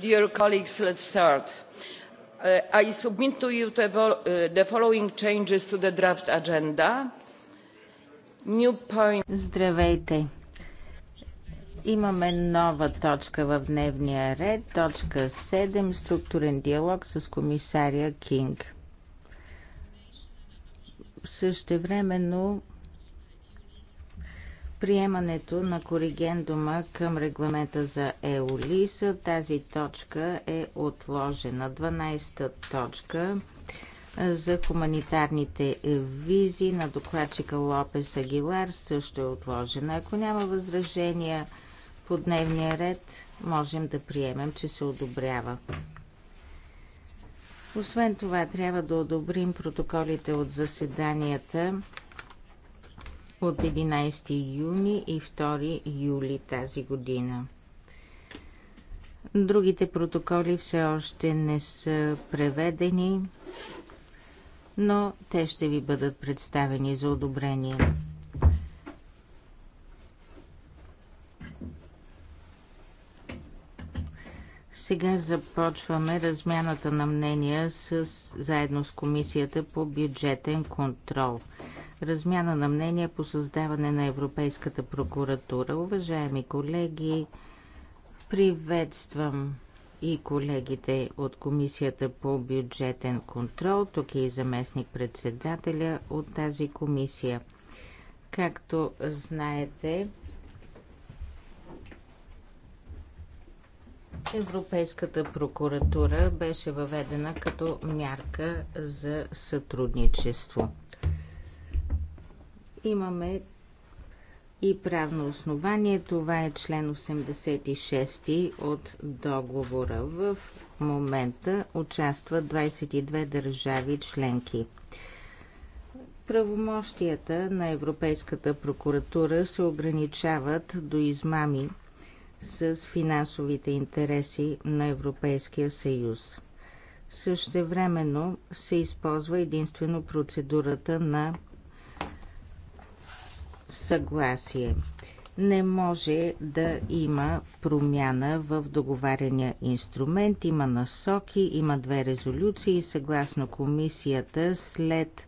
dear colleagues let's start. Uh, i submit to you uh, the following changes to the draft agenda. New point. Здравейте! Имаме нова точка в дневния ред, точка 7, структурен диалог с комисария Кинг. Също времено приемането на коригендума към регламента за ЕОЛИСА. Тази точка е отложена. 12-та точка за хуманитарните визи на докладчика Лопес Агилар също е отложена. Ако няма възражения по дневния ред, можем да приемем, че се одобрява. Освен това, трябва да одобрим протоколите от заседанията от 11 юни и 2 юли тази година. Другите протоколи все още не са преведени, но те ще ви бъдат представени за одобрение. Сега започваме размяната на мнения с, заедно с Комисията по бюджетен контрол размяна на мнение по създаване на Европейската прокуратура. Уважаеми колеги, приветствам и колегите от Комисията по бюджетен контрол. Тук е и заместник председателя от тази комисия. Както знаете, Европейската прокуратура беше въведена като мярка за сътрудничество. Имаме и правно основание. Това е член 86 от договора. В момента участват 22 държави членки. Правомощията на Европейската прокуратура се ограничават до измами с финансовите интереси на Европейския съюз. Същевременно се използва единствено процедурата на съгласие. Не може да има промяна в договаряния инструмент. Има насоки, има две резолюции. Съгласно комисията, след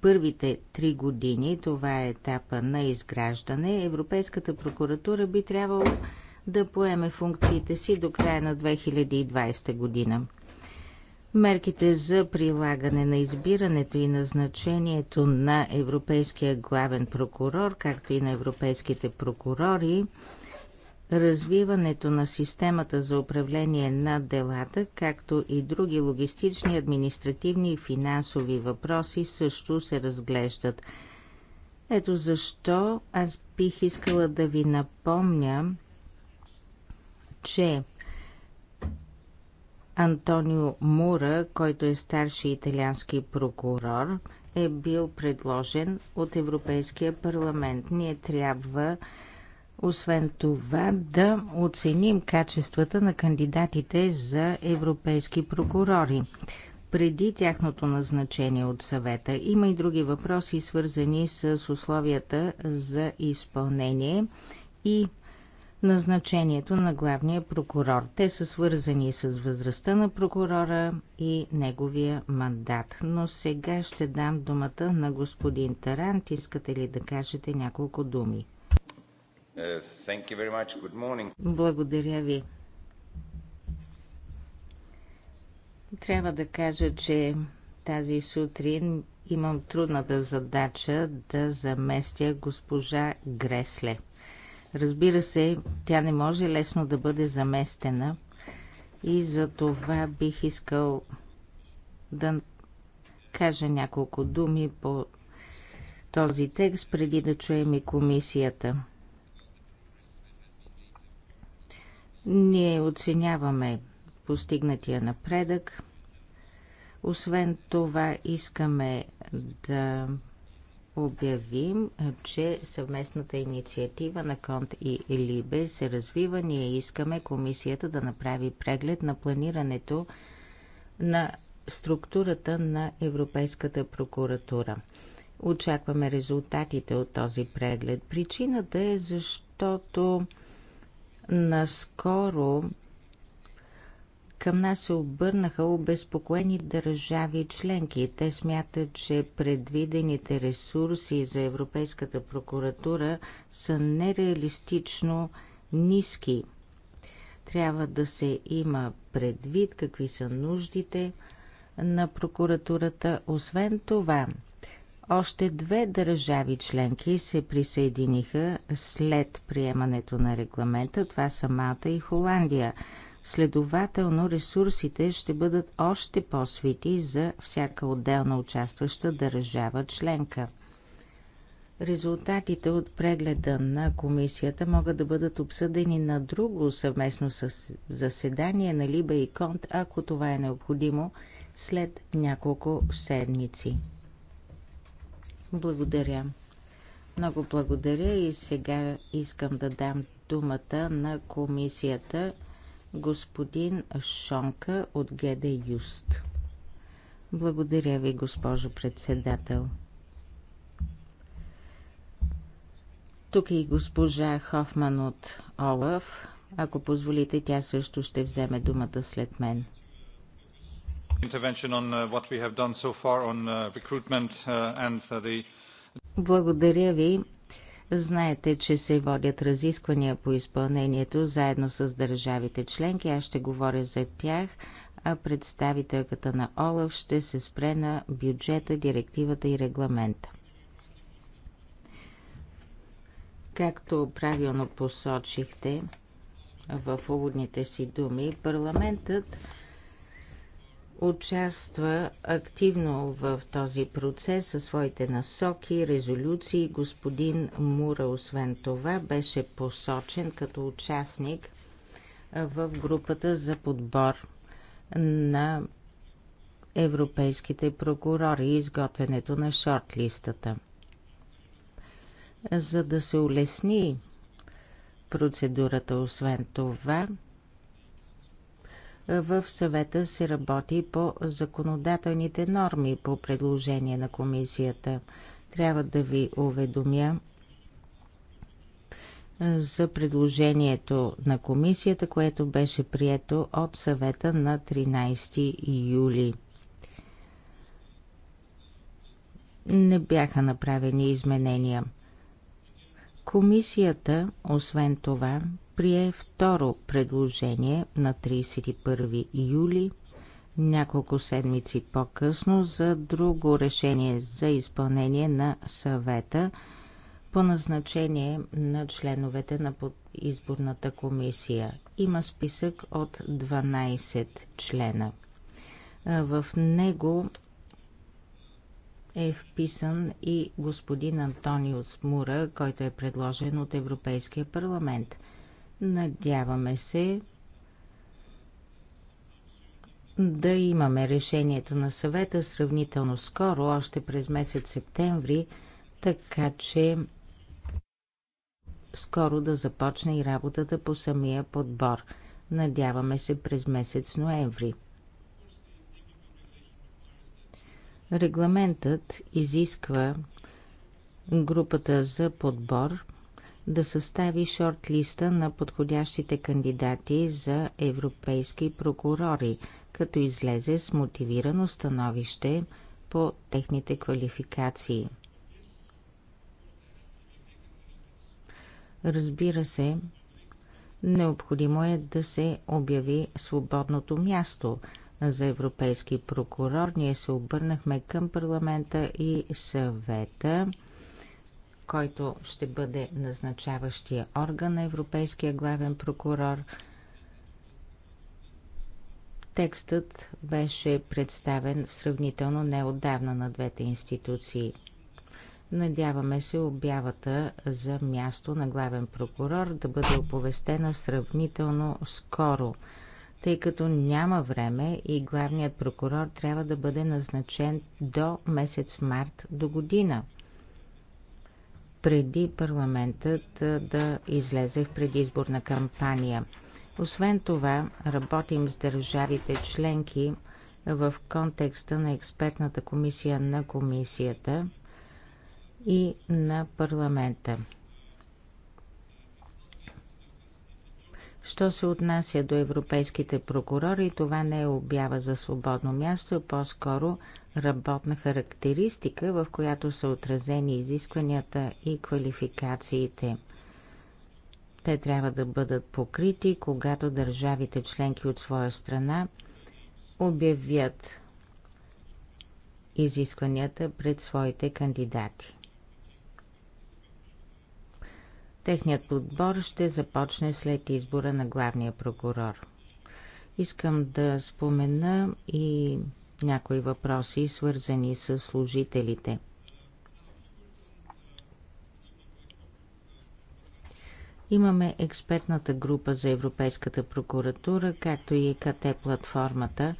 първите три години, това е етапа на изграждане, Европейската прокуратура би трябвало да поеме функциите си до края на 2020 година мерките за прилагане на избирането и назначението на Европейския главен прокурор, както и на европейските прокурори, развиването на системата за управление на делата, както и други логистични, административни и финансови въпроси също се разглеждат. Ето защо аз бих искала да ви напомня, че Антонио Мура, който е старши италиански прокурор, е бил предложен от Европейския парламент. Ние трябва, освен това, да оценим качествата на кандидатите за европейски прокурори преди тяхното назначение от съвета. Има и други въпроси, свързани с условията за изпълнение и назначението на главния прокурор. Те са свързани с възрастта на прокурора и неговия мандат. Но сега ще дам думата на господин Тарант. Искате ли да кажете няколко думи? Uh, Благодаря ви. Трябва да кажа, че тази сутрин имам трудната задача да заместя госпожа Гресле. Разбира се, тя не може лесно да бъде заместена и за това бих искал да кажа няколко думи по този текст, преди да чуем и комисията. Ние оценяваме постигнатия напредък. Освен това, искаме да обявим, че съвместната инициатива на Конт и Либе се развива. Ние искаме комисията да направи преглед на планирането на структурата на Европейската прокуратура. Очакваме резултатите от този преглед. Причината е защото наскоро към нас се обърнаха обезпокоени държави членки. Те смятат, че предвидените ресурси за Европейската прокуратура са нереалистично ниски. Трябва да се има предвид какви са нуждите на прокуратурата. Освен това, още две държави членки се присъединиха след приемането на регламента. Това са Малта и Холандия. Следователно ресурсите ще бъдат още по-свити за всяка отделна участваща държава членка. Резултатите от прегледа на комисията могат да бъдат обсъдени на друго съвместно с заседание на Либа и Конт, ако това е необходимо, след няколко седмици. Благодаря. Много благодаря и сега искам да дам думата на комисията господин Шонка от ГД Юст. Благодаря ви, госпожо председател. Тук е и госпожа Хофман от Олаф. Ако позволите, тя също ще вземе думата след мен. Uh, uh, uh, Благодаря ви. Знаете, че се водят разисквания по изпълнението заедно с държавите членки. Аз ще говоря за тях, а представителката на ОЛАФ ще се спре на бюджета, директивата и регламента. Както правилно посочихте в уводните си думи, парламентът участва активно в този процес със своите насоки, резолюции. Господин Мура, освен това, беше посочен като участник в групата за подбор на европейските прокурори и изготвянето на шортлистата. За да се улесни процедурата, освен това, в съвета се работи по законодателните норми по предложение на комисията. Трябва да ви уведомя за предложението на комисията, което беше прието от съвета на 13 юли. Не бяха направени изменения. Комисията, освен това, прие второ предложение на 31 юли, няколко седмици по-късно, за друго решение за изпълнение на съвета по назначение на членовете на изборната комисия. Има списък от 12 члена. В него е вписан и господин Антониус Мура, който е предложен от Европейския парламент – Надяваме се да имаме решението на съвета сравнително скоро, още през месец септември, така че скоро да започне и работата по самия подбор. Надяваме се през месец ноември. Регламентът изисква групата за подбор да състави шортлиста на подходящите кандидати за европейски прокурори, като излезе с мотивирано становище по техните квалификации. Разбира се, необходимо е да се обяви свободното място за европейски прокурор. Ние се обърнахме към парламента и съвета – който ще бъде назначаващия орган на Европейския главен прокурор. Текстът беше представен сравнително неотдавна на двете институции. Надяваме се обявата за място на главен прокурор да бъде оповестена сравнително скоро, тъй като няма време и главният прокурор трябва да бъде назначен до месец март до година – преди парламентът да излезе в предизборна кампания. Освен това, работим с държавите членки в контекста на експертната комисия на комисията и на парламента. Що се отнася до европейските прокурори, това не е обява за свободно място, а по-скоро работна характеристика, в която са отразени изискванията и квалификациите. Те трябва да бъдат покрити, когато държавите членки от своя страна обявят изискванията пред своите кандидати. Техният подбор ще започне след избора на главния прокурор. Искам да спомена и някои въпроси, свързани с служителите. Имаме експертната група за Европейската прокуратура, както и КТ-платформата.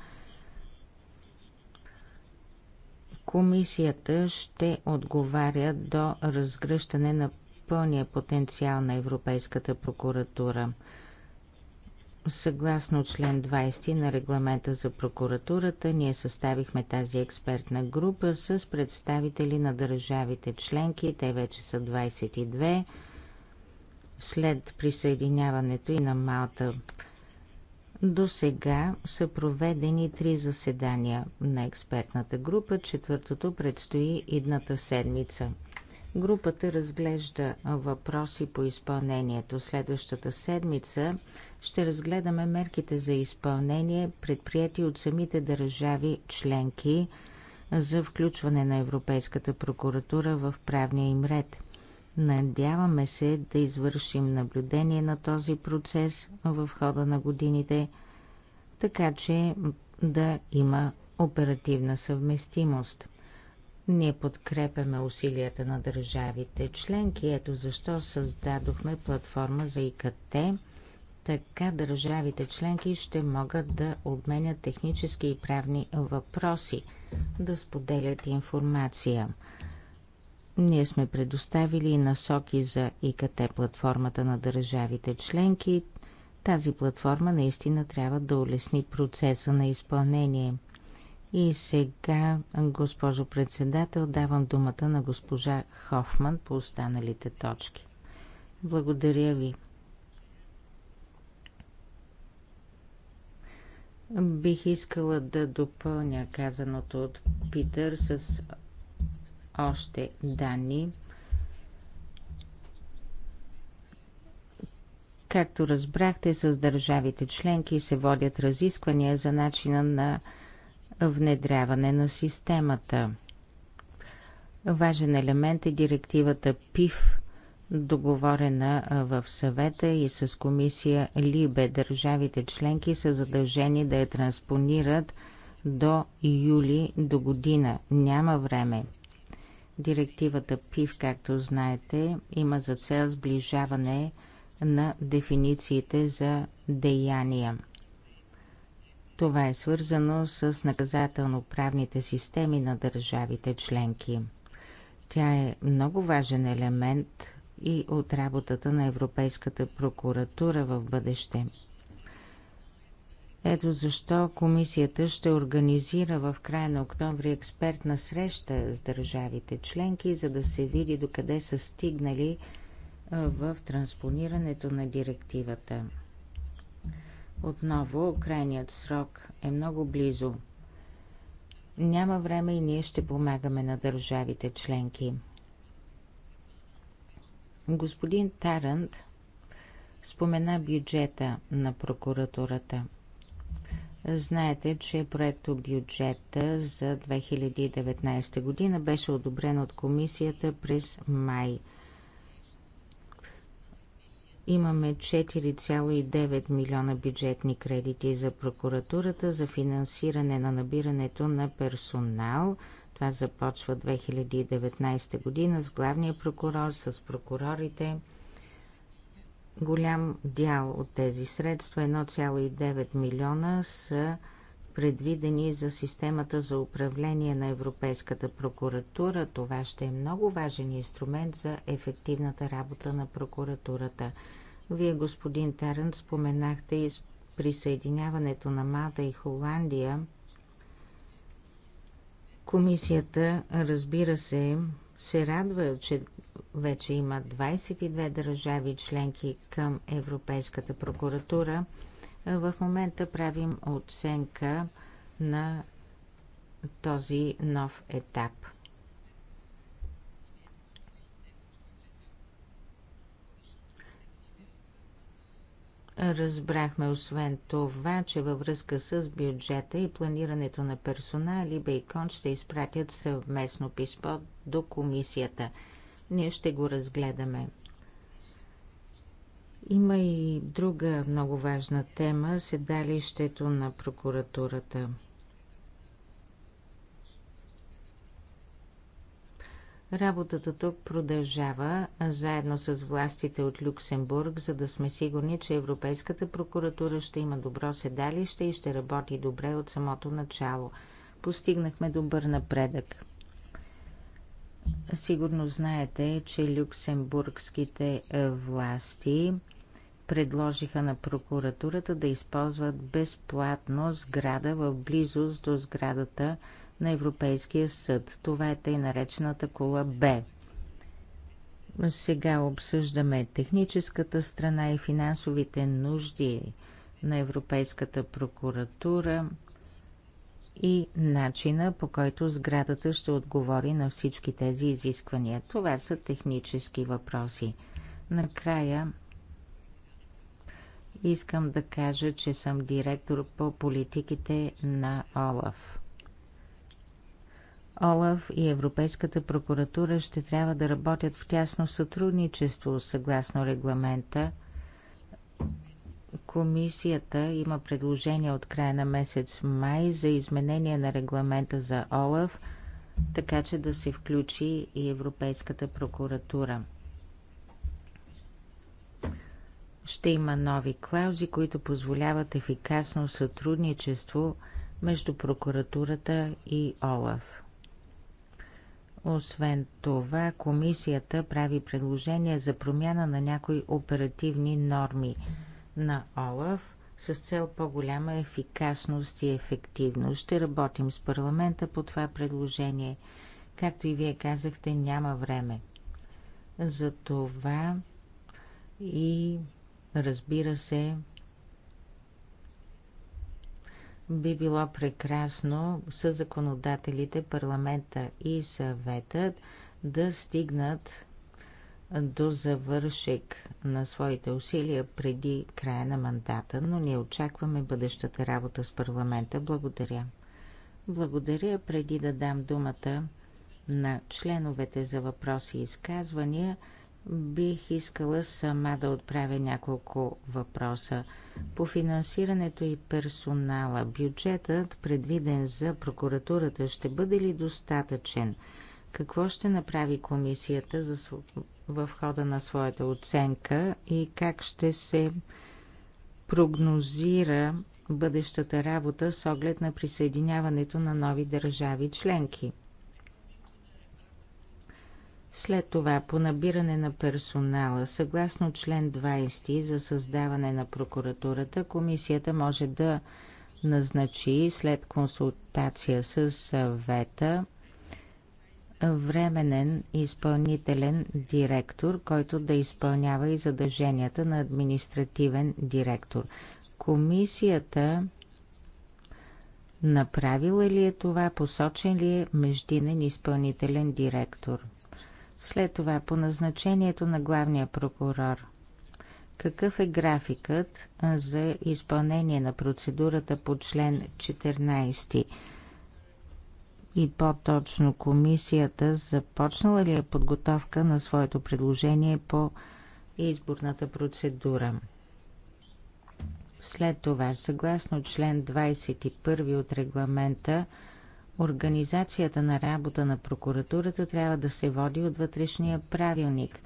Комисията ще отговаря до разгръщане на пълния потенциал на Европейската прокуратура – Съгласно член 20 на регламента за прокуратурата, ние съставихме тази експертна група с представители на държавите членки. Те вече са 22. След присъединяването и на Малта до сега са проведени три заседания на експертната група. Четвъртото предстои идната седмица. Групата разглежда въпроси по изпълнението. Следващата седмица ще разгледаме мерките за изпълнение, предприяти от самите държави членки за включване на Европейската прокуратура в правния им ред. Надяваме се да извършим наблюдение на този процес в хода на годините, така че да има оперативна съвместимост. Ние подкрепяме усилията на държавите членки, ето защо създадохме платформа за ИКТ, така държавите членки ще могат да обменят технически и правни въпроси, да споделят информация. Ние сме предоставили насоки за ИКТ платформата на държавите членки. Тази платформа наистина трябва да улесни процеса на изпълнение. И сега, госпожо председател, давам думата на госпожа Хофман по останалите точки. Благодаря ви. Бих искала да допълня казаното от Питър с още данни. Както разбрахте, с държавите членки се водят разисквания за начина на внедряване на системата. Важен елемент е директивата ПИФ, договорена в съвета и с комисия Либе. Държавите членки са задължени да я транспонират до юли до година. Няма време. Директивата ПИВ, както знаете, има за цел сближаване на дефинициите за деяния. Това е свързано с наказателно-правните системи на държавите членки. Тя е много важен елемент и от работата на Европейската прокуратура в бъдеще. Ето защо комисията ще организира в края на октомври експертна среща с държавите членки, за да се види докъде са стигнали в транспонирането на директивата. Отново, крайният срок е много близо. Няма време и ние ще помагаме на държавите членки. Господин Тарант спомена бюджета на прокуратурата. Знаете, че проекто бюджета за 2019 година беше одобрен от комисията през май. Имаме 4,9 милиона бюджетни кредити за прокуратурата за финансиране на набирането на персонал – това започва 2019 година с главния прокурор, с прокурорите. Голям дял от тези средства, 1,9 милиона, са предвидени за системата за управление на Европейската прокуратура. Това ще е много важен инструмент за ефективната работа на прокуратурата. Вие, господин Терен, споменахте и присъединяването на Мада и Холандия Комисията, разбира се, се радва, че вече има 22 държави членки към Европейската прокуратура. В момента правим оценка на този нов етап – Разбрахме освен това, че във връзка с бюджета и планирането на персонал, и Бейкон ще изпратят съвместно писмо до комисията. Ние ще го разгледаме. Има и друга много важна тема – седалището на прокуратурата – Работата тук продължава заедно с властите от Люксембург, за да сме сигурни, че Европейската прокуратура ще има добро седалище и ще работи добре от самото начало. Постигнахме добър напредък. Сигурно знаете, че люксембургските власти предложиха на прокуратурата да използват безплатно сграда в близост до сградата на Европейския съд. Това е тъй наречената кола Б. Сега обсъждаме техническата страна и финансовите нужди на Европейската прокуратура и начина по който сградата ще отговори на всички тези изисквания. Това са технически въпроси. Накрая искам да кажа, че съм директор по политиките на ОЛАФ. Олаф и Европейската прокуратура ще трябва да работят в тясно сътрудничество съгласно регламента. Комисията има предложение от края на месец май за изменение на регламента за Олаф, така че да се включи и Европейската прокуратура. Ще има нови клаузи, които позволяват ефикасно сътрудничество между прокуратурата и Олаф. Освен това, комисията прави предложение за промяна на някои оперативни норми на ОЛАФ с цел по-голяма ефикасност и ефективност. Ще работим с парламента по това предложение. Както и вие казахте, няма време. за това и разбира се, би било прекрасно с законодателите, парламента и съвета да стигнат до завършек на своите усилия преди края на мандата, но ние очакваме бъдещата работа с парламента. Благодаря. Благодаря преди да дам думата на членовете за въпроси и изказвания. Бих искала сама да отправя няколко въпроса. По финансирането и персонала, бюджетът, предвиден за прокуратурата, ще бъде ли достатъчен? Какво ще направи комисията за, в хода на своята оценка и как ще се прогнозира бъдещата работа с оглед на присъединяването на нови държави членки? След това по набиране на персонала, съгласно член 20 за създаване на прокуратурата, комисията може да назначи след консултация с съвета временен изпълнителен директор, който да изпълнява и задълженията на административен директор. Комисията направила ли е това, посочен ли е междинен изпълнителен директор? След това по назначението на главния прокурор. Какъв е графикът за изпълнение на процедурата по член 14? И по-точно комисията започнала ли е подготовка на своето предложение по изборната процедура? След това, съгласно член 21 от регламента, Организацията на работа на прокуратурата трябва да се води от вътрешния правилник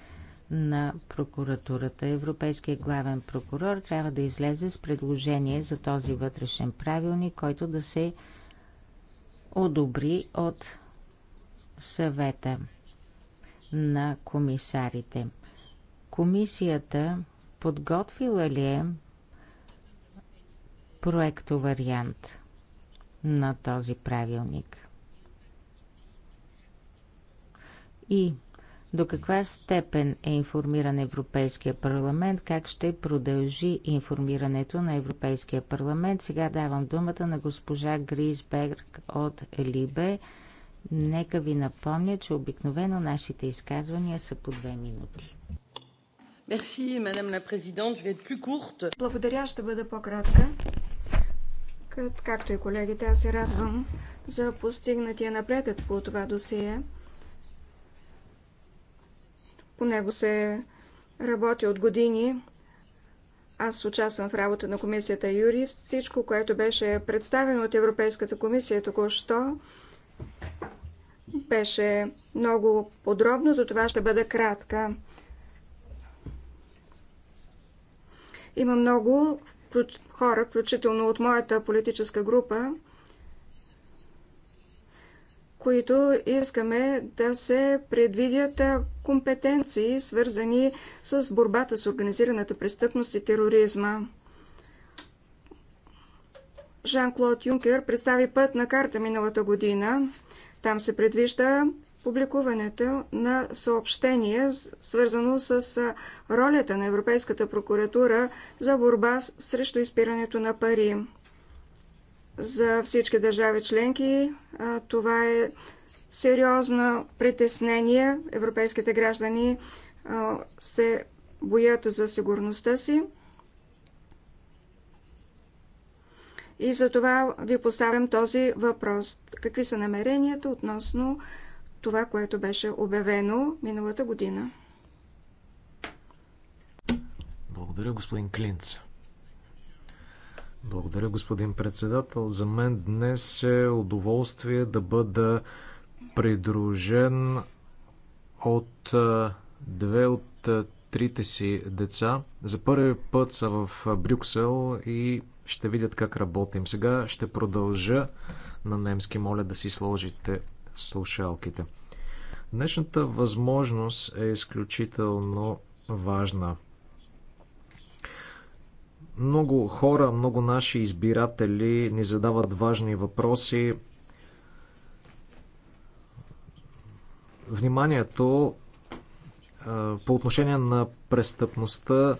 на прокуратурата. Европейския главен прокурор трябва да излезе с предложение за този вътрешен правилник, който да се одобри от съвета на комисарите. Комисията подготвила ли е проекто вариант? на този правилник. И до каква степен е информиран Европейския парламент, как ще продължи информирането на Европейския парламент. Сега давам думата на госпожа Грисберг от Либе. Нека ви напомня, че обикновено нашите изказвания са по две минути. Благодаря, ще бъда по-кратка. Докладчикът, както и колегите, аз се радвам за постигнатия напредък по това досие. По него се работи от години. Аз участвам в работа на комисията Юри. Всичко, което беше представено от Европейската комисия току-що, беше много подробно, за това ще бъда кратка. Има много хора, включително от моята политическа група, които искаме да се предвидят компетенции, свързани с борбата с организираната престъпност и тероризма. Жан-Клод Юнкер представи път на карта миналата година. Там се предвижда публикуването на съобщение, свързано с ролята на Европейската прокуратура за борба срещу изпирането на пари. За всички държави членки това е сериозно притеснение. Европейските граждани се боят за сигурността си. И за това ви поставям този въпрос. Какви са намеренията относно това, което беше обявено миналата година. Благодаря, господин Клинц. Благодаря, господин председател. За мен днес е удоволствие да бъда придружен от две от трите си деца. За първи път са в Брюксел и ще видят как работим. Сега ще продължа на немски. Моля да си сложите слушалките. Днешната възможност е изключително важна. Много хора, много наши избиратели ни задават важни въпроси. Вниманието по отношение на престъпността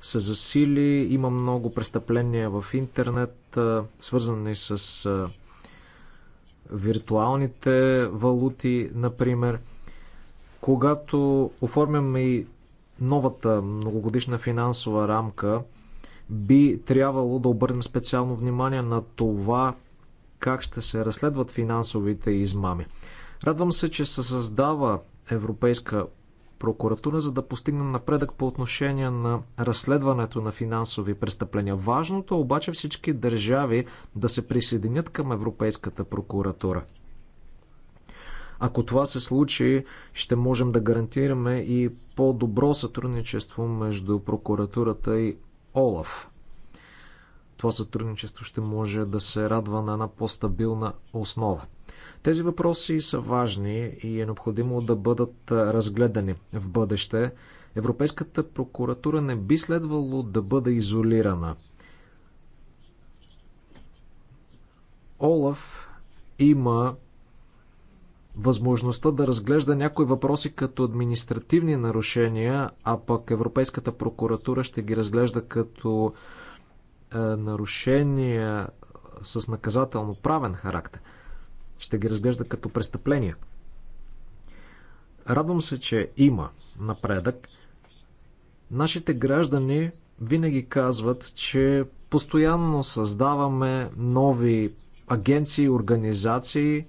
се засили. Има много престъпления в интернет, свързани с виртуалните валути, например. Когато оформяме и новата многогодишна финансова рамка, би трябвало да обърнем специално внимание на това как ще се разследват финансовите измами. Радвам се, че се създава европейска прокуратура, за да постигнем напредък по отношение на разследването на финансови престъпления. Важното е обаче всички държави да се присъединят към Европейската прокуратура. Ако това се случи, ще можем да гарантираме и по-добро сътрудничество между прокуратурата и ОЛАФ. Това сътрудничество ще може да се радва на една по-стабилна основа. Тези въпроси са важни и е необходимо да бъдат разгледани в бъдеще. Европейската прокуратура не би следвало да бъде изолирана. Олаф има възможността да разглежда някои въпроси като административни нарушения, а пък Европейската прокуратура ще ги разглежда като е, нарушения с наказателно правен характер ще ги разглежда като престъпления. Радвам се, че има напредък. Нашите граждани винаги казват, че постоянно създаваме нови агенции, организации.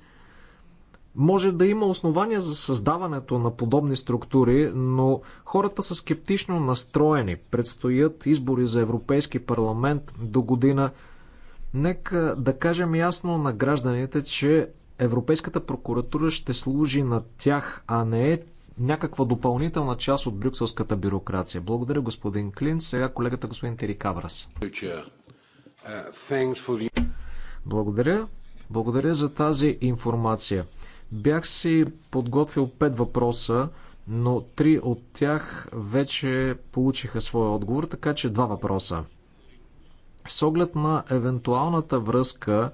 Може да има основания за създаването на подобни структури, но хората са скептично настроени. Предстоят избори за Европейски парламент до година – Нека да кажем ясно на гражданите, че Европейската прокуратура ще служи на тях, а не е някаква допълнителна част от брюкселската бюрокрация. Благодаря, господин Клин. Сега колегата господин Каврас. Благодаря. Благодаря за тази информация. Бях си подготвил пет въпроса, но три от тях вече получиха своя отговор, така че два въпроса. С оглед на евентуалната връзка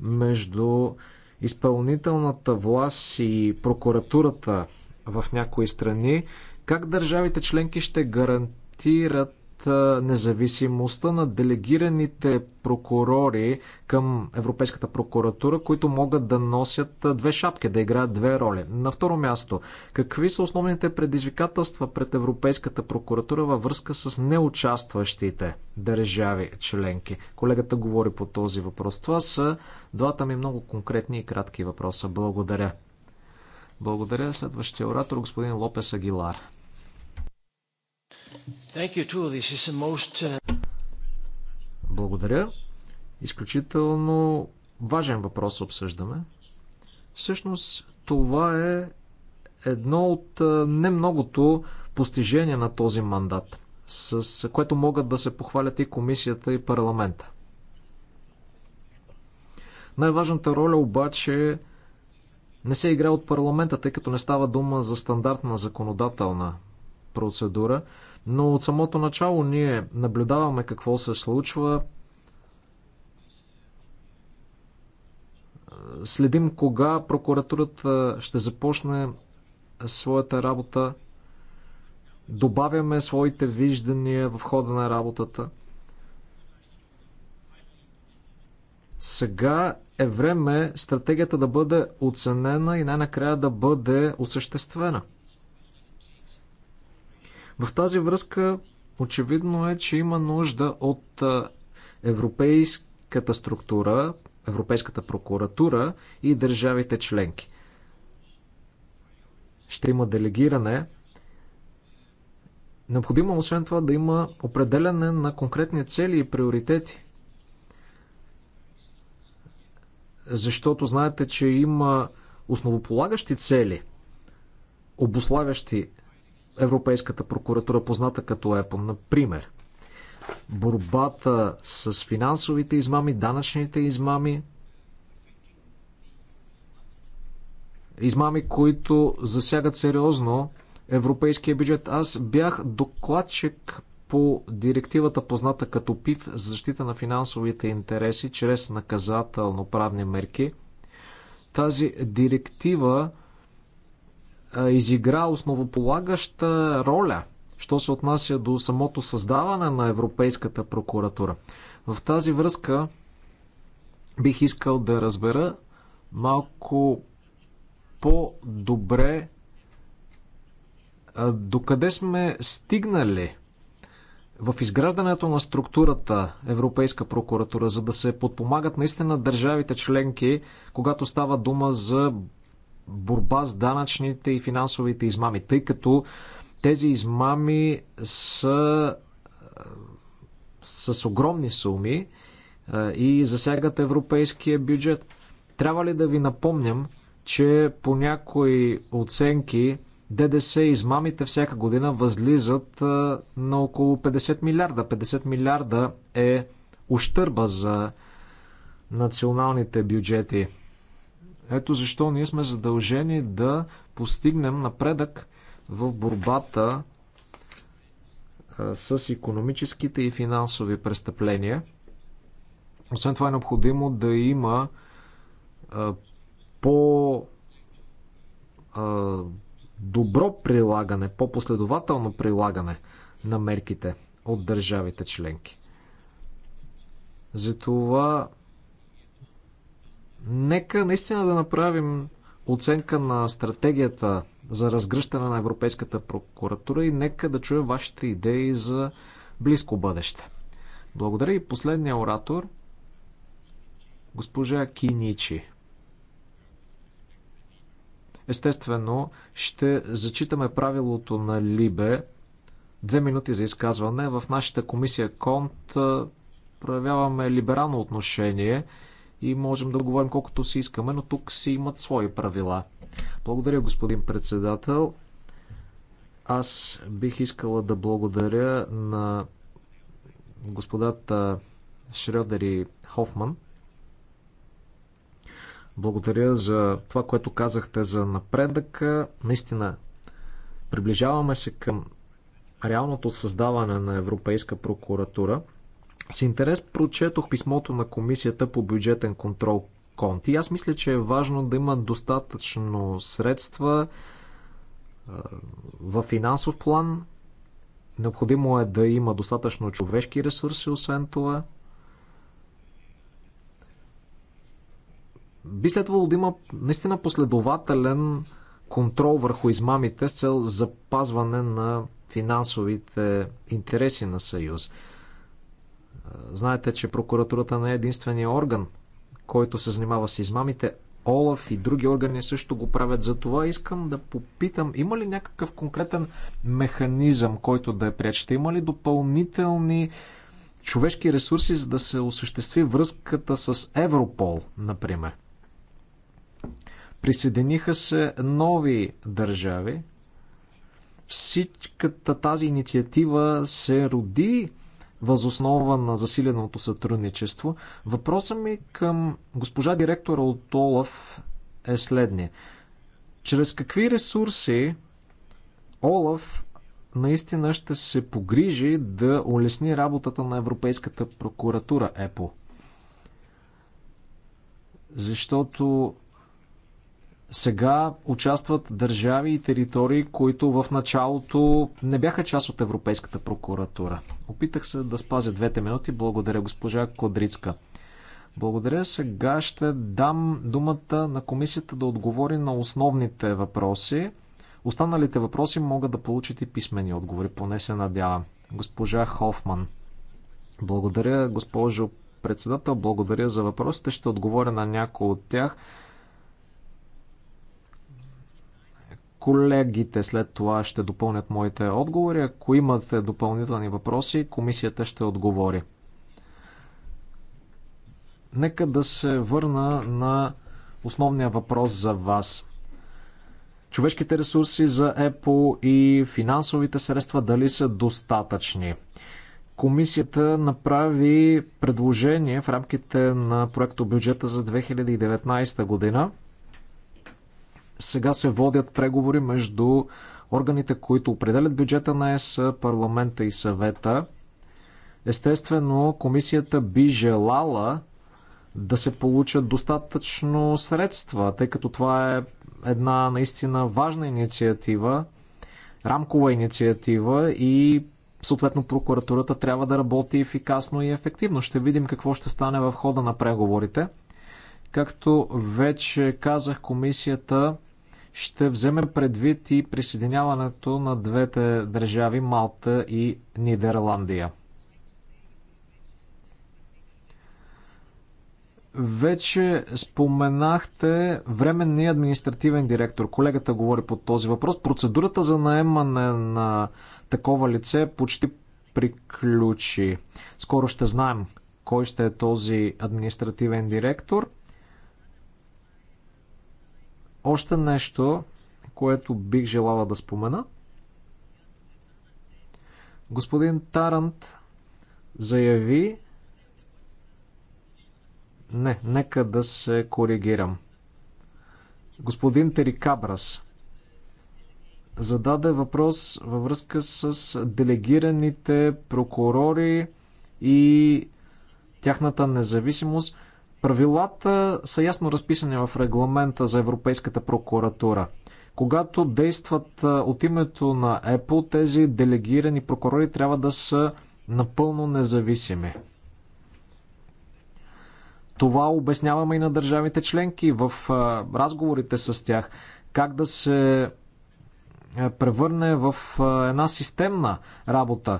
между изпълнителната власт и прокуратурата в някои страни, как държавите членки ще гарантират независимостта на делегираните прокурори към Европейската прокуратура, които могат да носят две шапки, да играят две роли. На второ място, какви са основните предизвикателства пред Европейската прокуратура във връзка с неучастващите държави членки? Колегата говори по този въпрос. Това са двата ми много конкретни и кратки въпроса. Благодаря. Благодаря. Следващия оратор, господин Лопес Агилар. Uh, Благодаря. Изключително важен въпрос обсъждаме. Всъщност това е едно от немногото постижения на този мандат, с което могат да се похвалят и комисията и парламента. Най-важната роля обаче не се играе от парламента, тъй като не става дума за стандартна законодателна процедура. Но от самото начало ние наблюдаваме какво се случва. Следим кога прокуратурата ще започне своята работа. Добавяме своите виждания в хода на работата. Сега е време стратегията да бъде оценена и най-накрая да бъде осъществена. В тази връзка очевидно е, че има нужда от европейската структура, Европейската прокуратура и държавите членки. Ще има делегиране. Необходимо е, освен това да има определене на конкретни цели и приоритети. Защото знаете, че има основополагащи цели, обославящи Европейската прокуратура, позната като ЕПО. Например, борбата с финансовите измами, данъчните измами, измами, които засягат сериозно европейския бюджет. Аз бях докладчик по директивата, позната като за защита на финансовите интереси чрез наказателно-правни мерки. Тази директива изигра основополагаща роля, що се отнася до самото създаване на Европейската прокуратура. В тази връзка бих искал да разбера малко по-добре докъде сме стигнали в изграждането на структурата Европейска прокуратура, за да се подпомагат наистина държавите членки, когато става дума за борба с данъчните и финансовите измами, тъй като тези измами са е, с огромни суми е, и засягат европейския бюджет. Трябва ли да ви напомням, че по някои оценки ДДС измамите всяка година възлизат е, на около 50 милиарда. 50 милиарда е ущърба за националните бюджети. Ето защо ние сме задължени да постигнем напредък в борбата с економическите и финансови престъпления. Освен това е необходимо да има по добро прилагане, по-последователно прилагане на мерките от държавите членки. Затова Нека наистина да направим оценка на стратегията за разгръщане на Европейската прокуратура и нека да чуем вашите идеи за близко бъдеще. Благодаря и последния оратор, госпожа Киничи. Естествено, ще зачитаме правилото на Либе. Две минути за изказване. В нашата комисия Конт проявяваме либерално отношение – и можем да говорим колкото си искаме, но тук си имат свои правила. Благодаря, господин председател. Аз бих искала да благодаря на господата Шрёдер и Хофман. Благодаря за това, което казахте за напредъка. Наистина, приближаваме се към реалното създаване на Европейска прокуратура – с интерес прочетох писмото на Комисията по бюджетен контрол Конти. Аз мисля, че е важно да има достатъчно средства в финансов план. Необходимо е да има достатъчно човешки ресурси, освен това. Би следвало да има наистина последователен контрол върху измамите с цел запазване на финансовите интереси на Съюз. Знаете, че прокуратурата не е единствения орган, който се занимава с измамите. Олаф и други органи също го правят. За това искам да попитам, има ли някакъв конкретен механизъм, който да е пречета? Има ли допълнителни човешки ресурси, за да се осъществи връзката с Европол, например? Присъединиха се нови държави. Всичката тази инициатива се роди възоснова на засиленото сътрудничество. Въпросът ми към госпожа директора от ОЛАФ е следния. Чрез какви ресурси ОЛАФ наистина ще се погрижи да улесни работата на Европейската прокуратура ЕПО? Защото сега участват държави и територии, които в началото не бяха част от Европейската прокуратура. Опитах се да спазя двете минути. Благодаря, госпожа Кодрицка. Благодаря. Сега ще дам думата на комисията да отговори на основните въпроси. Останалите въпроси могат да получат и писмени отговори, поне се надявам. Госпожа Хофман. Благодаря, госпожо председател. Благодаря за въпросите. Ще отговоря на някои от тях. Колегите след това ще допълнят моите отговори. Ако имате допълнителни въпроси, комисията ще отговори. Нека да се върна на основния въпрос за вас. Човешките ресурси за ЕПО и финансовите средства дали са достатъчни? Комисията направи предложение в рамките на проекто бюджета за 2019 година сега се водят преговори между органите, които определят бюджета на ЕС, парламента и съвета. Естествено, комисията би желала да се получат достатъчно средства, тъй като това е една наистина важна инициатива, рамкова инициатива и съответно прокуратурата трябва да работи ефикасно и ефективно. Ще видим какво ще стане в хода на преговорите. Както вече казах, комисията ще вземем предвид и присъединяването на двете държави Малта и Нидерландия. Вече споменахте временния административен директор. Колегата говори по този въпрос. Процедурата за наемане на такова лице почти приключи. Скоро ще знаем кой ще е този административен директор – още нещо, което бих желала да спомена. Господин Тарант заяви. Не, нека да се коригирам. Господин Терикабрас зададе въпрос във връзка с делегираните прокурори и тяхната независимост. Правилата са ясно разписани в регламента за Европейската прокуратура. Когато действат от името на Apple, тези делегирани прокурори трябва да са напълно независими. Това обясняваме и на държавите членки в разговорите с тях. Как да се превърне в една системна работа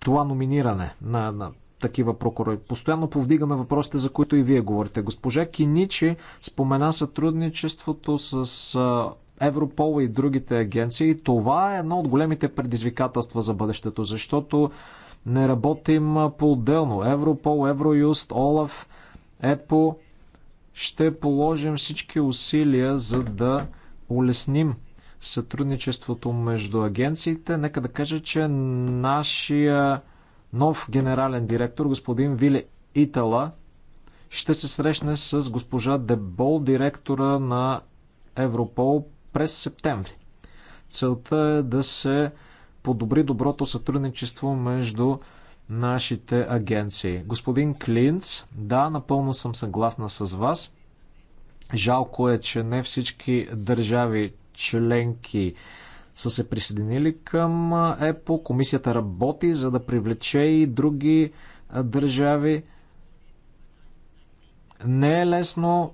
това номиниране на, на такива прокурори. Постоянно повдигаме въпросите, за които и вие говорите. Госпожа Киничи спомена сътрудничеството с а, Европол и другите агенции. Това е едно от големите предизвикателства за бъдещето, защото не работим по-отделно. Европол, Евроюст, Олаф, ЕПО. Ще положим всички усилия, за да улесним сътрудничеството между агенциите. Нека да кажа, че нашия нов генерален директор, господин Виле Итала, ще се срещне с госпожа Дебол, директора на Европол през септември. Целта е да се подобри доброто сътрудничество между нашите агенции. Господин Клинц, да, напълно съм съгласна с вас – Жалко е, че не всички държави членки са се присъединили към ЕПО. Комисията работи, за да привлече и други държави. Не е лесно.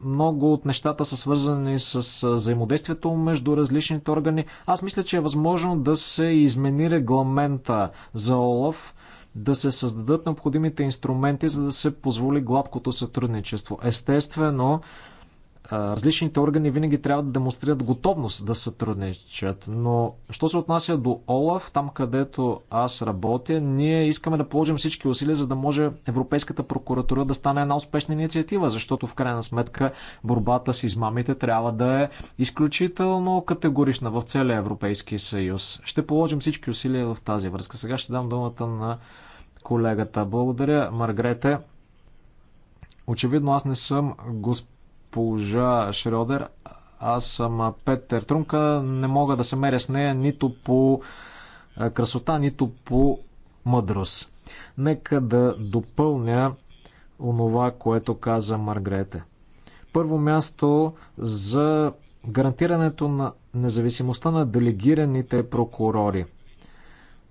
Много от нещата са свързани с взаимодействието между различните органи. Аз мисля, че е възможно да се измени регламента за ОЛОВ, да се създадат необходимите инструменти, за да се позволи гладкото сътрудничество. Естествено, различните органи винаги трябва да демонстрират готовност да сътрудничат. Но, що се отнася до ОЛАФ, там където аз работя, ние искаме да положим всички усилия, за да може Европейската прокуратура да стане една успешна инициатива, защото в крайна сметка борбата с измамите трябва да е изключително категорична в целия Европейски съюз. Ще положим всички усилия в тази връзка. Сега ще дам думата на колегата. Благодаря, Маргрете. Очевидно аз не съм госп госпожа Шредер. Аз съм Петър Трунка. Не мога да се меря с нея нито по е, красота, нито по мъдрост. Нека да допълня онова, което каза Маргрете. Първо място за гарантирането на независимостта на делегираните прокурори.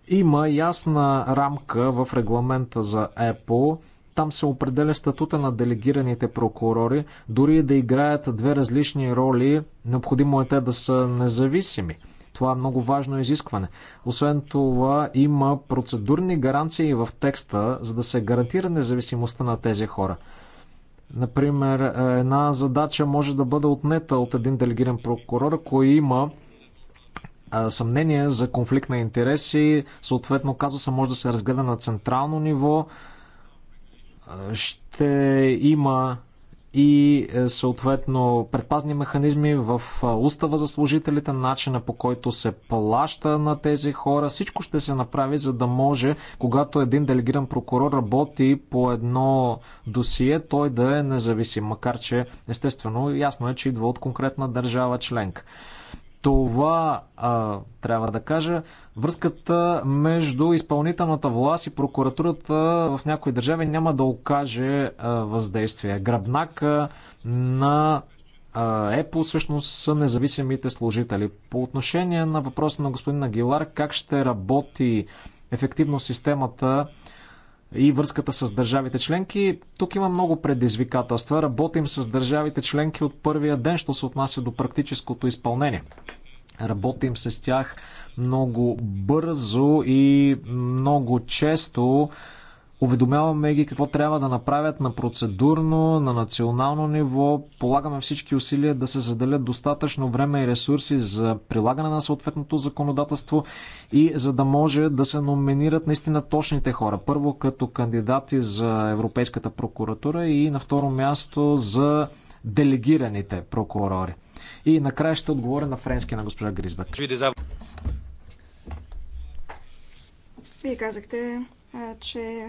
Има ясна рамка в регламента за Apple там се определя статута на делегираните прокурори. Дори да играят две различни роли, необходимо е те да са независими. Това е много важно изискване. Освен това, има процедурни гаранции в текста, за да се гарантира независимостта на тези хора. Например, една задача може да бъде отнета от един делегиран прокурор, ако има съмнение за конфликт на интереси, съответно казуса може да се разгледа на централно ниво, ще има и е, съответно предпазни механизми в е, устава за служителите, начина по който се плаща на тези хора. Всичко ще се направи, за да може, когато един делегиран прокурор работи по едно досие, той да е независим, макар че естествено ясно е, че идва от конкретна държава членка това а, трябва да кажа. Връзката между изпълнителната власт и прокуратурата в някои държави няма да окаже а, въздействие. Гръбнака на ЕПО всъщност са независимите служители. По отношение на въпроса на господин Агилар, как ще работи ефективно системата и връзката с държавите членки. Тук има много предизвикателства. Работим с държавите членки от първия ден, що се отнася до практическото изпълнение Работим с тях много бързо и много често. Уведомяваме ги какво трябва да направят на процедурно, на национално ниво. Полагаме всички усилия да се заделят достатъчно време и ресурси за прилагане на съответното законодателство и за да може да се номинират наистина точните хора. Първо като кандидати за Европейската прокуратура и на второ място за делегираните прокурори. И накрая ще отговоря на френски на госпожа Гризбек. Вие казахте, че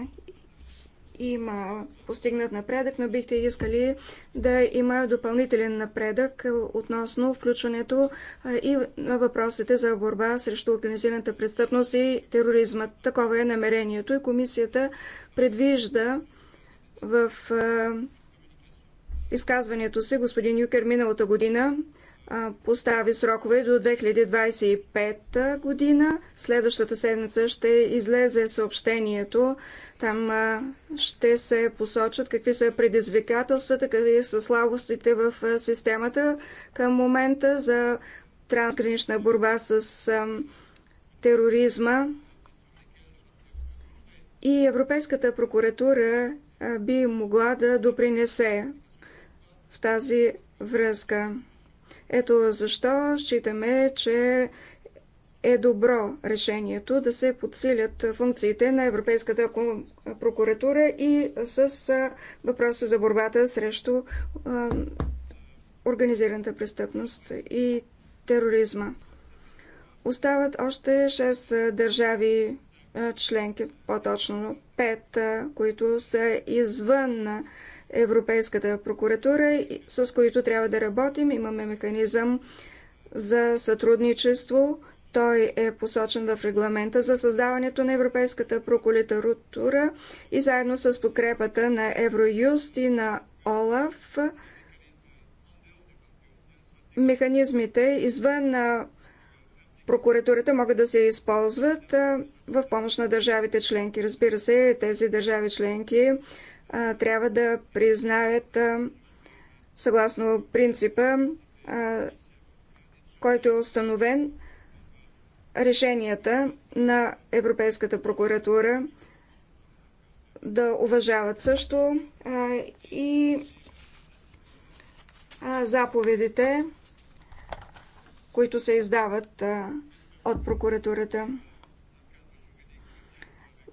има постигнат напредък, но бихте искали да има допълнителен напредък относно включването и на въпросите за борба срещу организираната престъпност и тероризма. Такова е намерението и комисията предвижда в изказването си господин Юкер миналата година постави срокове до 2025 година. Следващата седмица ще излезе съобщението. Там ще се посочат какви са предизвикателствата, какви са слабостите в системата към момента за трансгранична борба с тероризма. И Европейската прокуратура би могла да допринесе в тази връзка. Ето защо считаме, че е добро решението да се подсилят функциите на Европейската прокуратура и с въпроса за борбата срещу организираната престъпност и тероризма. Остават още 6 държави членки, по-точно 5, които са извън Европейската прокуратура, с които трябва да работим. Имаме механизъм за сътрудничество. Той е посочен в регламента за създаването на Европейската прокуратура и заедно с подкрепата на Евроюст и на ОЛАФ механизмите извън на прокуратурата могат да се използват в помощ на държавите членки. Разбира се, тези държави членки трябва да признаят съгласно принципа, който е установен решенията на Европейската прокуратура да уважават също и заповедите, които се издават от прокуратурата.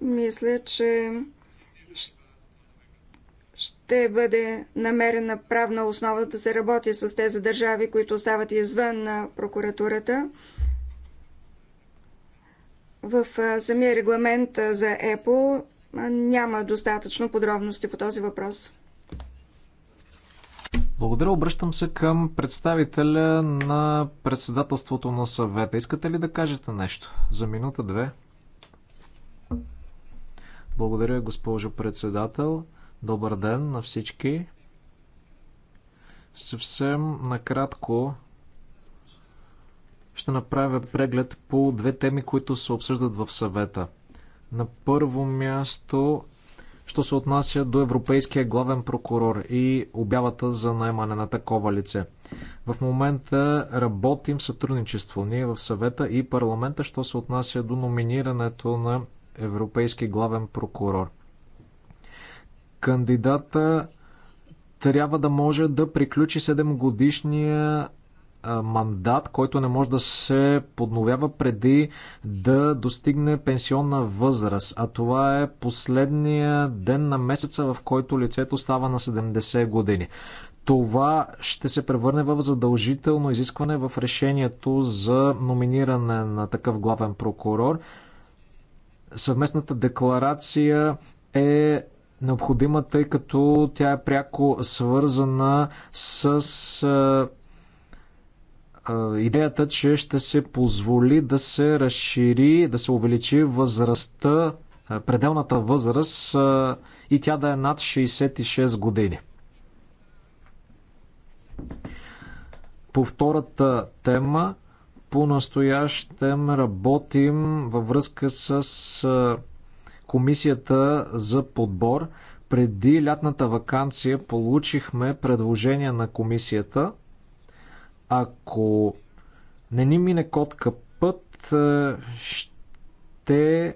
Мисля, че ще бъде намерена правна основа да се работи с тези държави, които остават извън на прокуратурата. В самия регламент за ЕПО няма достатъчно подробности по този въпрос. Благодаря. Обръщам се към представителя на председателството на съвета. Искате ли да кажете нещо? За минута-две. Благодаря, госпожо председател. Добър ден на всички. Съвсем накратко ще направя преглед по две теми, които се обсъждат в съвета. На първо място, що се отнася до Европейския главен прокурор и обявата за наймане на такова лице. В момента работим сътрудничество ние в съвета и парламента, що се отнася до номинирането на Европейски главен прокурор кандидата трябва да може да приключи 7 годишния мандат, който не може да се подновява преди да достигне пенсионна възраст. А това е последния ден на месеца, в който лицето става на 70 години. Това ще се превърне в задължително изискване в решението за номиниране на такъв главен прокурор. Съвместната декларация е необходима, тъй като тя е пряко свързана с идеята, че ще се позволи да се разшири, да се увеличи възрастта, пределната възраст и тя да е над 66 години. По втората тема, по-настоящем работим във връзка с комисията за подбор. Преди лятната вакансия получихме предложение на комисията. Ако не ни мине котка път, е, ще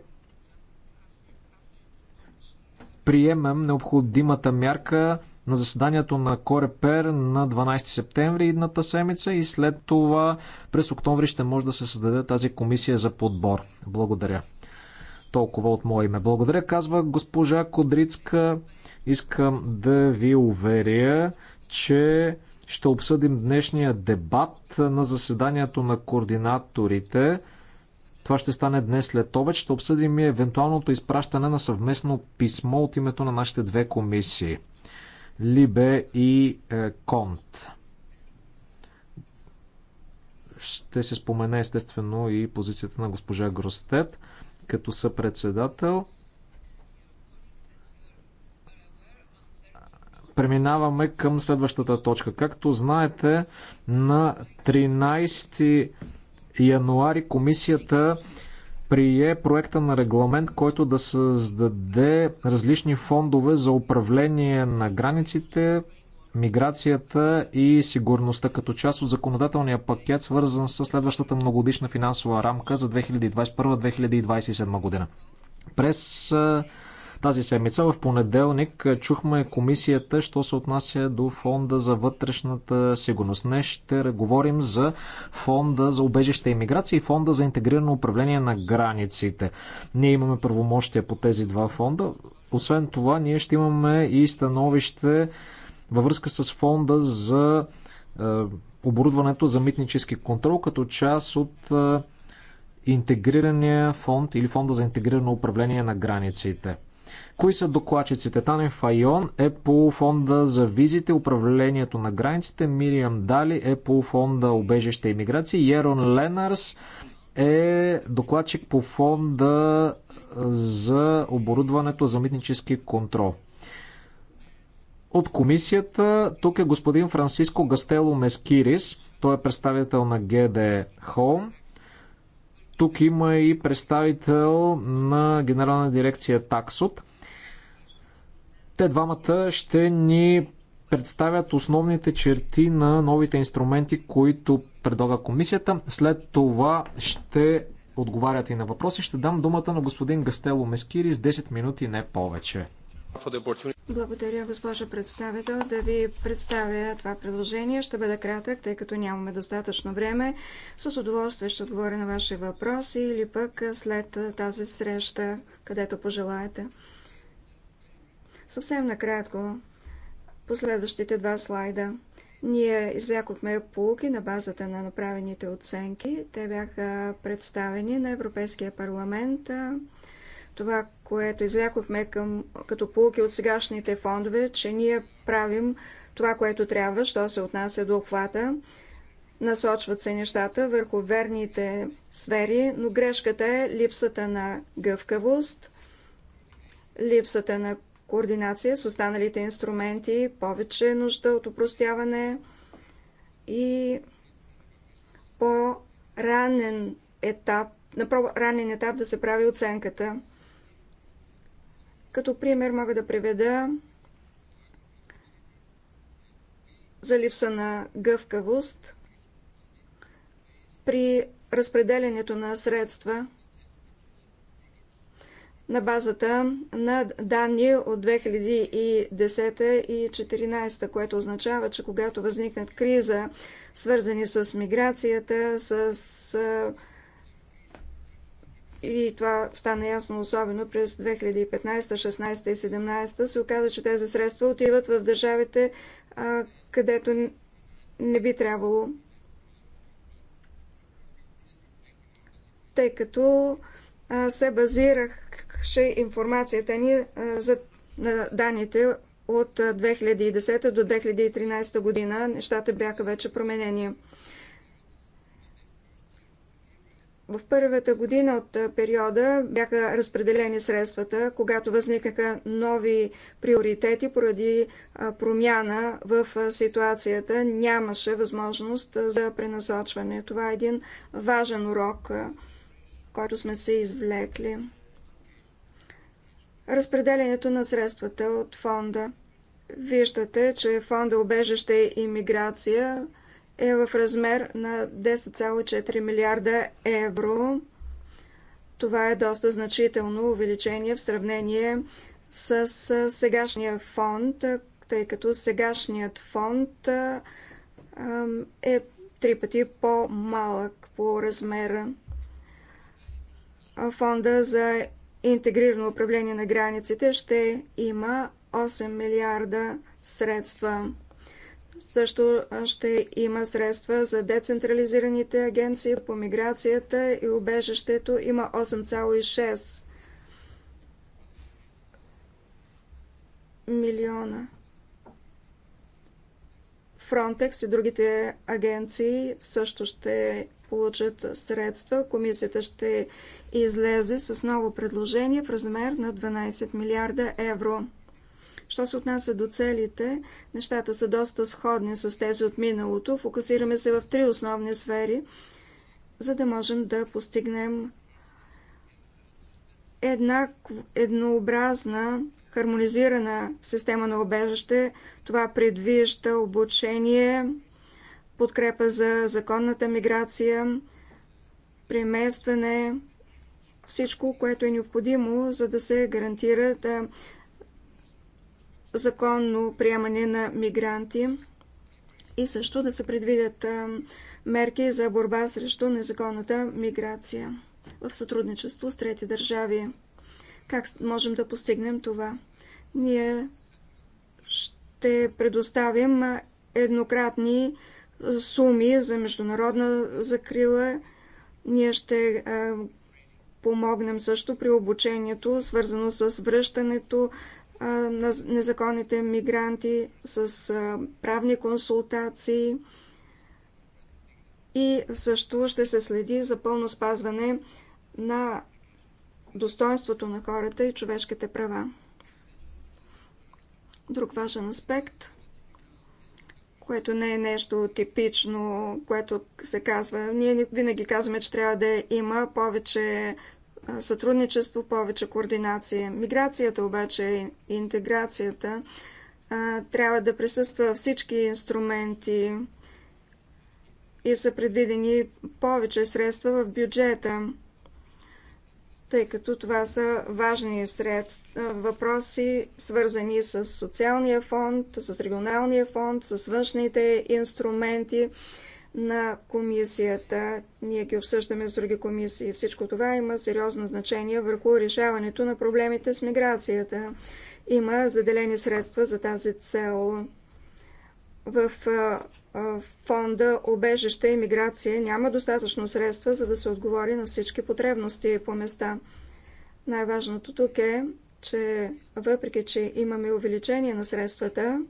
приемем необходимата мярка на заседанието на Корепер на 12 септември едната седмица и след това през октомври ще може да се създаде тази комисия за подбор. Благодаря толкова от мое име. Благодаря, казва госпожа Кодрицка. Искам да ви уверя, че ще обсъдим днешния дебат на заседанието на координаторите. Това ще стане днес след обед. Ще обсъдим и евентуалното изпращане на съвместно писмо от името на нашите две комисии. Либе и е, Конт. Ще се спомене естествено и позицията на госпожа Гростет като съпредседател. Преминаваме към следващата точка. Както знаете, на 13 януари комисията прие проекта на регламент, който да създаде различни фондове за управление на границите, миграцията и сигурността като част от законодателния пакет, свързан с следващата многодишна финансова рамка за 2021-2027 година. През тази седмица в понеделник чухме комисията, що се отнася до фонда за вътрешната сигурност. Днес ще говорим за фонда за убежище и миграция и фонда за интегрирано управление на границите. Ние имаме правомощия по тези два фонда. Освен това, ние ще имаме и становище във връзка с фонда за е, оборудването за митнически контрол като част от е, интегрирания фонд или фонда за интегрирано управление на границите. Кои са докладчиците? Тане Файон е по фонда за визите, управлението на границите, Мириам Дали е по фонда обежище и миграции, Ерон Ленарс е докладчик по фонда за оборудването за митнически контрол. От комисията тук е господин Франциско Гастело Мескирис. Той е представител на ГД Холм. Тук има и представител на генерална дирекция Таксот. Те двамата ще ни представят основните черти на новите инструменти, които предлага комисията. След това ще отговарят и на въпроси. Ще дам думата на господин Гастело Мескири с 10 минути, не повече. Благодаря, госпожа представител, да ви представя това предложение. Ще бъда кратък, тъй като нямаме достатъчно време. С удоволствие ще отговоря на ваши въпроси или пък след тази среща, където пожелаете. Съвсем накратко, последващите два слайда. Ние извлякохме полуки на базата на направените оценки. Те бяха представени на Европейския парламент това, което извлякохме към, като полуки от сегашните фондове, че ние правим това, което трябва, що се отнася до обхвата, насочват се нещата върху верните сфери, но грешката е липсата на гъвкавост, липсата на координация с останалите инструменти, повече нужда от упростяване и по-ранен етап, на по-ранен етап да се прави оценката. Като пример мога да приведа за липса на гъвкавост при разпределянето на средства на базата на данни от 2010 и 2014, което означава, че когато възникнат криза, свързани с миграцията, с и това стана ясно особено през 2015, 16 и 17, се оказа, че тези средства отиват в държавите, където не би трябвало, тъй като се базираха информацията ни за данните от 2010 до 2013 година. Нещата бяха вече променени. В първата година от периода бяха разпределени средствата, когато възникнаха нови приоритети поради промяна в ситуацията. Нямаше възможност за пренасочване. Това е един важен урок, който сме се извлекли. Разпределението на средствата от фонда. Виждате, че фонда обежище и миграция – е в размер на 10,4 милиарда евро. Това е доста значително увеличение в сравнение с сегашния фонд, тъй като сегашният фонд е три пъти по-малък по размера. Фонда за интегрирано управление на границите ще има 8 милиарда средства. Също ще има средства за децентрализираните агенции по миграцията и убежището. Има 8,6 милиона. Фронтекс и другите агенции също ще получат средства. Комисията ще излезе с ново предложение в размер на 12 милиарда евро. Що се отнася до целите, нещата са доста сходни с тези от миналото. Фокусираме се в три основни сфери, за да можем да постигнем една еднообразна, хармонизирана система на обежище. Това предвижда обучение, подкрепа за законната миграция, преместване, всичко, което е необходимо, за да се гарантират законно приемане на мигранти и също да се предвидят мерки за борба срещу незаконната миграция в сътрудничество с трети държави. Как можем да постигнем това? Ние ще предоставим еднократни суми за международна закрила. Ние ще помогнем също при обучението, свързано с връщането, на незаконните мигранти, с правни консултации и също ще се следи за пълно спазване на достоинството на хората и човешките права. Друг важен аспект, което не е нещо типично, което се казва. Ние винаги казваме, че трябва да има повече сътрудничество, повече координация. Миграцията обаче и интеграцията трябва да присъства всички инструменти и са предвидени повече средства в бюджета, тъй като това са важни средства, въпроси, свързани с социалния фонд, с регионалния фонд, с външните инструменти на комисията. Ние ги обсъждаме с други комисии. Всичко това има сериозно значение върху решаването на проблемите с миграцията. Има заделени средства за тази цел. В фонда Обежище и миграция няма достатъчно средства, за да се отговори на всички потребности по места. Най-важното тук е, че въпреки, че имаме увеличение на средствата,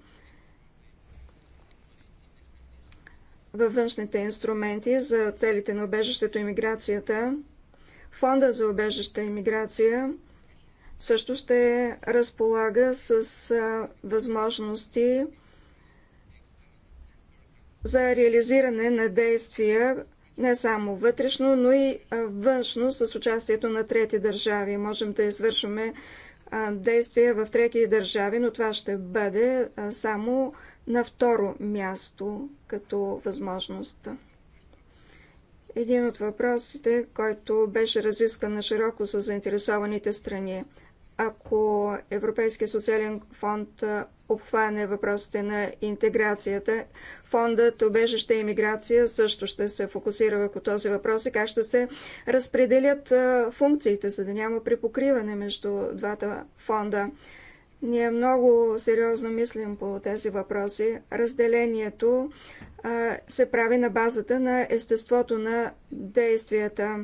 във външните инструменти за целите на обежището и миграцията, Фонда за обежище и миграция също ще разполага с възможности за реализиране на действия не само вътрешно, но и външно с участието на трети държави. Можем да извършваме действия в трети държави, но това ще бъде само на второ място като възможност. Един от въпросите, който беше разискан на широко с заинтересованите страни. Ако Европейския социален фонд обхване въпросите на интеграцията, фондът обежище и миграция също ще се фокусира върху този въпрос и как ще се разпределят функциите, за да няма припокриване между двата фонда. Ние много сериозно мислим по тези въпроси. Разделението а, се прави на базата на естеството на действията.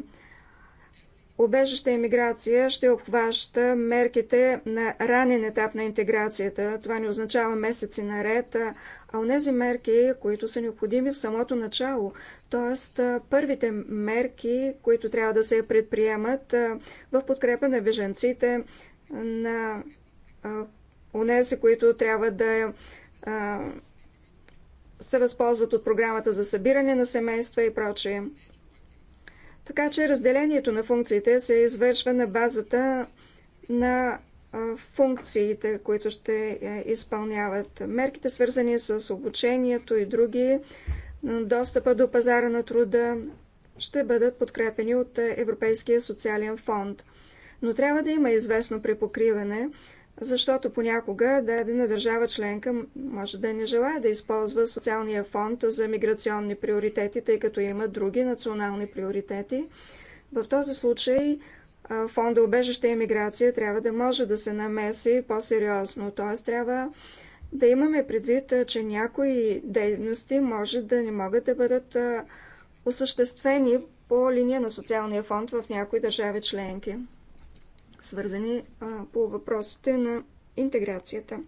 Обежаща иммиграция ще обхваща мерките на ранен етап на интеграцията. Това не означава месеци наред, а онези мерки, които са необходими в самото начало. Тоест, първите мерки, които трябва да се предприемат в подкрепа на беженците, на унеси, които трябва да се възползват от програмата за събиране на семейства и прочее. Така че разделението на функциите се извършва на базата на функциите, които ще е, изпълняват. Мерките свързани с обучението и други, достъпа до пазара на труда, ще бъдат подкрепени от Европейския социален фонд. Но трябва да има известно препокриване, защото понякога дадена държава членка може да не желая да използва социалния фонд за миграционни приоритети, тъй като има други национални приоритети. В този случай фонда обежище и миграция трябва да може да се намеси по-сериозно, т.е. трябва да имаме предвид, че някои дейности може да не могат да бъдат осъществени по линия на социалния фонд в някои държави членки свързани по въпросите на интеграцията.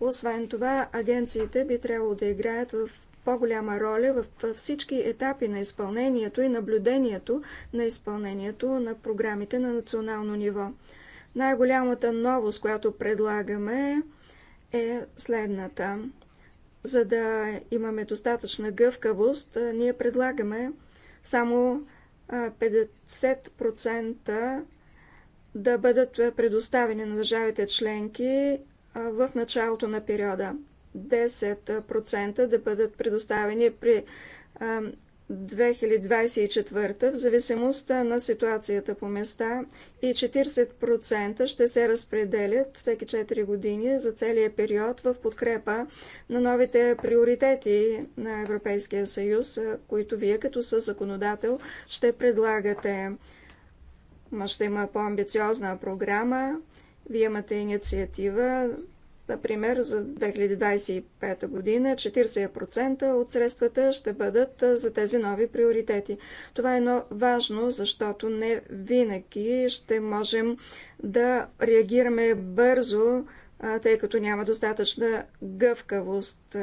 Освен това, агенциите би трябвало да играят в по-голяма роля в всички етапи на изпълнението и наблюдението на изпълнението на програмите на национално ниво. Най-голямата новост, която предлагаме е следната. За да имаме достатъчна гъвкавост, ние предлагаме само 50% да бъдат предоставени на държавите членки в началото на периода, 10% да бъдат предоставени при 2024 в зависимост на ситуацията по места и 40% ще се разпределят всеки 4 години за целия период в подкрепа на новите приоритети на Европейския съюз, които вие като със законодател ще предлагате. Ще има по-амбициозна програма. Вие имате инициатива Например, за 2025 година 40% от средствата ще бъдат за тези нови приоритети. Това е едно важно, защото не винаги ще можем да реагираме бързо, тъй като няма достатъчна гъвкавост.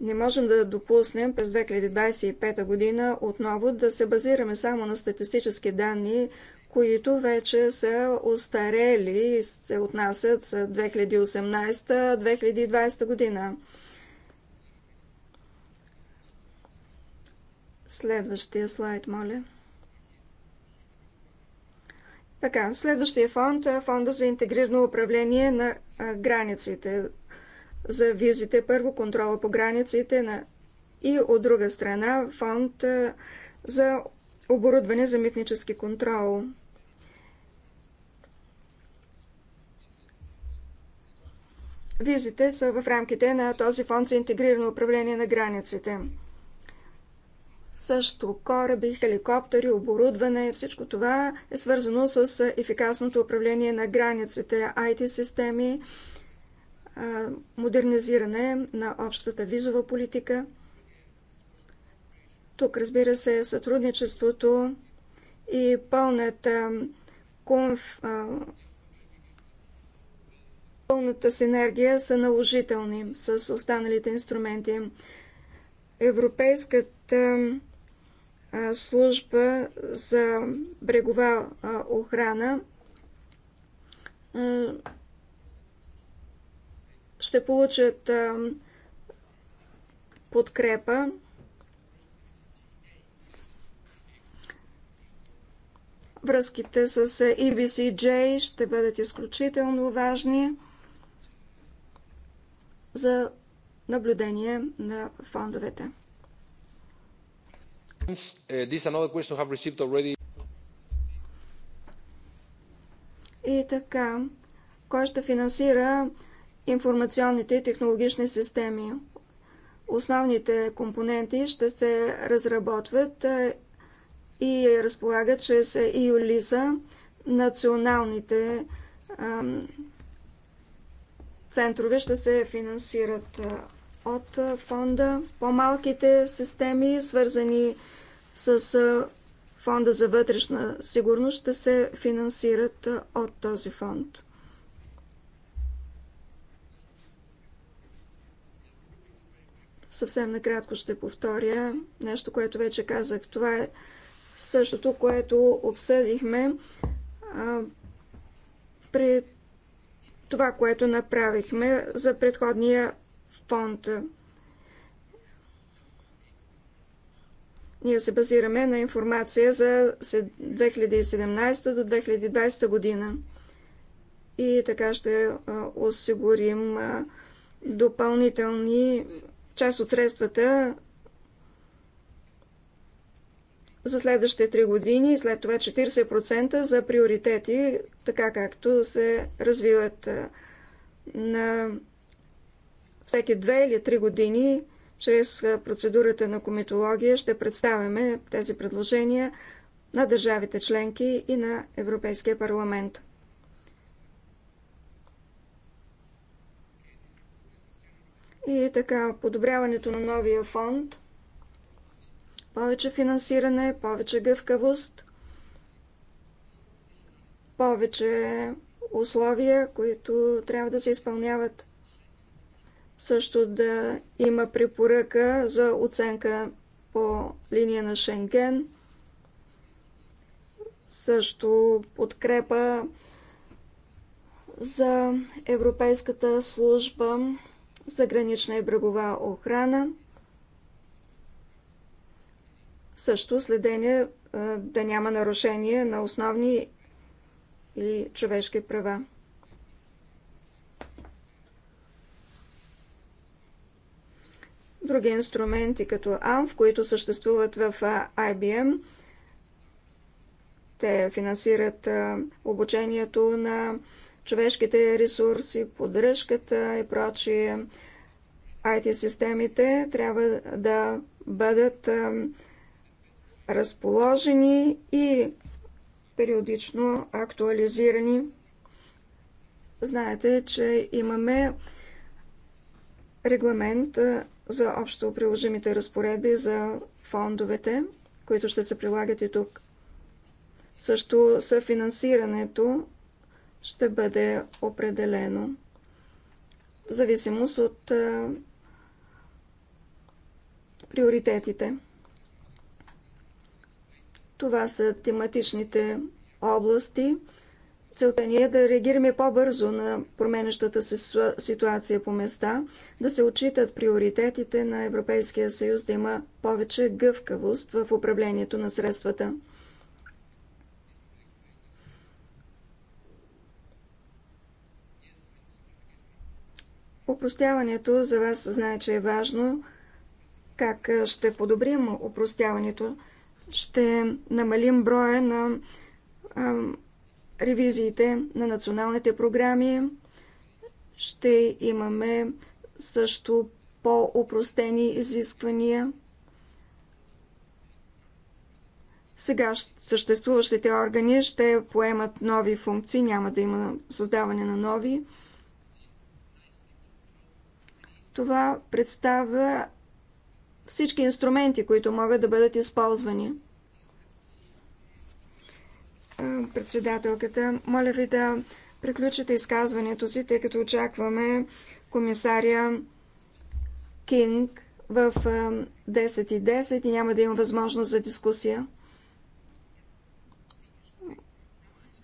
Не можем да допуснем през 2025 година отново да се базираме само на статистически данни, които вече са остарели и се отнасят за 2018-2020 година. Следващия слайд, моля. Така, следващия фонд е фонда за интегрирано управление на границите. За визите първо контрола по границите на... и от друга страна фонд за оборудване за митнически контрол. Визите са в рамките на този фонд за интегрирано управление на границите. Също кораби, хеликоптери, оборудване, всичко това е свързано с ефикасното управление на границите, IT-системи, модернизиране на общата визова политика. Тук, разбира се, сътрудничеството и пълната конф, пълната синергия са наложителни с останалите инструменти. Европейската служба за брегова охрана ще получат подкрепа. Връзките с EBCJ ще бъдат изключително важни за наблюдение на фондовете. И така, кой ще финансира информационните и технологични системи? Основните компоненти ще се разработват е, и разполагат чрез EULISA националните ам, центрове ще се финансират от фонда. По-малките системи, свързани с фонда за вътрешна сигурност, ще се финансират от този фонд. Съвсем накратко ще повторя нещо, което вече казах. Това е същото, което обсъдихме при това, което направихме за предходния фонд. Ние се базираме на информация за 2017 до 2020 година и така ще осигурим допълнителни част от средствата за следващите 3 години и след това 40% за приоритети, така както се развиват на всеки 2 или 3 години чрез процедурата на комитология ще представяме тези предложения на държавите членки и на Европейския парламент. И така, подобряването на новия фонд – повече финансиране, повече гъвкавост, повече условия, които трябва да се изпълняват. Също да има препоръка за оценка по линия на Шенген. Също подкрепа за Европейската служба за гранична и брегова охрана също следение да няма нарушение на основни или човешки права. Други инструменти като АМФ, които съществуват в IBM, те финансират обучението на човешките ресурси, поддръжката и прочие. IT-системите трябва да бъдат разположени и периодично актуализирани. Знаете, че имаме регламент за общо приложимите разпоредби за фондовете, които ще се прилагат и тук. Също съфинансирането ще бъде определено в зависимост от приоритетите. Това са тематичните области. Целта ни е да реагираме по-бързо на променещата се ситуация по места, да се отчитат приоритетите на Европейския съюз, да има повече гъвкавост в управлението на средствата. Опростяването за вас знае, че е важно. Как ще подобрим опростяването? ще намалим броя на а, ревизиите на националните програми. Ще имаме също по-упростени изисквания. Сега съществуващите органи ще поемат нови функции, няма да има създаване на нови. Това представя всички инструменти, които могат да бъдат използвани. Председателката, моля ви да приключите изказването си, тъй като очакваме комисария Кинг в 10.10 и 10 и няма да има възможност за дискусия.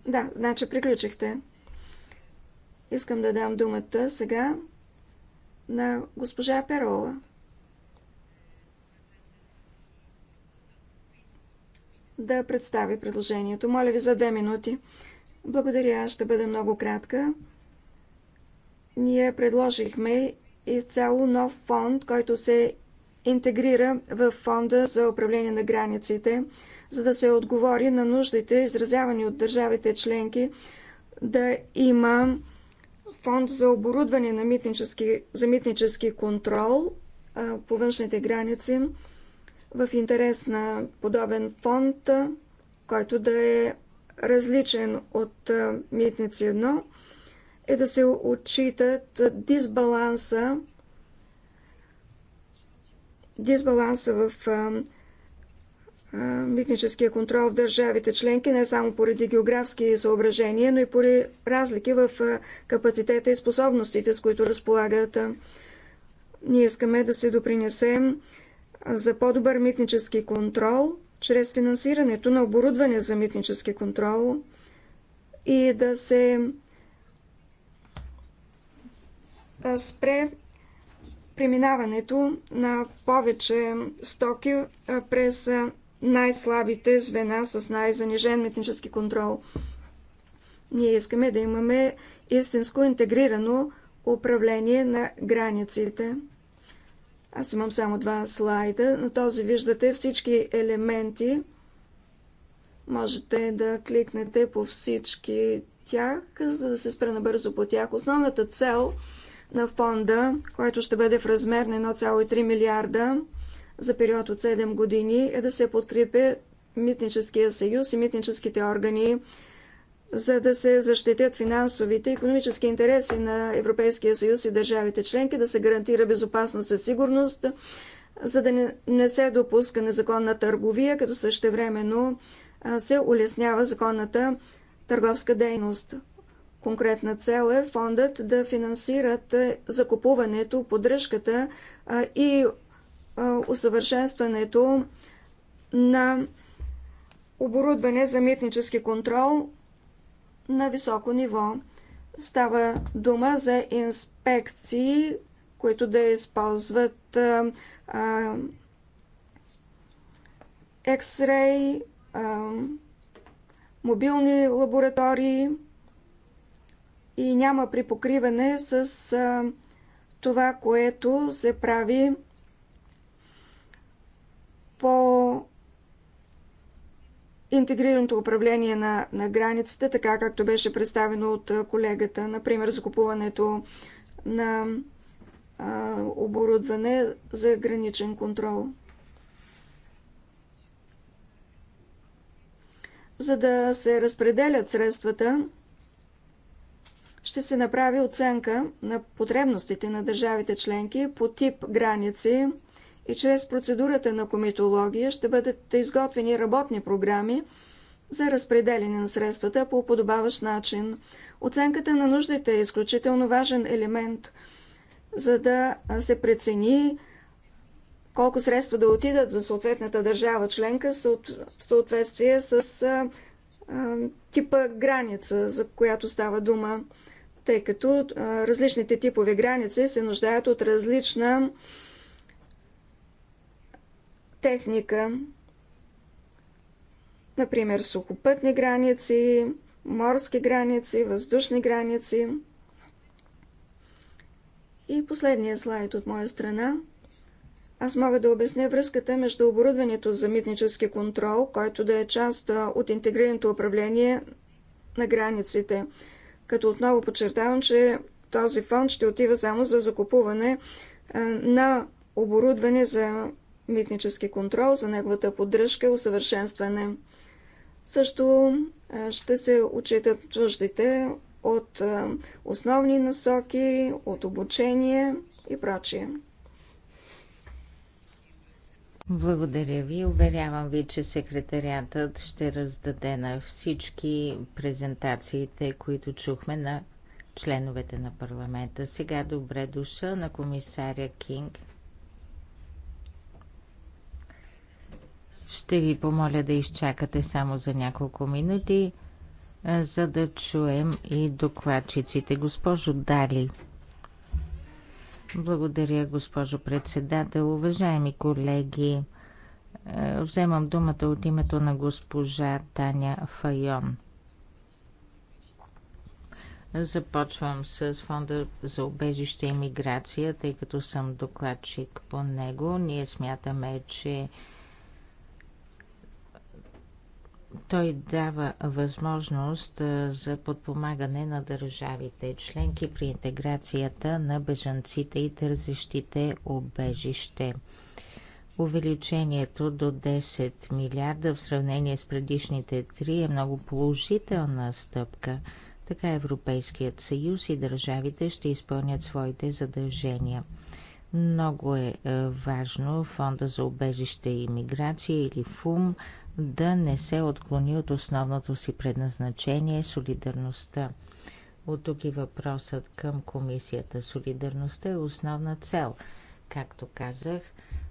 Да, значи приключихте. Искам да дам думата сега на госпожа Перола. да представи предложението. Моля ви за две минути. Благодаря, ще бъда много кратка. Ние предложихме изцяло нов фонд, който се интегрира в фонда за управление на границите, за да се отговори на нуждите, изразявани от държавите членки, да има фонд за оборудване на митнически, за митнически контрол по външните граници в интерес на подобен фонд, който да е различен от Митници 1, е да се отчитат дисбаланса, дисбаланса в митническия контрол в държавите членки, не само поради географски съображения, но и поради разлики в капацитета и способностите, с които разполагат. Ние искаме да се допринесем за по-добър митнически контрол, чрез финансирането на оборудване за митнически контрол и да се спре преминаването на повече стоки през най-слабите звена с най-занижен митнически контрол. Ние искаме да имаме истинско интегрирано управление на границите. Аз имам само два слайда. На този виждате всички елементи. Можете да кликнете по всички тях, за да се спра набързо по тях. Основната цел на фонда, който ще бъде в размер на 1,3 милиарда за период от 7 години, е да се подкрепи Митническия съюз и митническите органи за да се защитят финансовите и економически интереси на Европейския съюз и държавите членки, да се гарантира безопасност и сигурност, за да не се допуска незаконна търговия, като същевременно се улеснява законната търговска дейност. Конкретна цел е фондът да финансират е, закупуването, поддръжката и усъвършенстването на оборудване за митнически контрол, на високо ниво. Става дума за инспекции, които да използват екс-рей, мобилни лаборатории и няма припокриване с а, това, което се прави по интегрираното управление на, на границите, така както беше представено от колегата, например, закупуването на а, оборудване за граничен контрол. За да се разпределят средствата, ще се направи оценка на потребностите на държавите членки по тип граници, и чрез процедурата на комитология ще бъдат изготвени работни програми за разпределение на средствата по подобаващ начин. Оценката на нуждите е изключително важен елемент, за да се прецени колко средства да отидат за съответната държава членка в съответствие с а, а, типа граница, за която става дума, тъй като а, различните типове граници се нуждаят от различна а, техника, например сухопътни граници, морски граници, въздушни граници. И последния слайд от моя страна. Аз мога да обясня връзката между оборудването за митнически контрол, който да е част от интегрираното управление на границите. Като отново подчертавам, че този фонд ще отива само за закупуване на оборудване за митнически контрол, за неговата поддръжка и е усъвършенстване. Също ще се учитат чуждите от основни насоки, от обучение и прочие. Благодаря ви. Уверявам ви, че секретариатът ще раздаде на всички презентациите, които чухме на членовете на парламента. Сега добре душа на комисаря Кинг. Ще ви помоля да изчакате само за няколко минути, за да чуем и докладчиците. Госпожо Дали. Благодаря, госпожо председател. Уважаеми колеги, вземам думата от името на госпожа Таня Файон. Започвам с фонда за обежище и миграция, тъй като съм докладчик по него. Ние смятаме, че той дава възможност за подпомагане на държавите членки при интеграцията на бежанците и търсещите обежище. Увеличението до 10 милиарда в сравнение с предишните три е много положителна стъпка. Така Европейският съюз и държавите ще изпълнят своите задължения. Много е важно Фонда за обежище и миграция или ФУМ да не се отклони от основното си предназначение – солидарността. От тук и въпросът към комисията. Солидарността е основна цел. Както казах,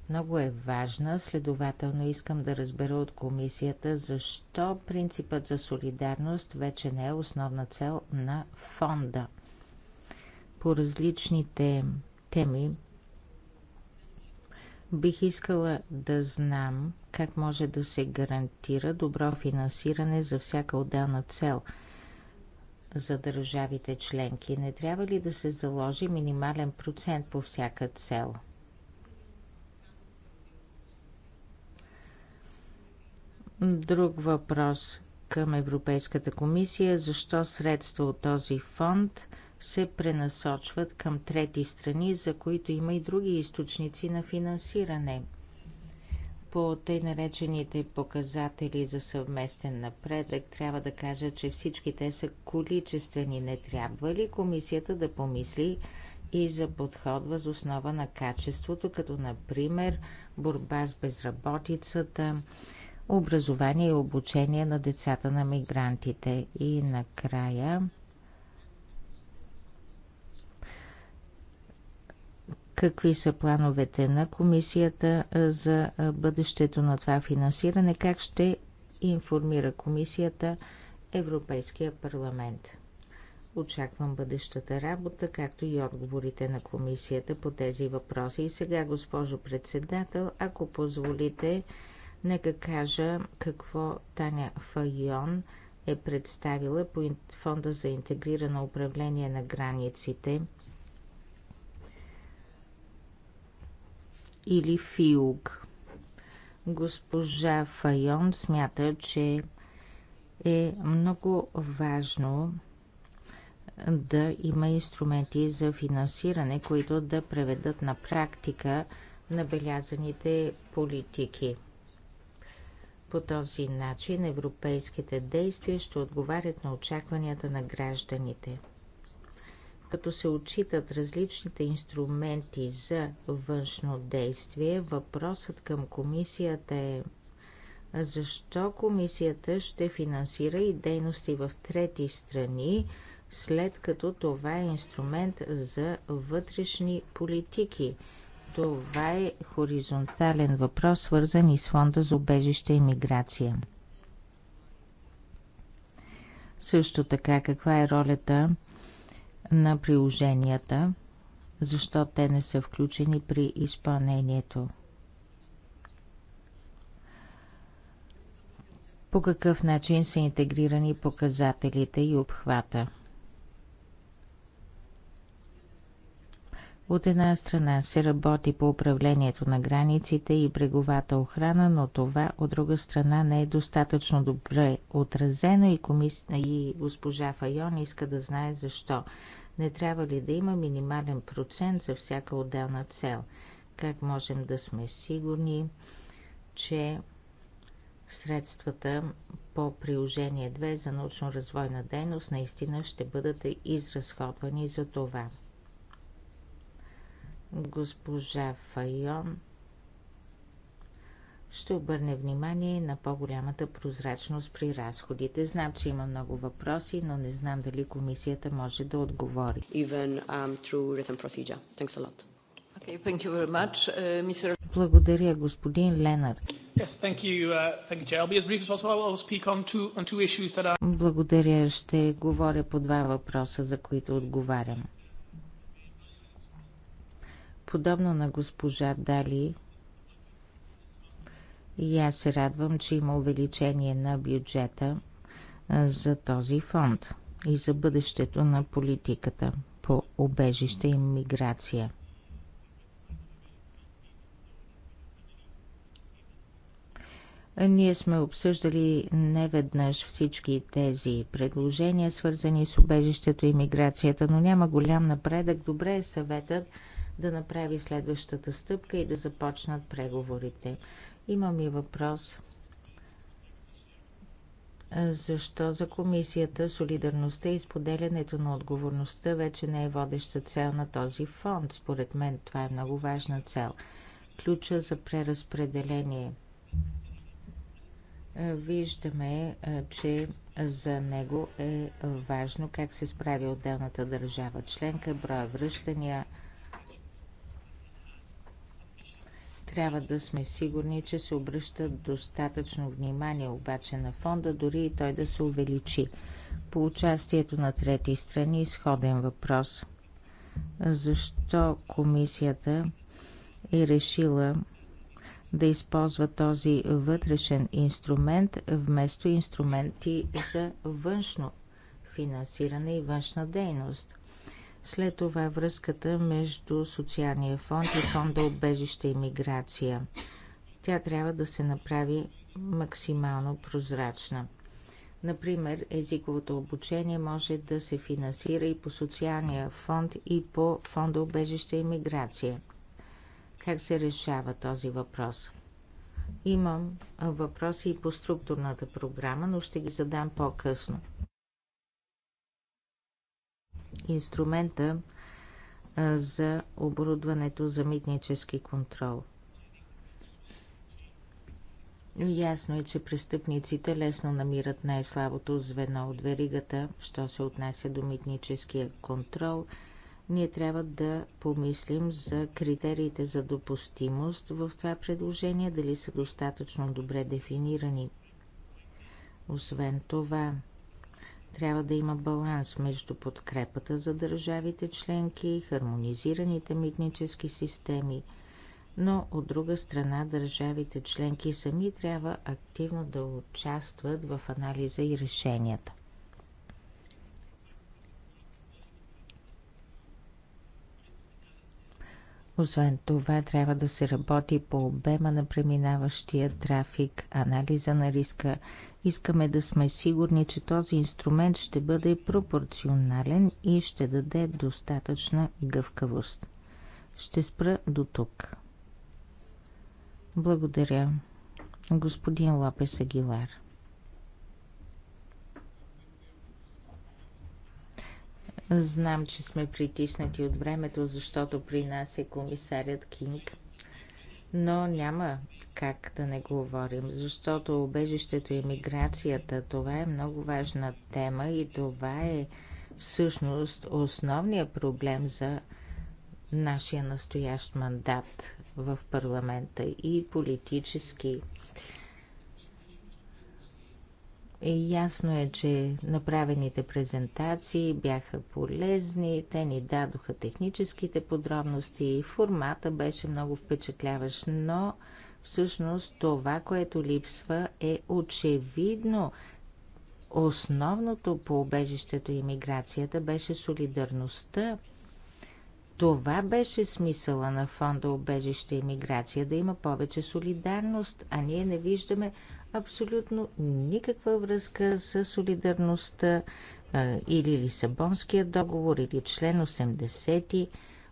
много е важна, следователно искам да разбера от комисията защо принципът за солидарност вече не е основна цел на фонда. По различните теми бих искала да знам как може да се гарантира добро финансиране за всяка отделна цел за държавите членки? Не трябва ли да се заложи минимален процент по всяка цел? Друг въпрос към Европейската комисия. Защо средства от този фонд се пренасочват към трети страни, за които има и други източници на финансиране – по тъй наречените показатели за съвместен напредък трябва да кажа, че всички те са количествени. Не трябва ли комисията да помисли и за подход въз основа на качеството, като например борба с безработицата, образование и обучение на децата на мигрантите. И накрая какви са плановете на комисията за бъдещето на това финансиране, как ще информира комисията Европейския парламент. Очаквам бъдещата работа, както и отговорите на комисията по тези въпроси. И сега, госпожо председател, ако позволите, нека кажа какво Таня Файон е представила по Фонда за интегрирано управление на границите – или филг. Госпожа Файон смята, че е много важно да има инструменти за финансиране, които да преведат на практика набелязаните политики. По този начин европейските действия ще отговарят на очакванията на гражданите – като се отчитат различните инструменти за външно действие, въпросът към комисията е защо комисията ще финансира и дейности в трети страни, след като това е инструмент за вътрешни политики. Това е хоризонтален въпрос, свързан и с фонда за убежище и миграция. Също така, каква е ролята на приложенията, защо те не са включени при изпълнението. По какъв начин са интегрирани показателите и обхвата? От една страна се работи по управлението на границите и бреговата охрана, но това от друга страна не е достатъчно добре отразено и, комис... и госпожа Файон иска да знае защо. Не трябва ли да има минимален процент за всяка отделна цел? Как можем да сме сигурни, че средствата по приложение 2 за научно-развойна дейност наистина ще бъдат изразходвани за това? Госпожа Файон ще обърне внимание на по-голямата прозрачност при разходите. Знам, че има много въпроси, но не знам дали комисията може да отговори. Even, um, uh, Благодаря, господин Ленард. thank you, Благодаря, ще говоря по два въпроса, за които отговарям. Подобно на госпожа Дали, и аз се радвам, че има увеличение на бюджета за този фонд и за бъдещето на политиката по обежище и миграция. Ние сме обсъждали неведнъж всички тези предложения, свързани с убежището и миграцията, но няма голям напредък. Добре е съветът да направи следващата стъпка и да започнат преговорите. Имам и въпрос. Защо за комисията солидарността и споделянето на отговорността вече не е водеща цел на този фонд? Според мен това е много важна цел. Ключа за преразпределение. Виждаме, че за него е важно как се справи отделната държава членка, броя връщания – Трябва да сме сигурни, че се обръща достатъчно внимание обаче на фонда, дори и той да се увеличи. По участието на трети страни изходен въпрос. Защо комисията е решила да използва този вътрешен инструмент вместо инструменти за външно финансиране и външна дейност? След това връзката между социалния фонд и фонда обежище и миграция. Тя трябва да се направи максимално прозрачна. Например, езиковото обучение може да се финансира и по социалния фонд и по фонда обежище и миграция. Как се решава този въпрос? Имам въпроси и по структурната програма, но ще ги задам по-късно инструмента за оборудването за митнически контрол. Ясно е, че престъпниците лесно намират най-слабото звено от веригата, що се отнася до митническия контрол. Ние трябва да помислим за критериите за допустимост в това предложение, дали са достатъчно добре дефинирани. Освен това, трябва да има баланс между подкрепата за държавите членки, хармонизираните митнически системи, но от друга страна държавите членки сами трябва активно да участват в анализа и решенията. Освен това, трябва да се работи по обема на преминаващия трафик, анализа на риска Искаме да сме сигурни, че този инструмент ще бъде пропорционален и ще даде достатъчна гъвкавост. Ще спра до тук. Благодаря, господин Лапес Агилар. Знам, че сме притиснати от времето, защото при нас е комисарят Кинг, но няма как да не говорим? Защото убежището и миграцията, това е много важна тема и това е всъщност основният проблем за нашия настоящ мандат в парламента и политически. И ясно е, че направените презентации бяха полезни, те ни дадоха техническите подробности, формата беше много впечатляващ, но Всъщност това, което липсва е очевидно. Основното по убежището и миграцията беше солидарността. Това беше смисъла на фонда Обежище и миграция да има повече солидарност, а ние не виждаме абсолютно никаква връзка с солидарността или Лисабонския договор, или член 80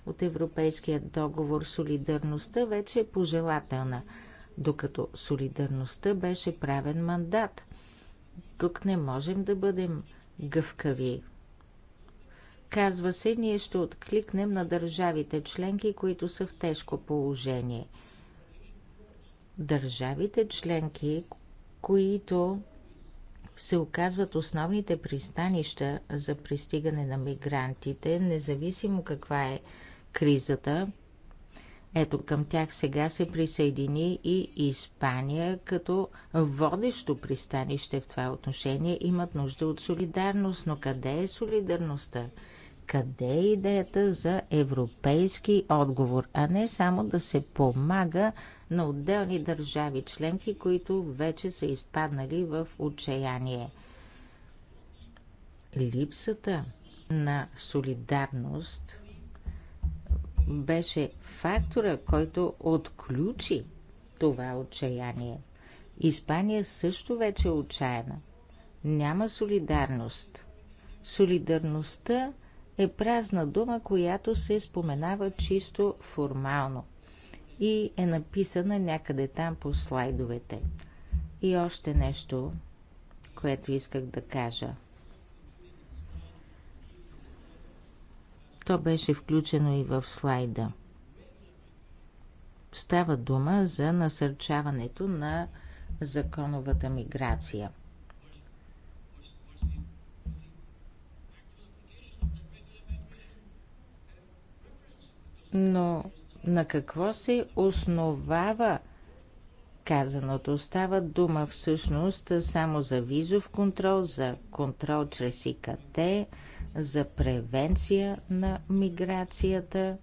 от Европейския договор. Солидарността вече е пожелателна, докато солидарността беше правен мандат. Тук не можем да бъдем гъвкави. Казва се, ние ще откликнем на държавите членки, които са в тежко положение. Държавите членки, които се оказват основните пристанища за пристигане на мигрантите, независимо каква е кризата. Ето към тях сега се присъедини и Испания, като водещо пристанище в това отношение имат нужда от солидарност. Но къде е солидарността? Къде е идеята за европейски отговор, а не само да се помага на отделни държави членки, които вече са изпаднали в отчаяние? Липсата на солидарност беше фактора, който отключи това отчаяние. Испания също вече е отчаяна. Няма солидарност. Солидарността е празна дума, която се споменава чисто формално и е написана някъде там по слайдовете. И още нещо, което исках да кажа – То беше включено и в слайда. Става дума за насърчаването на законовата миграция. Но на какво се основава казаното? Става дума всъщност само за визов контрол, за контрол чрез ИКТ, за превенция на миграцията,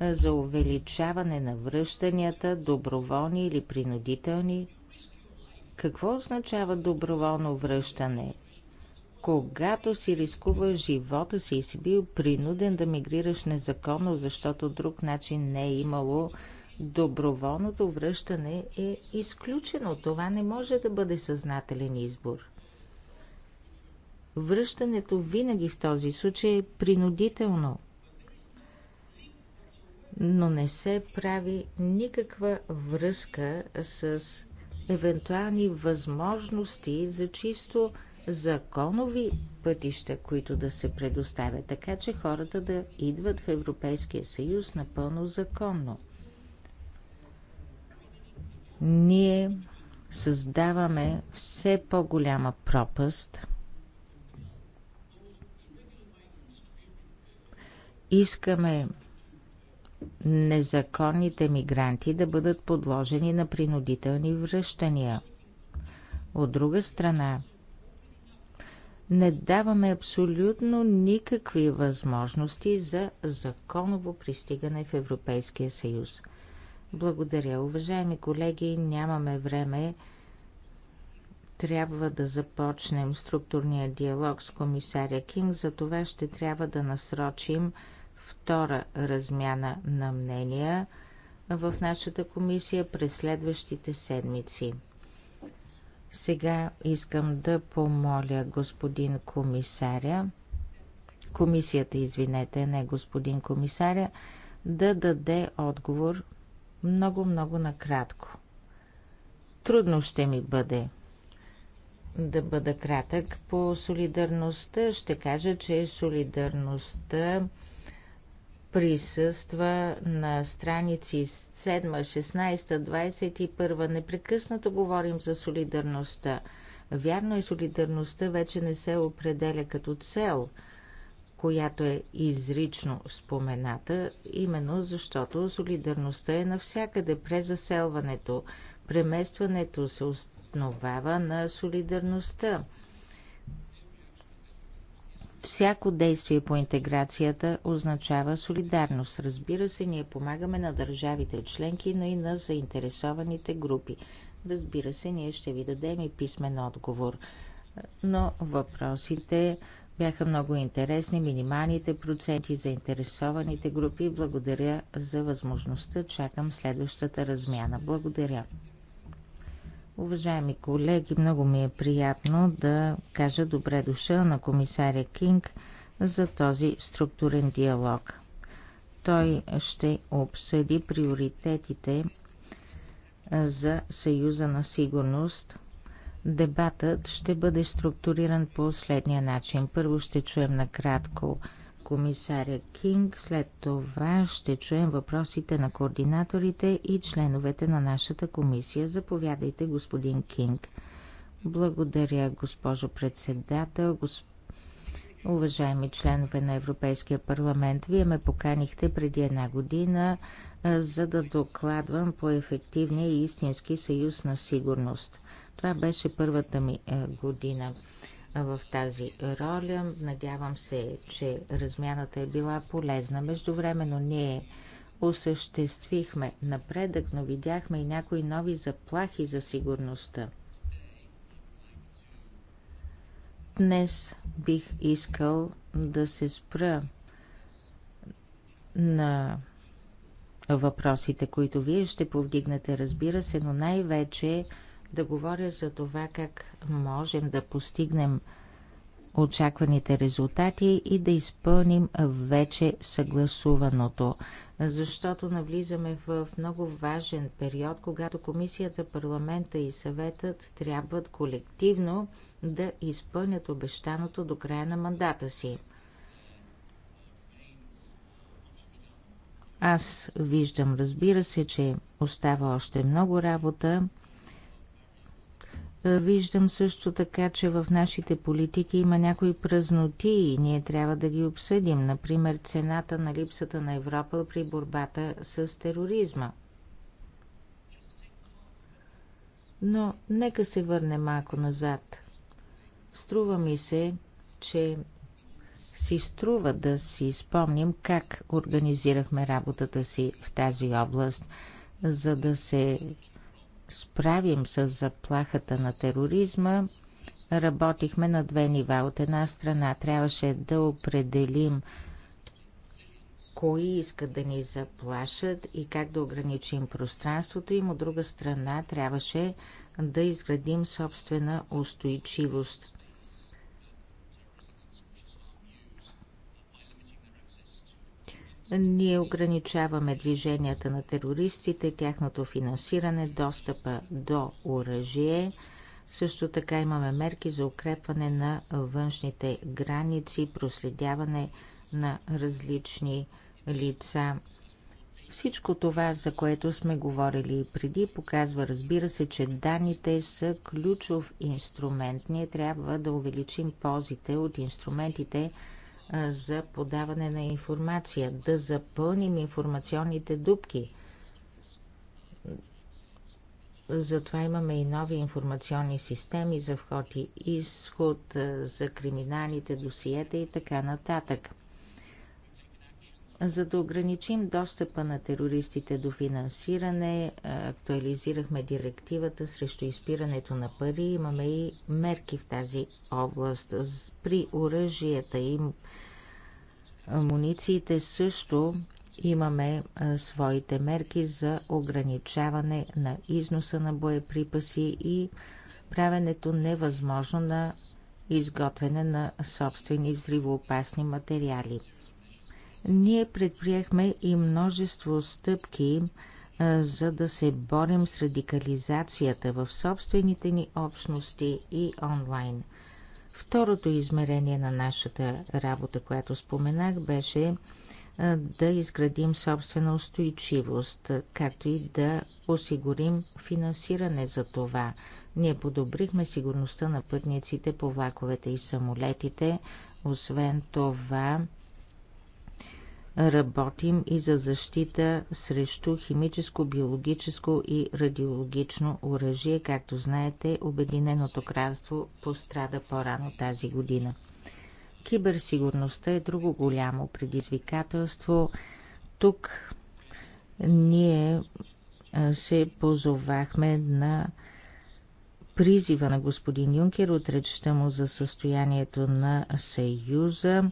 за увеличаване на връщанията, доброволни или принудителни. Какво означава доброволно връщане? Когато си рискуваш живота си и си бил принуден да мигрираш незаконно, защото друг начин не е имало, доброволното връщане е изключено. Това не може да бъде съзнателен избор. Връщането винаги в този случай е принудително, но не се прави никаква връзка с евентуални възможности за чисто законови пътища, които да се предоставят, така че хората да идват в Европейския съюз напълно законно. Ние създаваме все по-голяма пропаст – Искаме незаконните мигранти да бъдат подложени на принудителни връщания. От друга страна, не даваме абсолютно никакви възможности за законово пристигане в Европейския съюз. Благодаря, уважаеми колеги, нямаме време. Трябва да започнем структурния диалог с комисаря Кинг, за това ще трябва да насрочим втора размяна на мнения в нашата комисия през следващите седмици. Сега искам да помоля господин комисаря, комисията, извинете, не господин комисаря, да даде отговор много-много накратко. Трудно ще ми бъде да бъда кратък по солидарността. Ще кажа, че солидарността присъства на страници 7, 16, 21. Непрекъснато говорим за солидарността. Вярно е, солидарността вече не се определя като цел, която е изрично спомената, именно защото солидарността е навсякъде през заселването. Преместването се основава на солидарността. Всяко действие по интеграцията означава солидарност. Разбира се, ние помагаме на държавите членки, но и на заинтересованите групи. Разбира се, ние ще ви дадем и писмен отговор. Но въпросите бяха много интересни. Минималните проценти за интересованите групи. Благодаря за възможността. Чакам следващата размяна. Благодаря. Уважаеми колеги, много ми е приятно да кажа добре дошъл на комисаря Кинг за този структурен диалог. Той ще обсъди приоритетите за Съюза на сигурност. Дебатът ще бъде структуриран по следния начин. Първо ще чуем накратко комисаря Кинг. След това ще чуем въпросите на координаторите и членовете на нашата комисия. Заповядайте, господин Кинг. Благодаря, госпожо председател, госп... уважаеми членове на Европейския парламент. Вие ме поканихте преди една година, за да докладвам по ефективния и истински съюз на сигурност. Това беше първата ми е, година в тази роля. Надявам се, че размяната е била полезна. Междувременно ние осъществихме напредък, но видяхме и някои нови заплахи за сигурността. Днес бих искал да се спра на въпросите, които вие ще повдигнете, разбира се, но най-вече да говоря за това как можем да постигнем очакваните резултати и да изпълним вече съгласуваното. Защото навлизаме в много важен период, когато комисията, парламента и съветът трябват колективно да изпълнят обещаното до края на мандата си. Аз виждам, разбира се, че остава още много работа е, виждам също така, че в нашите политики има някои празноти и ние трябва да ги обсъдим. Например, цената на липсата на Европа при борбата с тероризма. Но нека се върнем малко назад. Струва ми се, че си струва да си спомним как организирахме работата си в тази област, за да се справим с заплахата на тероризма, работихме на две нива. От една страна трябваше да определим кои искат да ни заплашат и как да ограничим пространството им. От друга страна трябваше да изградим собствена устойчивост. Ние ограничаваме движенията на терористите, тяхното финансиране, достъпа до оръжие. Също така имаме мерки за укрепване на външните граници, проследяване на различни лица. Всичко това, за което сме говорили и преди, показва, разбира се, че данните са ключов инструмент. Ние трябва да увеличим ползите от инструментите за подаване на информация, да запълним информационните дупки. Затова имаме и нови информационни системи за вход и изход, за криминалните досиета и така нататък. За да ограничим достъпа на терористите до финансиране, е, актуализирахме директивата срещу изпирането на пари. Имаме и мерки в тази област. При оръжията и амунициите също имаме е, своите мерки за ограничаване на износа на боеприпаси и правенето невъзможно на изготвяне на собствени взривоопасни материали. Ние предприехме и множество стъпки, за да се борим с радикализацията в собствените ни общности и онлайн. Второто измерение на нашата работа, която споменах, беше да изградим собствена устойчивост, както и да осигурим финансиране за това. Ние подобрихме сигурността на пътниците по влаковете и самолетите. Освен това, работим и за защита срещу химическо, биологическо и радиологично оръжие. Както знаете, Обединеното кралство пострада по-рано тази година. Киберсигурността е друго голямо предизвикателство. Тук ние се позовахме на призива на господин Юнкер от речта му за състоянието на Съюза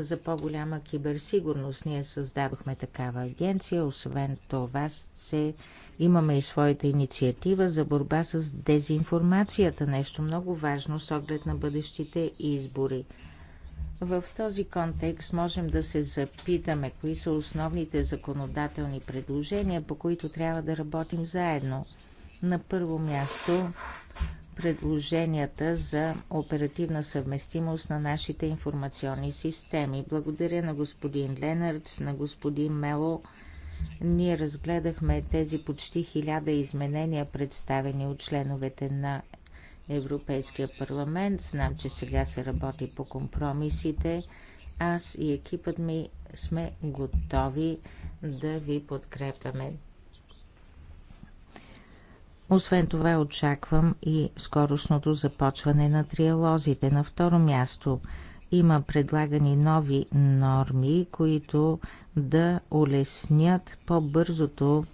за по-голяма киберсигурност. Ние създадохме такава агенция. Освен това се, имаме и своята инициатива за борба с дезинформацията. Нещо много важно с оглед на бъдещите избори. В този контекст можем да се запитаме кои са основните законодателни предложения, по които трябва да работим заедно. На първо място предложенията за оперативна съвместимост на нашите информационни системи. Благодаря на господин Ленардс, на господин Мело. Ние разгледахме тези почти хиляда изменения, представени от членовете на Европейския парламент. Знам, че сега се работи по компромисите. Аз и екипът ми сме готови да ви подкрепяме. Освен това очаквам и скорошното започване на триалозите. На второ място има предлагани нови норми, които да улеснят по-бързото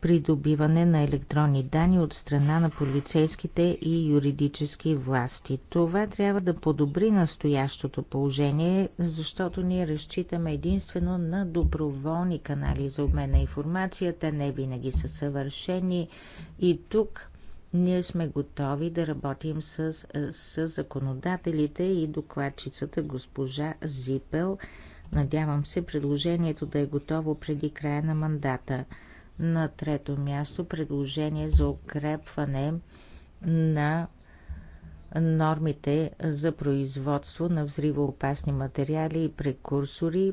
придобиване на електронни данни от страна на полицейските и юридически власти. Това трябва да подобри настоящото положение, защото ние разчитаме единствено на доброволни канали за обмен на информацията, не винаги са съвършени и тук ние сме готови да работим с, с законодателите и докладчицата госпожа Зипел. Надявам се предложението да е готово преди края на мандата. На трето място предложение за укрепване на нормите за производство на взривоопасни материали и прекурсори.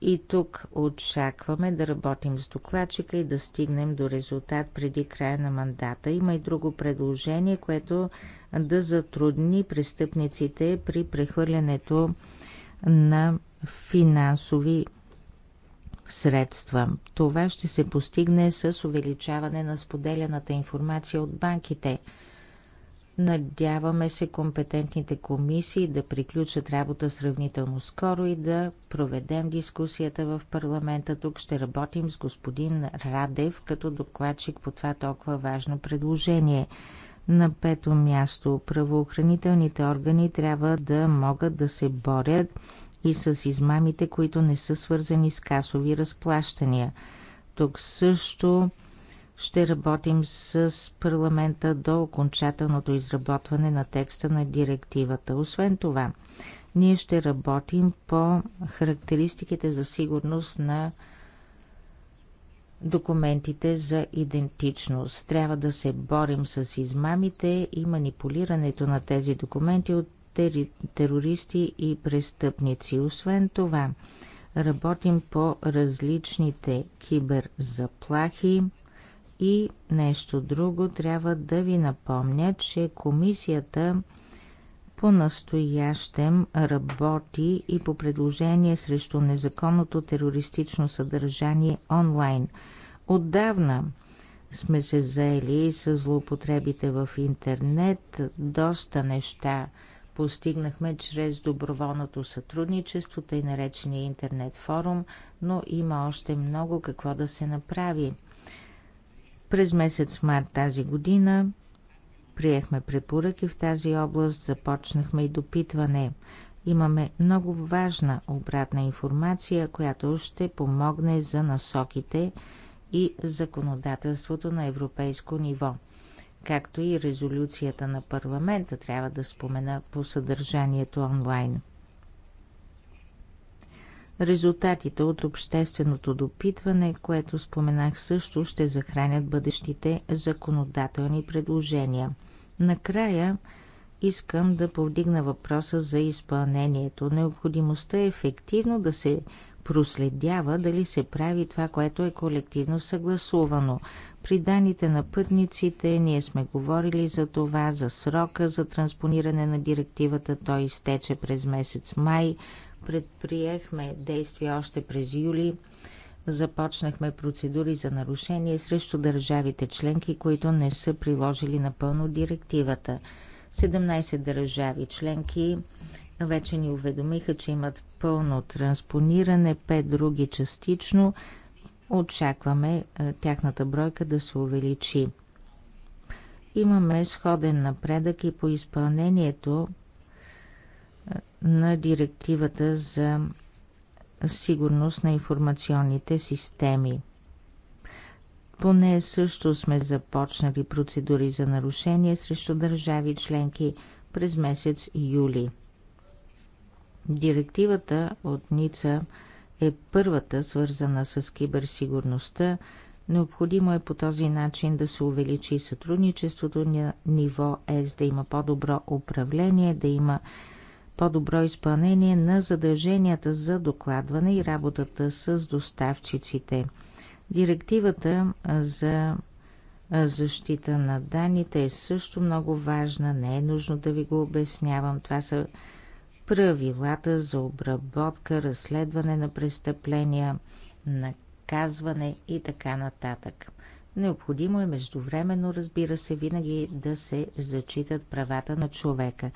И тук очакваме да работим с докладчика и да стигнем до резултат преди края на мандата. Има и друго предложение, което да затрудни престъпниците при прехвърлянето на финансови средства. Това ще се постигне с увеличаване на споделяната информация от банките. Надяваме се компетентните комисии да приключат работа сравнително скоро и да проведем дискусията в парламента. Тук ще работим с господин Радев като докладчик по това толкова важно предложение. На пето място правоохранителните органи трябва да могат да се борят и с измамите, които не са свързани с касови разплащания. Тук също ще работим с парламента до окончателното изработване на текста на директивата. Освен това, ние ще работим по характеристиките за сигурност на документите за идентичност. Трябва да се борим с измамите и манипулирането на тези документи от тери, терористи и престъпници. Освен това, работим по различните киберзаплахи и нещо друго. Трябва да ви напомня, че комисията по-настоящем работи и по предложение срещу незаконното терористично съдържание онлайн. Отдавна сме се заели с злоупотребите в интернет, доста неща постигнахме чрез доброволното сътрудничество, тъй наречения интернет форум, но има още много какво да се направи. През месец март тази година приехме препоръки в тази област, започнахме и допитване. Имаме много важна обратна информация, която ще помогне за насоките и законодателството на европейско ниво – както и резолюцията на парламента, трябва да спомена по съдържанието онлайн. Резултатите от общественото допитване, което споменах също, ще захранят бъдещите законодателни предложения. Накрая искам да повдигна въпроса за изпълнението. Необходимостта е ефективно да се проследява дали се прави това, което е колективно съгласувано. При данните на пътниците ние сме говорили за това, за срока за транспониране на директивата. Той изтече през месец май. Предприехме действия още през юли. Започнахме процедури за нарушение срещу държавите членки, които не са приложили напълно директивата. 17 държави членки вече ни уведомиха, че имат пълно транспониране, пет други частично. Очакваме е, тяхната бройка да се увеличи. Имаме сходен напредък и по изпълнението е, на директивата за сигурност на информационните системи. Поне също сме започнали процедури за нарушение срещу държави членки през месец юли. Директивата от Ница е първата свързана с киберсигурността. Необходимо е по този начин да се увеличи сътрудничеството на ниво ЕС, да има по-добро управление, да има по-добро изпълнение на задълженията за докладване и работата с доставчиците. Директивата за защита на данните е също много важна, не е нужно да ви го обяснявам. Това са правилата за обработка, разследване на престъпления, наказване и така нататък. Необходимо е междувременно, разбира се, винаги да се зачитат правата на човека.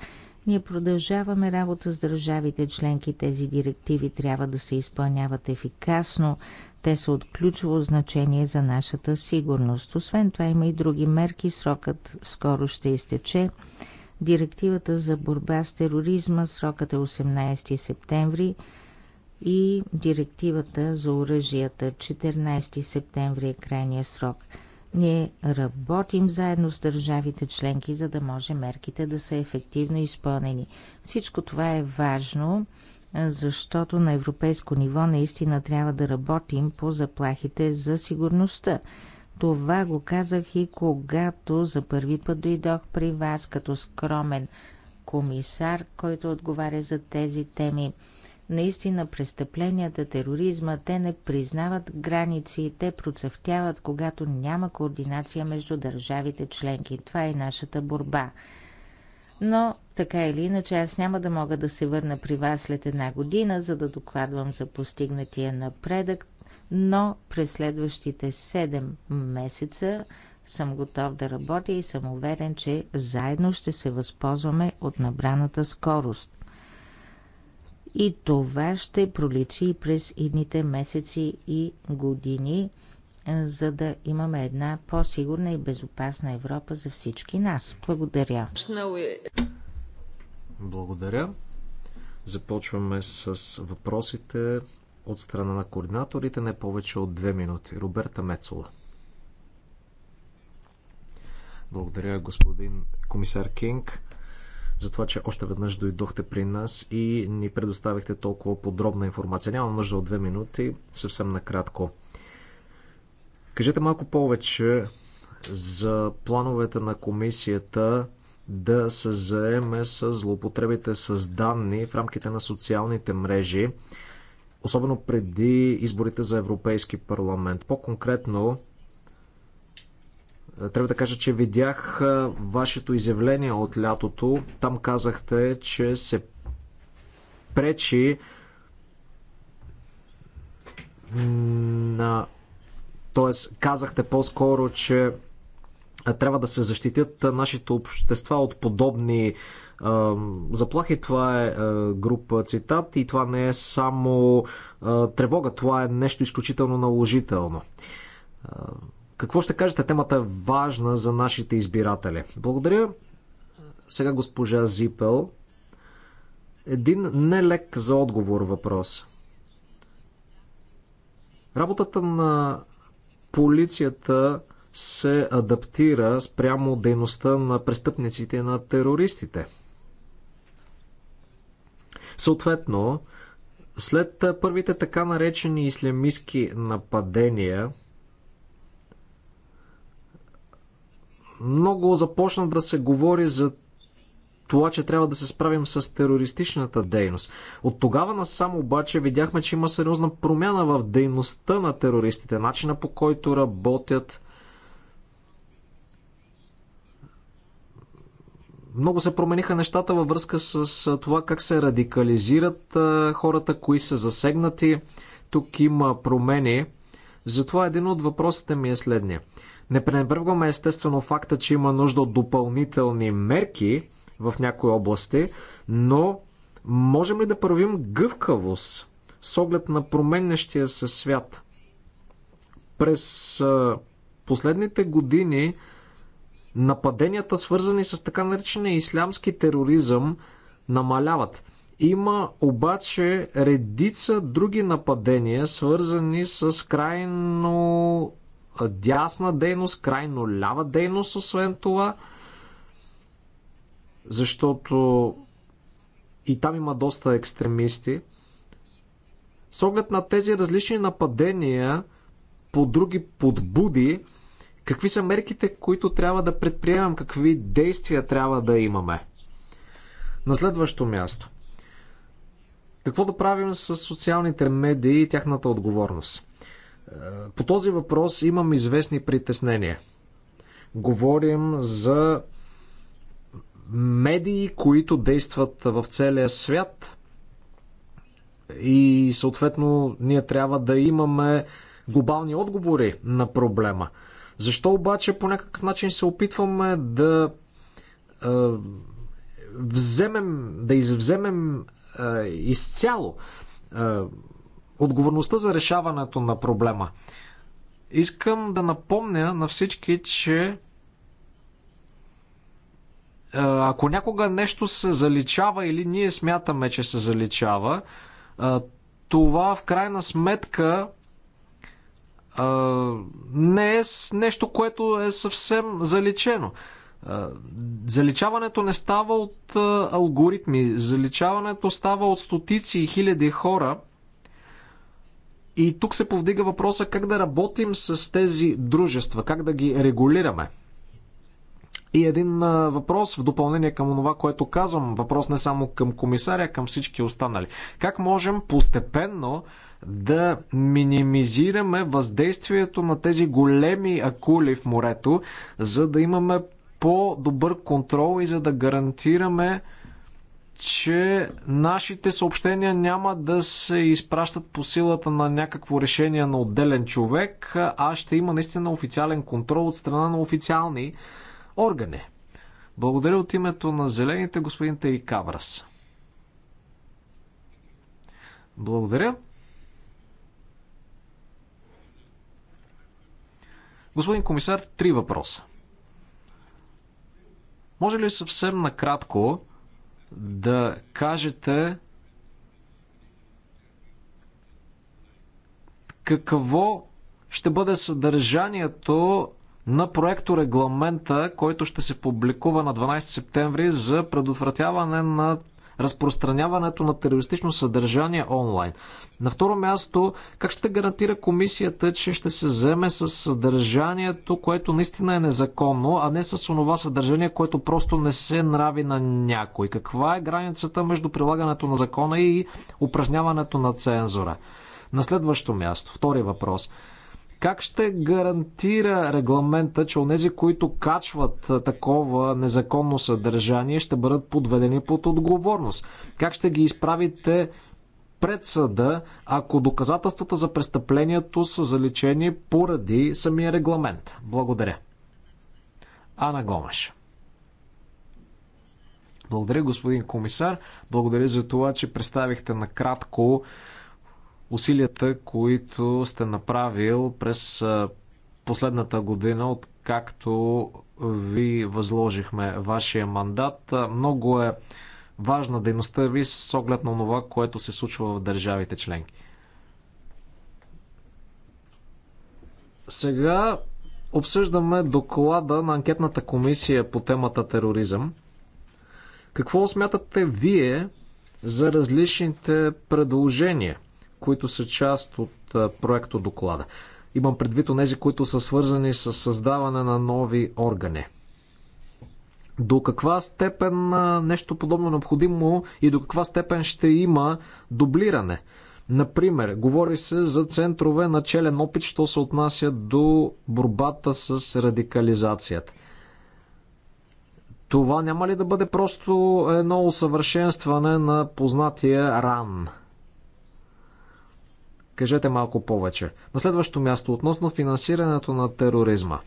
Ние продължаваме работа с държавите членки. Тези директиви трябва да се изпълняват ефикасно. Те са от ключово значение за нашата сигурност. Освен това има и други мерки. Срокът скоро ще изтече директивата за борба с тероризма, срокът е 18 септември и директивата за оръжията, 14 септември е крайния срок. Ние работим заедно с държавите членки, за да може мерките да са ефективно изпълнени. Всичко това е важно, защото на европейско ниво наистина трябва да работим по заплахите за сигурността. Това го казах и когато за първи път дойдох при вас като скромен комисар, който отговаря за тези теми. Наистина престъпленията, тероризма, те не признават граници, те процъфтяват, когато няма координация между държавите членки. Това е нашата борба. Но, така или иначе, аз няма да мога да се върна при вас след една година, за да докладвам за постигнатия напредък но през следващите 7 месеца съм готов да работя и съм уверен, че заедно ще се възползваме от набраната скорост. И това ще проличи и през идните месеци и години, за да имаме една по-сигурна и безопасна Европа за всички нас. Благодаря. Благодаря. Започваме с въпросите от страна на координаторите не повече от 2 минути. Роберта Мецола. Благодаря, господин комисар Кинг, за това, че още веднъж дойдохте при нас и ни предоставихте толкова подробна информация. Нямам нужда от две минути, съвсем накратко. Кажете малко повече за плановете на комисията да се заеме с злоупотребите с данни в рамките на социалните мрежи особено преди изборите за Европейски парламент. По-конкретно, е, трябва да кажа, че видях е, вашето изявление от лятото. Там казахте, че се пречи на... Тоест, казахте по-скоро, че трябва да се защитят нашите общества от подобни заплахи. Това е, е група цитат и това не е само е, тревога, това е нещо изключително наложително. Е, какво ще кажете? Темата е важна за нашите избиратели. Благодаря. Сега госпожа Зипел. Един нелек за отговор въпрос. Работата на полицията се адаптира спрямо дейността на престъпниците на терористите. Съответно, след първите така наречени ислямистски нападения, много започна да се говори за това, че трябва да се справим с терористичната дейност. От тогава насам обаче видяхме, че има сериозна промяна в дейността на терористите, начина по който работят, Много се промениха нещата във връзка с това как се радикализират хората, кои са засегнати. Тук има промени. Затова един от въпросите ми е следния. Не пренебрегваме естествено факта, че има нужда от допълнителни мерки в някои области, но можем ли да правим гъвкавост с оглед на променящия се свят? През последните години нападенията, свързани с така наречения ислямски тероризъм, намаляват. Има обаче редица други нападения, свързани с крайно дясна дейност, крайно лява дейност, освен това, защото и там има доста екстремисти. С оглед на тези различни нападения по други подбуди, Какви са мерките, които трябва да предприемам? Какви действия трябва да имаме? На следващо място. Какво да правим с социалните медии и тяхната отговорност? Е, по този въпрос имам известни притеснения. Говорим за медии, които действат в целия свят и съответно ние трябва да имаме глобални отговори на проблема – защо обаче по някакъв начин се опитваме да е, вземем, да извземем е, изцяло е, отговорността за решаването на проблема? Искам да напомня на всички, че ако някога нещо се заличава или ние смятаме, че се заличава, това в крайна сметка не е нещо, което е съвсем заличено. Заличаването не става от алгоритми, заличаването става от стотици и хиляди хора. И тук се повдига въпроса как да работим с тези дружества, как да ги регулираме. И един въпрос в допълнение към това, което казвам, въпрос не само към комисаря, към всички останали. Как можем постепенно да минимизираме въздействието на тези големи акули в морето, за да имаме по-добър контрол и за да гарантираме, че нашите съобщения няма да се изпращат по силата на някакво решение на отделен човек, а ще има наистина официален контрол от страна на официални органи. Благодаря от името на зелените господин Тери Каврас. Благодаря. Господин комисар, три въпроса. Може ли съвсем накратко да кажете какво ще бъде съдържанието на проекто регламента, който ще се публикува на 12 септември за предотвратяване на разпространяването на терористично съдържание онлайн. На второ място, как ще гарантира комисията, че ще се вземе с съдържанието, което наистина е незаконно, а не с онова съдържание, което просто не се нрави на някой? Каква е границата между прилагането на закона и упражняването на цензура? На следващо място, втори въпрос – как ще гарантира регламента, че онези, които качват такова незаконно съдържание, ще бъдат подведени под отговорност? Как ще ги изправите пред съда, ако доказателствата за престъплението са заличени поради самия регламент? Благодаря. Ана Гомаш. Благодаря, господин комисар. Благодаря за това, че представихте накратко усилията, които сте направил през последната година, откакто ви възложихме вашия мандат. Много е важна дейността ви с оглед на това, което се случва в държавите членки. Сега обсъждаме доклада на анкетната комисия по темата тероризъм. Какво смятате вие за различните предложения – които са част от проекто доклада. Имам предвид от онези, които са свързани с създаване на нови органи. До каква степен нещо подобно необходимо и до каква степен ще има дублиране? Например, говори се за центрове на челен опит, що се отнася до борбата с радикализацията. Това няма ли да бъде просто едно усъвършенстване на познатия ран – Кажете малко повече. На следващо място, относно финансирането на тероризма.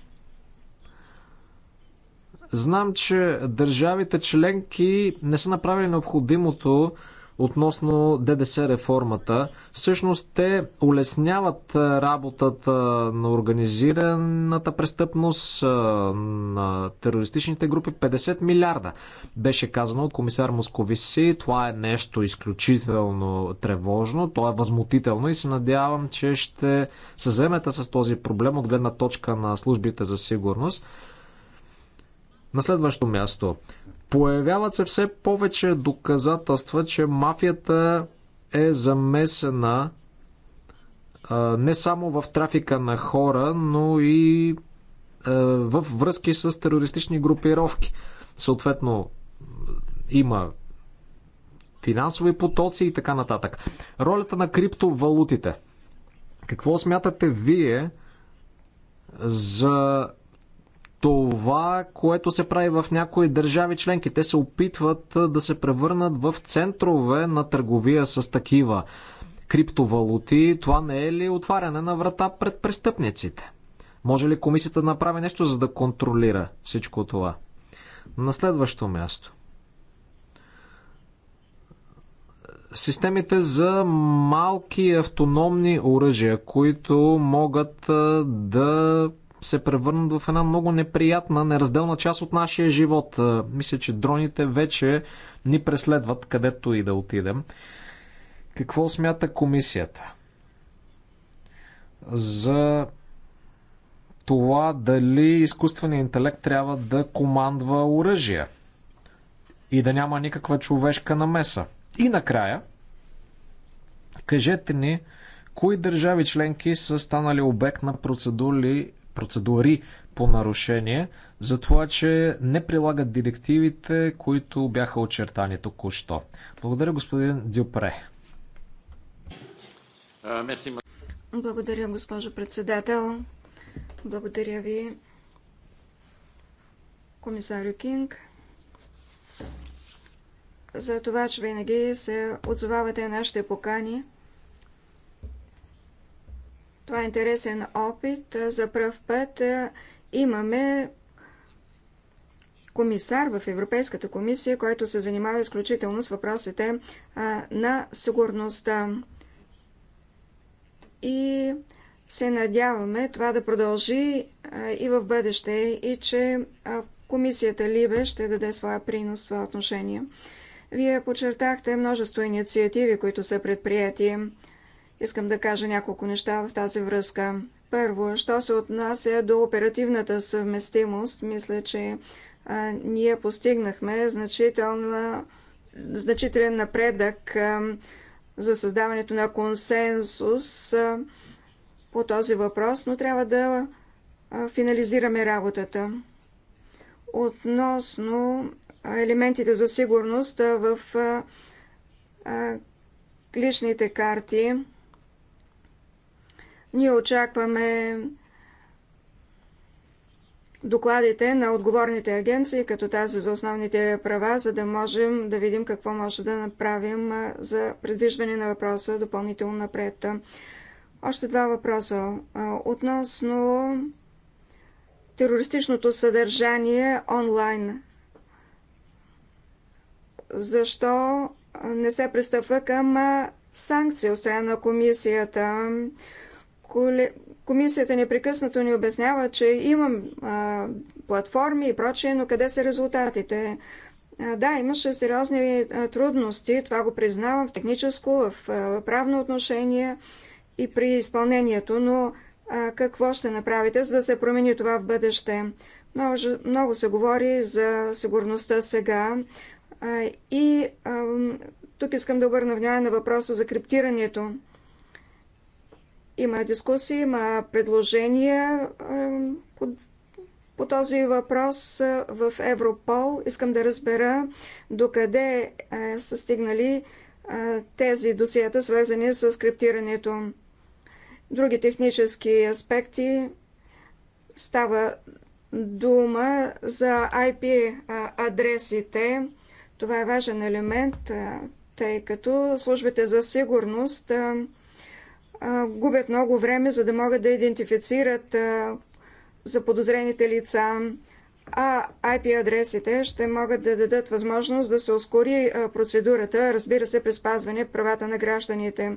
Знам, че държавите членки не са направили необходимото относно ДДС реформата. Всъщност те улесняват работата на организираната престъпност, на терористичните групи. 50 милиарда беше казано от комисар Московиси. Това е нещо изключително тревожно, то е възмутително и се надявам, че ще се вземете с този проблем от гледна точка на службите за сигурност. На следващо място. Появяват се все повече доказателства, че мафията е замесена не само в трафика на хора, но и в връзки с терористични групировки. Съответно, има финансови потоци и така нататък. Ролята на криптовалутите. Какво смятате вие за това, което се прави в някои държави членки. Те се опитват да се превърнат в центрове на търговия с такива криптовалути. Това не е ли отваряне на врата пред престъпниците? Може ли комисията да направи нещо, за да контролира всичко това? На следващо място. Системите за малки автономни оръжия, които могат да се превърнат в една много неприятна, неразделна част от нашия живот. Мисля, че дроните вече ни преследват където и да отидем. Какво смята комисията? За това дали изкуственият интелект трябва да командва оръжия и да няма никаква човешка намеса. И накрая, кажете ни, кои държави членки са станали обект на процедури процедури по нарушение, за това, че не прилагат директивите, които бяха очертани току-що. Благодаря, господин Дюпре. Благодаря, госпожо председател. Благодаря ви, комисарю Кинг, за това, че винаги се отзовавате на нашите покани. Това е интересен опит. За пръв път е, имаме комисар в Европейската комисия, който се занимава изключително с въпросите е, на сигурността. И се надяваме това да продължи е, и в бъдеще, и че комисията Либе ще даде своя принос в това отношение. Вие подчертахте множество инициативи, които са предприяти. Искам да кажа няколко неща в тази връзка. Първо, що се отнася до оперативната съвместимост, мисля, че а, ние постигнахме значителна, значителен напредък а, за създаването на консенсус а, по този въпрос, но трябва да а, финализираме работата. Относно елементите за сигурност в а, личните карти, ние очакваме докладите на отговорните агенции, като тази за основните права, за да можем да видим какво може да направим за предвиждане на въпроса допълнително напред. Още два въпроса. Относно терористичното съдържание онлайн. Защо не се пристъпва към санкции от страна на комисията? Комисията непрекъснато ни обяснява, че имам а, платформи и прочее, но къде са резултатите? А, да, имаше сериозни трудности, това го признавам в техническо, в а, правно отношение и при изпълнението, но а, какво ще направите, за да се промени това в бъдеще? Много, много се говори за сигурността сега а, и а, тук искам да обърна внимание на въпроса за криптирането. Има дискусии, има предложения по, по този въпрос в Европол. Искам да разбера докъде е, са стигнали тези досиета, свързани с криптирането. Други технически аспекти става дума за IP адресите. Това е важен елемент, тъй като службите за сигурност губят много време, за да могат да идентифицират заподозрените лица, а IP адресите ще могат да дадат възможност да се ускори процедурата, разбира се, при спазване правата на гражданите.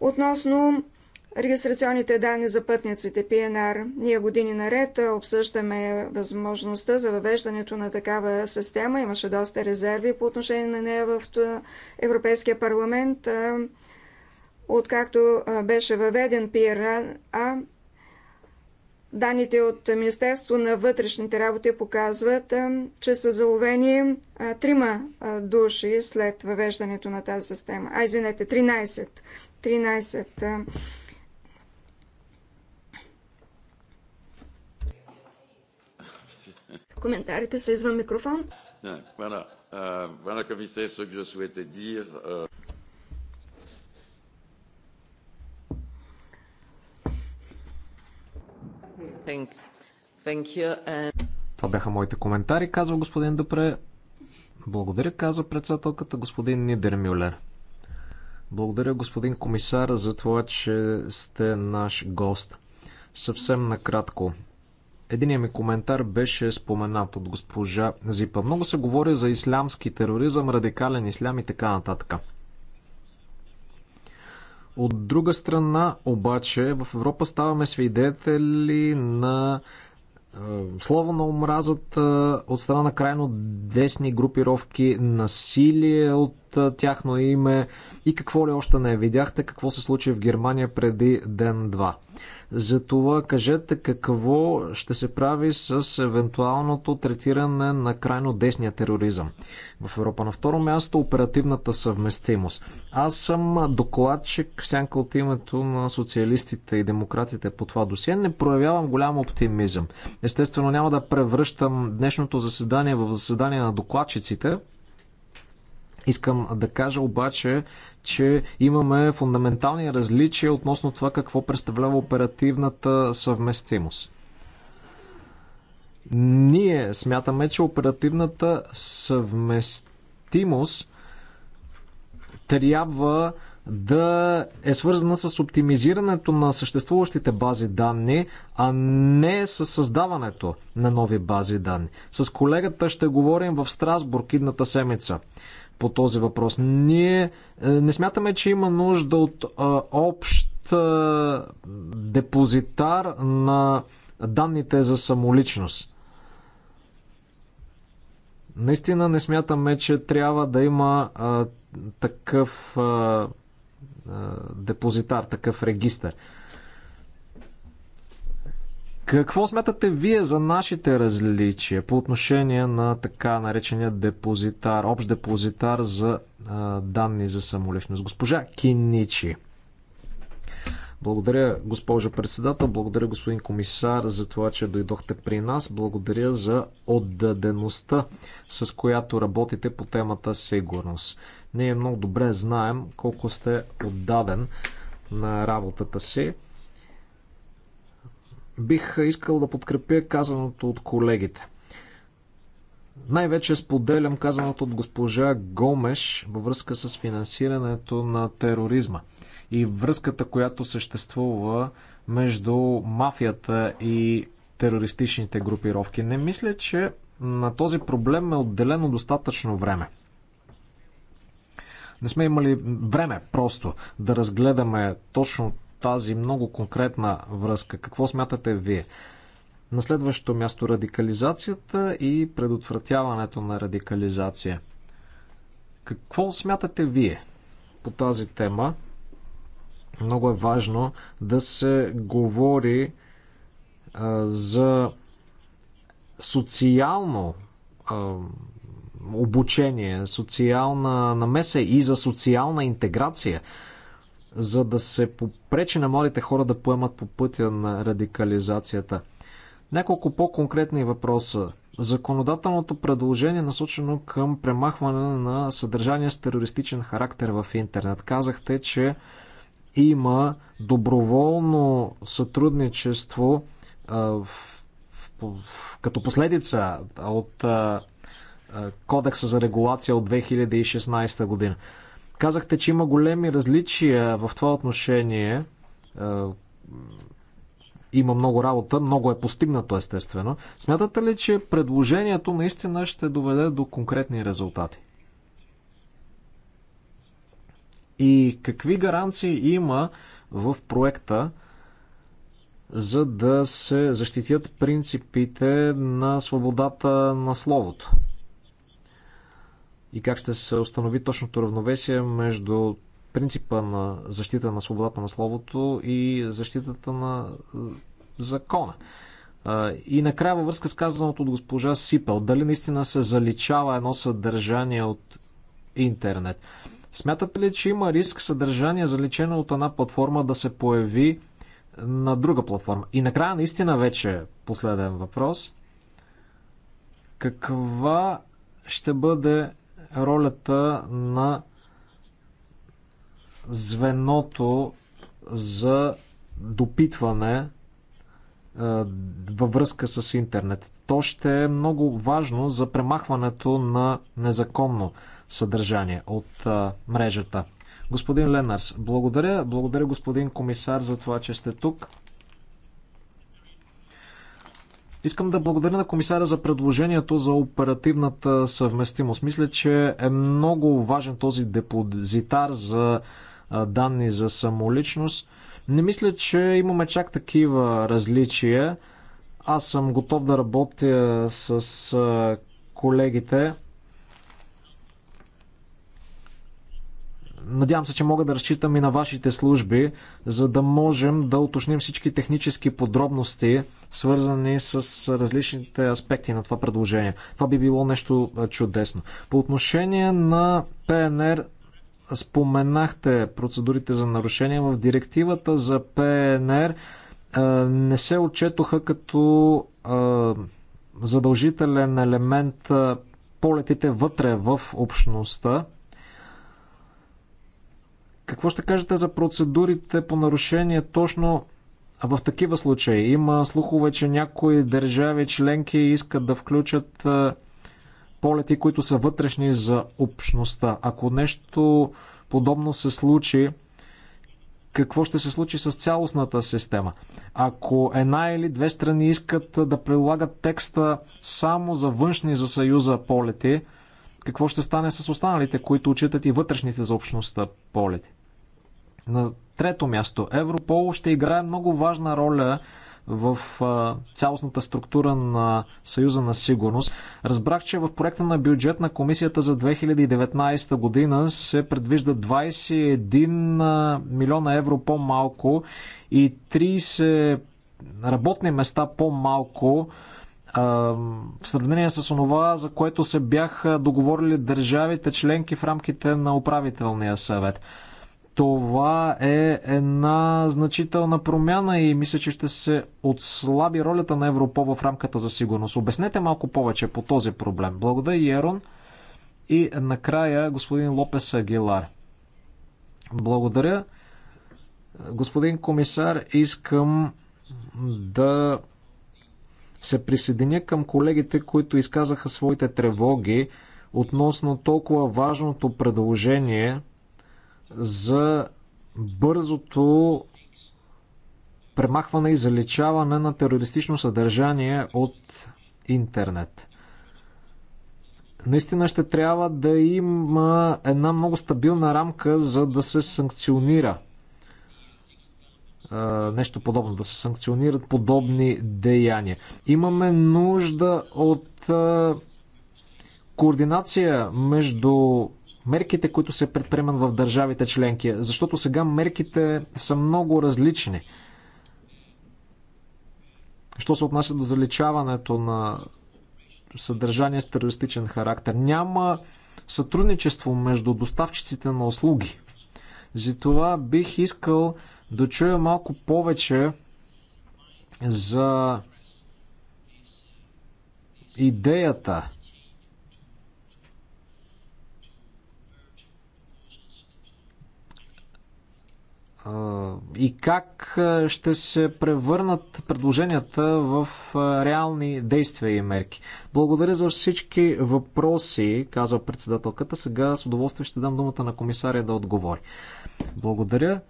Относно регистрационните данни за пътниците PNR, ние години наред обсъждаме възможността за въвеждането на такава система. Имаше доста резерви по отношение на нея в Европейския парламент. Откакто беше въведен ПИРА, данните от Министерство на вътрешните работи показват, че са заловени трима души след въвеждането на тази система. А, извинете, 13. 13 Коментарите са извън микрофон. Voilà, voilà, commissaire, ce que je souhaitais dire. Euh, Thank, thank And... Това бяха моите коментари, казва господин Дупре. Благодаря, каза председателката господин Нидер Мюлер. Благодаря, господин комисар, за това, че сте наш гост. Съвсем накратко. Единият ми коментар беше споменат от госпожа Зипа. Много се говори за ислямски тероризъм, радикален ислям и така нататък. От друга страна, обаче, в Европа ставаме свидетели на е, слово на омразата от страна на крайно десни групировки, насилие от е, тяхно име и какво ли още не видяхте, какво се случи в Германия преди ден-два. Затова кажете какво ще се прави с евентуалното третиране на крайно десния тероризъм в Европа. На второ място оперативната съвместимост. Аз съм докладчик, сянка от името на социалистите и демократите по това досие. Не проявявам голям оптимизъм. Естествено няма да превръщам днешното заседание в заседание на докладчиците, Искам да кажа обаче, че имаме фундаментални различия относно това какво представлява оперативната съвместимост. Ние смятаме, че оперативната съвместимост трябва да е свързана с оптимизирането на съществуващите бази данни, а не с създаването на нови бази данни. С колегата ще говорим в Страсбург идната седмица по този въпрос. Ние е, не смятаме, че има нужда от е, общ е, депозитар на данните за самоличност. Наистина не смятаме, че трябва да има а, такъв а, депозитар, такъв регистр. Какво смятате вие за нашите различия по отношение на така наречения депозитар, общ депозитар за а, данни за самоличност? Госпожа Киничи. Благодаря, госпожо председател, благодаря, господин комисар, за това, че дойдохте при нас. Благодаря за отдадеността, с която работите по темата сигурност. Ние много добре знаем колко сте отдаден на работата си. Бих искал да подкрепя казаното от колегите. Най-вече споделям казаното от госпожа Гомеш във връзка с финансирането на тероризма и връзката, която съществува между мафията и терористичните групировки. Не мисля, че на този проблем е отделено достатъчно време. Не сме имали време просто да разгледаме точно тази много конкретна връзка. Какво смятате вие? На следващото място радикализацията и предотвратяването на радикализация. Какво смятате вие по тази тема? Много е важно да се говори а, за социално а, обучение, социална намеса и за социална интеграция за да се попречи на младите хора да поемат по пътя на радикализацията. Няколко по-конкретни въпроса. Законодателното предложение е насочено към премахване на съдържание с терористичен характер в интернет. Казахте, че има доброволно сътрудничество а, в, в, като последица от а, Кодекса за регулация от 2016 година. Казахте, че има големи различия в това отношение. Е, има много работа, много е постигнато естествено. Смятате ли, че предложението наистина ще доведе до конкретни резултати? И какви гаранции има в проекта, за да се защитят принципите на свободата на словото? и как ще се установи точното равновесие между принципа на защита на свободата на словото и защитата на е, закона. И накрая във връзка с казаното от госпожа Сипел, дали наистина се заличава едно съдържание от интернет? Смятате ли, че има риск съдържание заличено от една платформа да се появи на друга платформа? И накрая наистина вече последен въпрос. Каква ще бъде ролята на звеното за допитване е, във връзка с интернет. То ще е много важно за премахването на незаконно съдържание от е, мрежата. Господин Ленарс, благодаря. Благодаря господин комисар за това, че сте тук. Искам да благодаря на комисаря за предложението за оперативната съвместимост. Мисля, че е много важен този депозитар за данни за самоличност. Не мисля, че имаме чак такива различия. Аз съм готов да работя с колегите Надявам се, че мога да разчитам и на вашите служби, за да можем да уточним всички технически подробности, свързани с различните аспекти на това предложение. Това би било нещо чудесно. По отношение на ПНР, споменахте процедурите за нарушение в директивата за ПНР. Не се отчетоха като задължителен елемент полетите вътре в общността. Какво ще кажете за процедурите по нарушение точно в такива случаи? Има слухове, че някои държави членки искат да включат полети, които са вътрешни за общността. Ако нещо подобно се случи, какво ще се случи с цялостната система. Ако една или две страни искат да прилагат текста само за външни за Съюза полети, какво ще стане с останалите, които отчитат и вътрешните за общността полети? На трето място, Европол ще играе много важна роля в цялостната структура на Съюза на сигурност. Разбрах, че в проекта на бюджет на комисията за 2019 година се предвижда 21 милиона евро по-малко и 30 работни места по-малко в сравнение с онова, за което се бяха договорили държавите членки в рамките на управителния съвет. Това е една значителна промяна и мисля, че ще се отслаби ролята на Европол в рамката за сигурност. Обяснете малко повече по този проблем. Благодаря, Ерон. И накрая господин Лопес Агилар. Благодаря. Господин комисар, искам да се присъединя към колегите, които изказаха своите тревоги относно толкова важното предложение – за бързото премахване и заличаване на терористично съдържание от интернет. Наистина ще трябва да има една много стабилна рамка, за да се санкционира нещо подобно, да се санкционират подобни деяния. Имаме нужда от координация между мерките, които се предприемат в държавите членки, защото сега мерките са много различни. Що се отнася до заличаването на съдържание с терористичен характер, няма сътрудничество между доставчиците на услуги. Затова бих искал да чуя малко повече за идеята и как ще се превърнат предложенията в реални действия и мерки. Благодаря за всички въпроси, казва председателката. Сега с удоволствие ще дам думата на комисаря да отговори. Благодаря.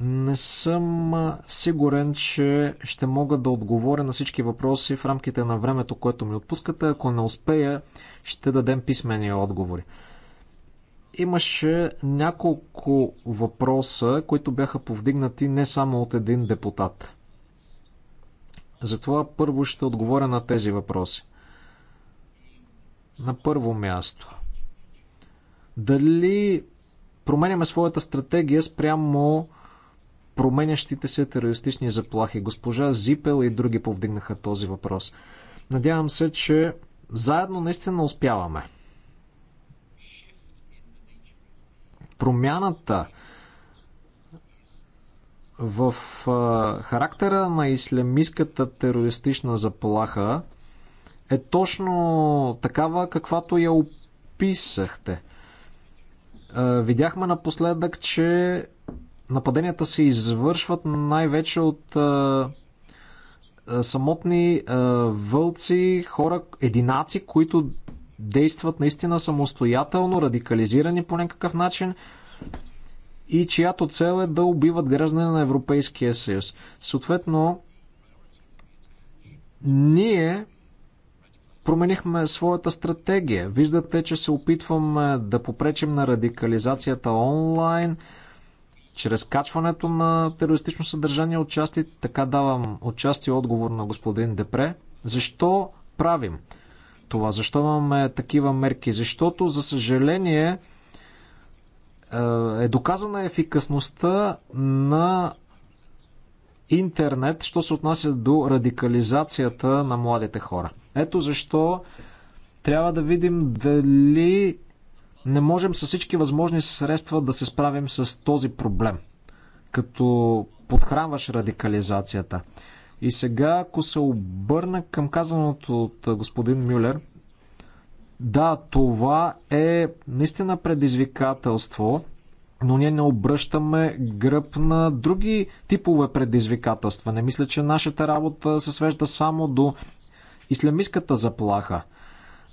Не съм сигурен, че ще мога да отговоря на всички въпроси в рамките на времето, което ми отпускате. Ако не успея, ще дадем писмени отговори. Имаше няколко въпроса, които бяха повдигнати не само от един депутат. Затова първо ще отговоря на тези въпроси. На първо място. Дали променяме своята стратегия спрямо променящите се терористични заплахи? Госпожа Зипел и други повдигнаха този въпрос. Надявам се, че заедно наистина успяваме. Промяната в характера на ислямистката терористична заплаха е точно такава, каквато я описахте. Видяхме напоследък, че нападенията се извършват най-вече от самотни вълци, хора, единаци, които действат наистина самостоятелно, радикализирани по някакъв начин и чиято цел е да убиват граждани на Европейския съюз. Съответно, ние променихме своята стратегия. Виждате, че се опитваме да попречим на радикализацията онлайн, чрез качването на терористично съдържание отчасти. Така давам отчасти отговор на господин Депре. Защо правим това? Защо имаме такива мерки? Защото, за съжаление, е, е доказана ефикасността на интернет, що се отнася до радикализацията на младите хора. Ето защо трябва да видим дали не можем с всички възможни средства да се справим с този проблем, като подхранваш радикализацията. И сега, ако се обърна към казаното от господин Мюлер, да, това е наистина предизвикателство, но ние не обръщаме гръб на други типове предизвикателства. Не мисля, че нашата работа се свежда само до ислямистката заплаха.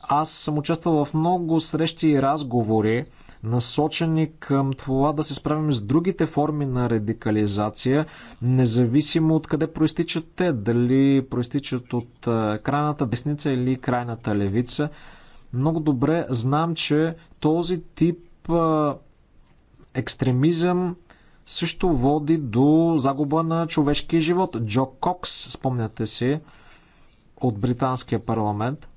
Аз съм участвал в много срещи и разговори насочени към това да се справим с другите форми на радикализация, независимо от къде проистичат те, дали проистичат от крайната десница или крайната левица. Много добре знам, че този тип екстремизъм също води до загуба на човешкия живот. Джо Кокс, спомняте си, от британския парламент.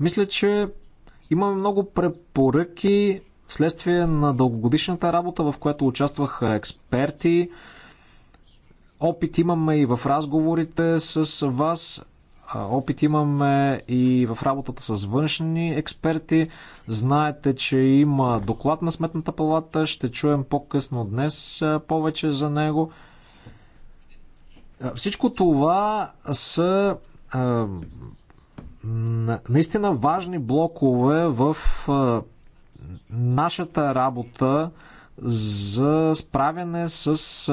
Мисля, че Имаме много препоръки вследствие на дългогодишната работа, в която участваха експерти. Опит имаме и в разговорите с вас. Опит имаме и в работата с външни експерти. Знаете, че има доклад на Сметната палата. Ще чуем по-късно днес повече за него. Всичко това са наистина важни блокове в нашата работа за справяне с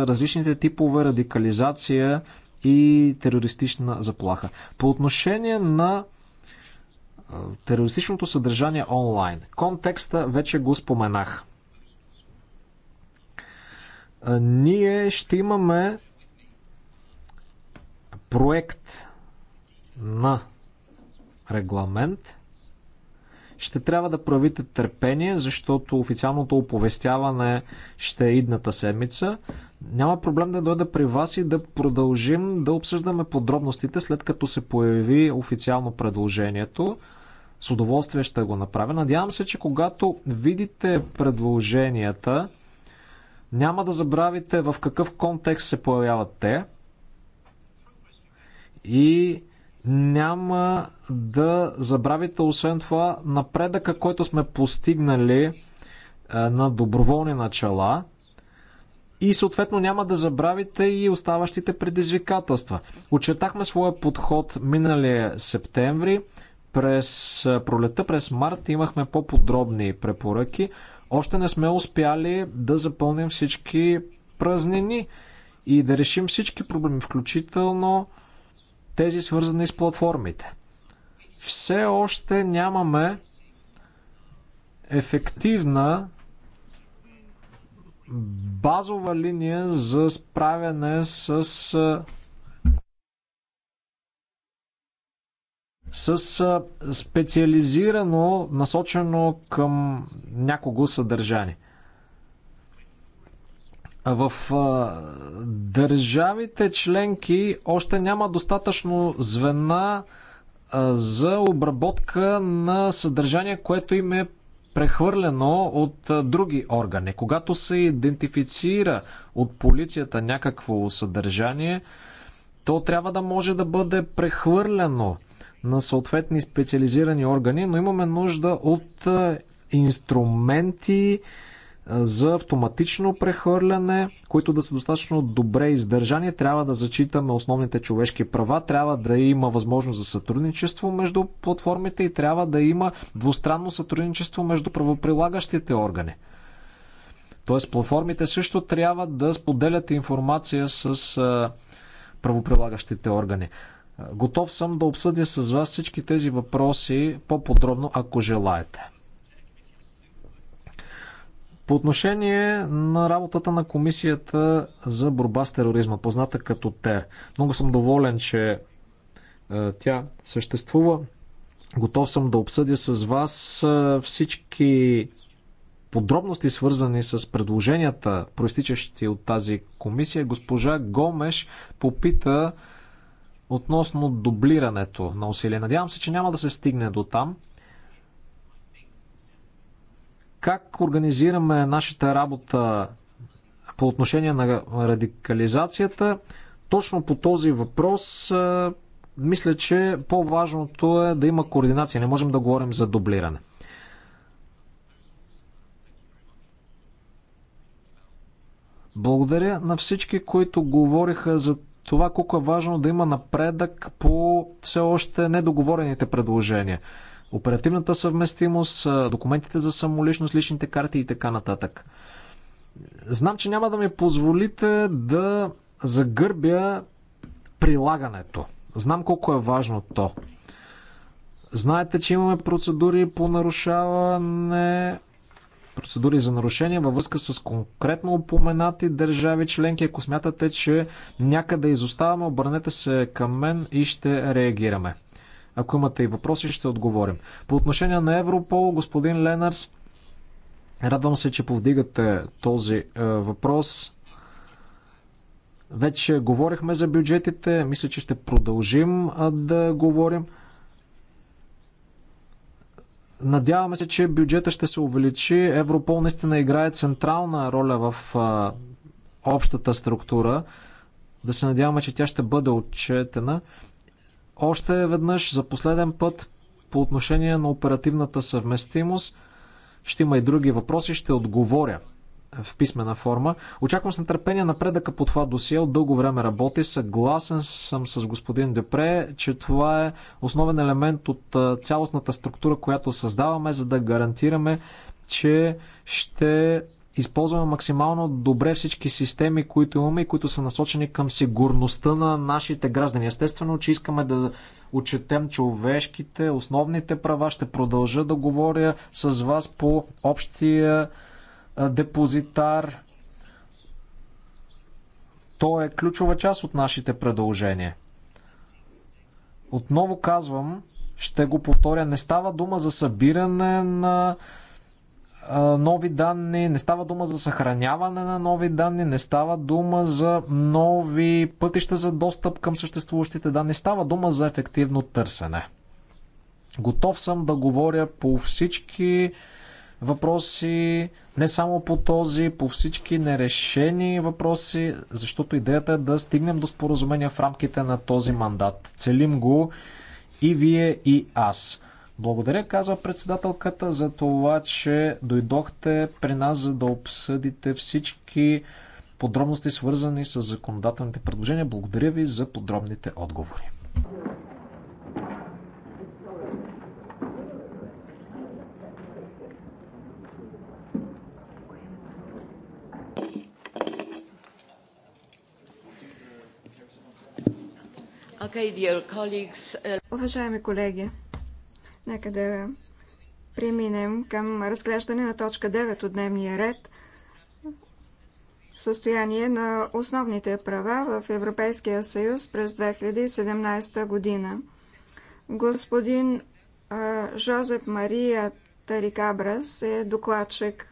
различните типове радикализация и терористична заплаха. По отношение на терористичното съдържание онлайн, контекста вече го споменах. Ние ще имаме проект на регламент. Ще трябва да правите търпение, защото официалното оповестяване ще е идната седмица. Няма проблем да дойда при вас и да продължим да обсъждаме подробностите след като се появи официално предложението. С удоволствие ще го направя. Надявам се, че когато видите предложенията, няма да забравите в какъв контекст се появяват те и няма да забравите освен това напредъка, който сме постигнали е, на доброволни начала и съответно няма да забравите и оставащите предизвикателства. Очертахме своя подход миналия септември. През е, пролета, през март имахме по-подробни препоръки. Още не сме успяли да запълним всички празнини и да решим всички проблеми, включително тези свързани с платформите. Все още нямаме ефективна базова линия за справяне с с специализирано насочено към някого съдържание. В а, държавите членки още няма достатъчно звена а, за обработка на съдържание, което им е прехвърлено от а, други органи. Когато се идентифицира от полицията някакво съдържание, то трябва да може да бъде прехвърлено на съответни специализирани органи, но имаме нужда от инструменти, за автоматично прехвърляне, които да са достатъчно добре издържани. Трябва да зачитаме основните човешки права, трябва да има възможност за сътрудничество между платформите и трябва да има двустранно сътрудничество между правоприлагащите органи. Тоест платформите също трябва да споделят информация с правоприлагащите органи. Готов съм да обсъдя с вас всички тези въпроси по-подробно, ако желаете. По отношение на работата на Комисията за борба с тероризма, позната като ТЕР, много съм доволен, че е, тя съществува. Готов съм да обсъдя с вас е, всички подробности, свързани с предложенията, проистичащи от тази комисия. Госпожа Гомеш попита относно дублирането на усилия. Надявам се, че няма да се стигне до там. Как организираме нашата работа по отношение на радикализацията? Точно по този въпрос мисля, че по-важното е да има координация. Не можем да говорим за дублиране. Благодаря на всички, които говориха за това колко е важно да има напредък по все още недоговорените предложения оперативната съвместимост, документите за самоличност, личните карти и така нататък. Знам, че няма да ми позволите да загърбя прилагането. Знам колко е важно то. Знаете, че имаме процедури по нарушаване, процедури за нарушение във връзка с конкретно упоменати държави членки. Ако смятате, че някъде изоставаме, обърнете се към мен и ще реагираме. Ако имате и въпроси, ще отговорим. По отношение на Европол, господин Ленарс, радвам се, че повдигате този е, въпрос. Вече говорихме за бюджетите, мисля, че ще продължим а, да говорим. Надяваме се, че бюджета ще се увеличи. Европол наистина играе централна роля в а, общата структура. Да се надяваме, че тя ще бъде отчетена. Още веднъж, за последен път, по отношение на оперативната съвместимост, ще има и други въпроси, ще отговоря в писмена форма. Очаквам с нетърпение напредъка по това досие. От дълго време работи. Съгласен съм с господин Депре, че това е основен елемент от цялостната структура, която създаваме, за да гарантираме, че ще използваме максимално добре всички системи, които имаме и които са насочени към сигурността на нашите граждани. Естествено, че искаме да отчетем човешките, основните права. Ще продължа да говоря с вас по общия депозитар. То е ключова част от нашите предложения. Отново казвам, ще го повторя, не става дума за събиране на нови данни, не става дума за съхраняване на нови данни, не става дума за нови пътища за достъп към съществуващите данни, става дума за ефективно търсене. Готов съм да говоря по всички въпроси, не само по този, по всички нерешени въпроси, защото идеята е да стигнем до споразумения в рамките на този мандат. Целим го и вие, и аз. Благодаря, казва председателката, за това, че дойдохте при нас, за да обсъдите всички подробности, свързани с законодателните предложения. Благодаря ви за подробните отговори. Uh, Уважаеми колеги, Нека да преминем към разглеждане на точка 9 от дневния ред състояние на основните права в Европейския съюз през 2017 година. Господин Жозеп Мария Тарикабрас е докладчик.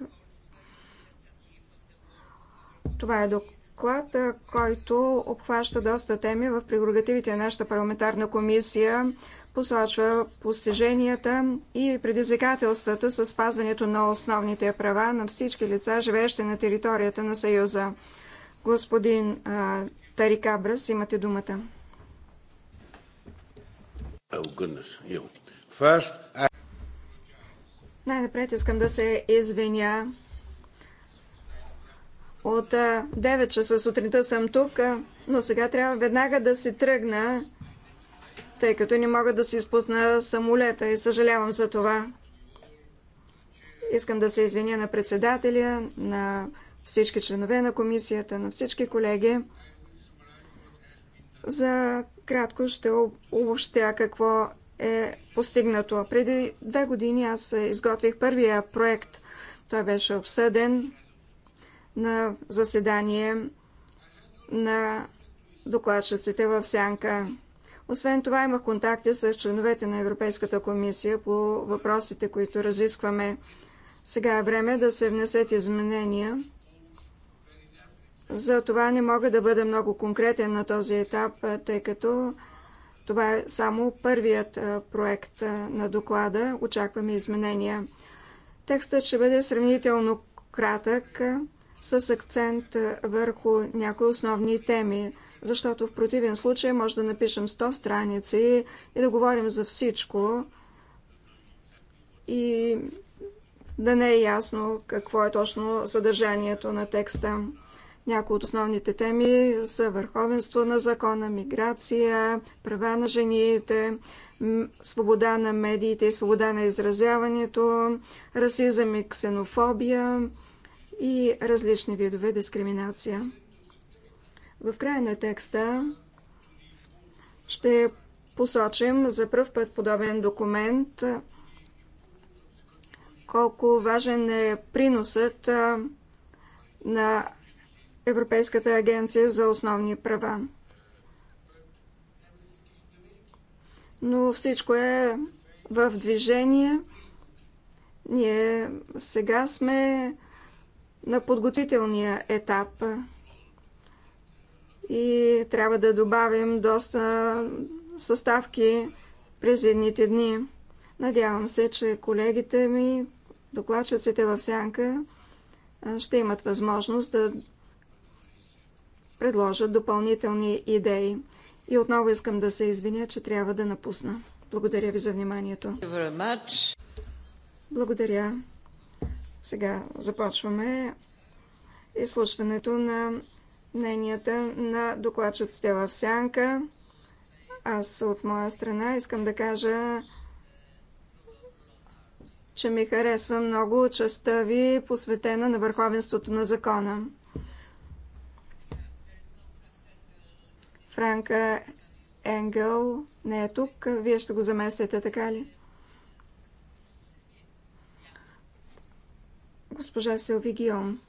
Това е доклад, който обхваща доста теми в прерогативите на нашата парламентарна комисия посочва постиженията и предизвикателствата с спазването на основните права на всички лица, живеещи на територията на Съюза. Господин а, Тарик Абрас, имате думата. Oh, Най-напред искам да се извиня. От 9 часа сутринта съм тук, но сега трябва веднага да се тръгна тъй като не мога да си изпусна самолета и съжалявам за това. Искам да се извиня на председателя, на всички членове на комисията, на всички колеги. За кратко ще обобщя какво е постигнато. Преди две години аз изготвих първия проект. Той беше обсъден на заседание на докладчиците в Сянка. Освен това имах контакти с членовете на Европейската комисия по въпросите, които разискваме. Сега е време да се внесет изменения. За това не мога да бъда много конкретен на този етап, тъй като това е само първият проект на доклада. Очакваме изменения. Текстът ще бъде сравнително кратък, с акцент върху някои основни теми защото в противен случай може да напишем 100 страници и да говорим за всичко и да не е ясно какво е точно съдържанието на текста. Някои от основните теми са върховенство на закона, миграция, права на жените, свобода на медиите и свобода на изразяването, расизъм и ксенофобия и различни видове дискриминация. В края на текста ще посочим за първ път подобен документ колко важен е приносът на Европейската агенция за основни права. Но всичко е в движение. Ние сега сме на подготвителния етап и трябва да добавим доста съставки през едните дни. Надявам се, че колегите ми, докладчиците в сянка, ще имат възможност да предложат допълнителни идеи. И отново искам да се извиня, че трябва да напусна. Благодаря ви за вниманието. Благодаря. Сега започваме изслушването на мненията на докладчиците в сянка. Аз от моя страна искам да кажа, че ми харесва много частта ви, посветена на върховенството на закона. Франка Енгел не е тук. Вие ще го заместите, така ли? Госпожа Силви Гион.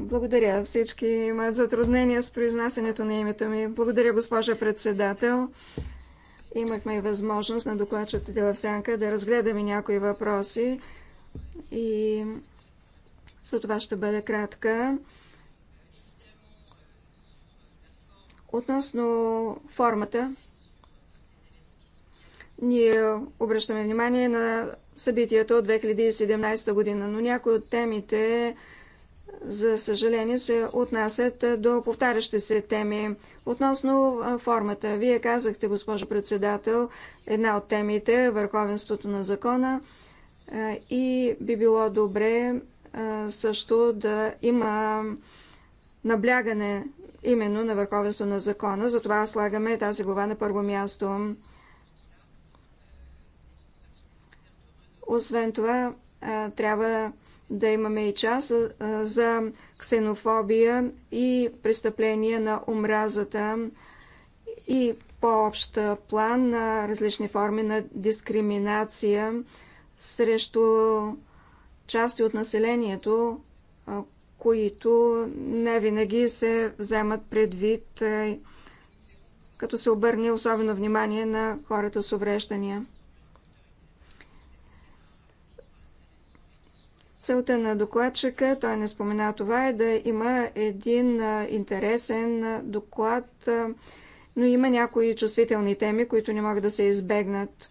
Благодаря. Всички имат затруднения с произнасянето на името ми. Благодаря, госпожа председател. Имахме и възможност на докладчиците в Сянка да разгледаме някои въпроси и за това ще бъде кратка. Относно формата, ние обръщаме внимание на събитието от 2017 година, но някои от темите за съжаление, се отнасят до повтарящи се теми. Относно формата, вие казахте, госпожо председател, една от темите е върховенството на закона и би било добре също да има наблягане именно на върховенство на закона. Затова слагаме тази глава на първо място. Освен това, трябва да имаме и час за ксенофобия и престъпления на омразата и по-общ план на различни форми на дискриминация срещу части от населението, които не винаги се вземат предвид, като се обърне особено внимание на хората с увреждания. Целта на докладчика, той не спомена това, е да има един интересен доклад, но има някои чувствителни теми, които не могат да се избегнат.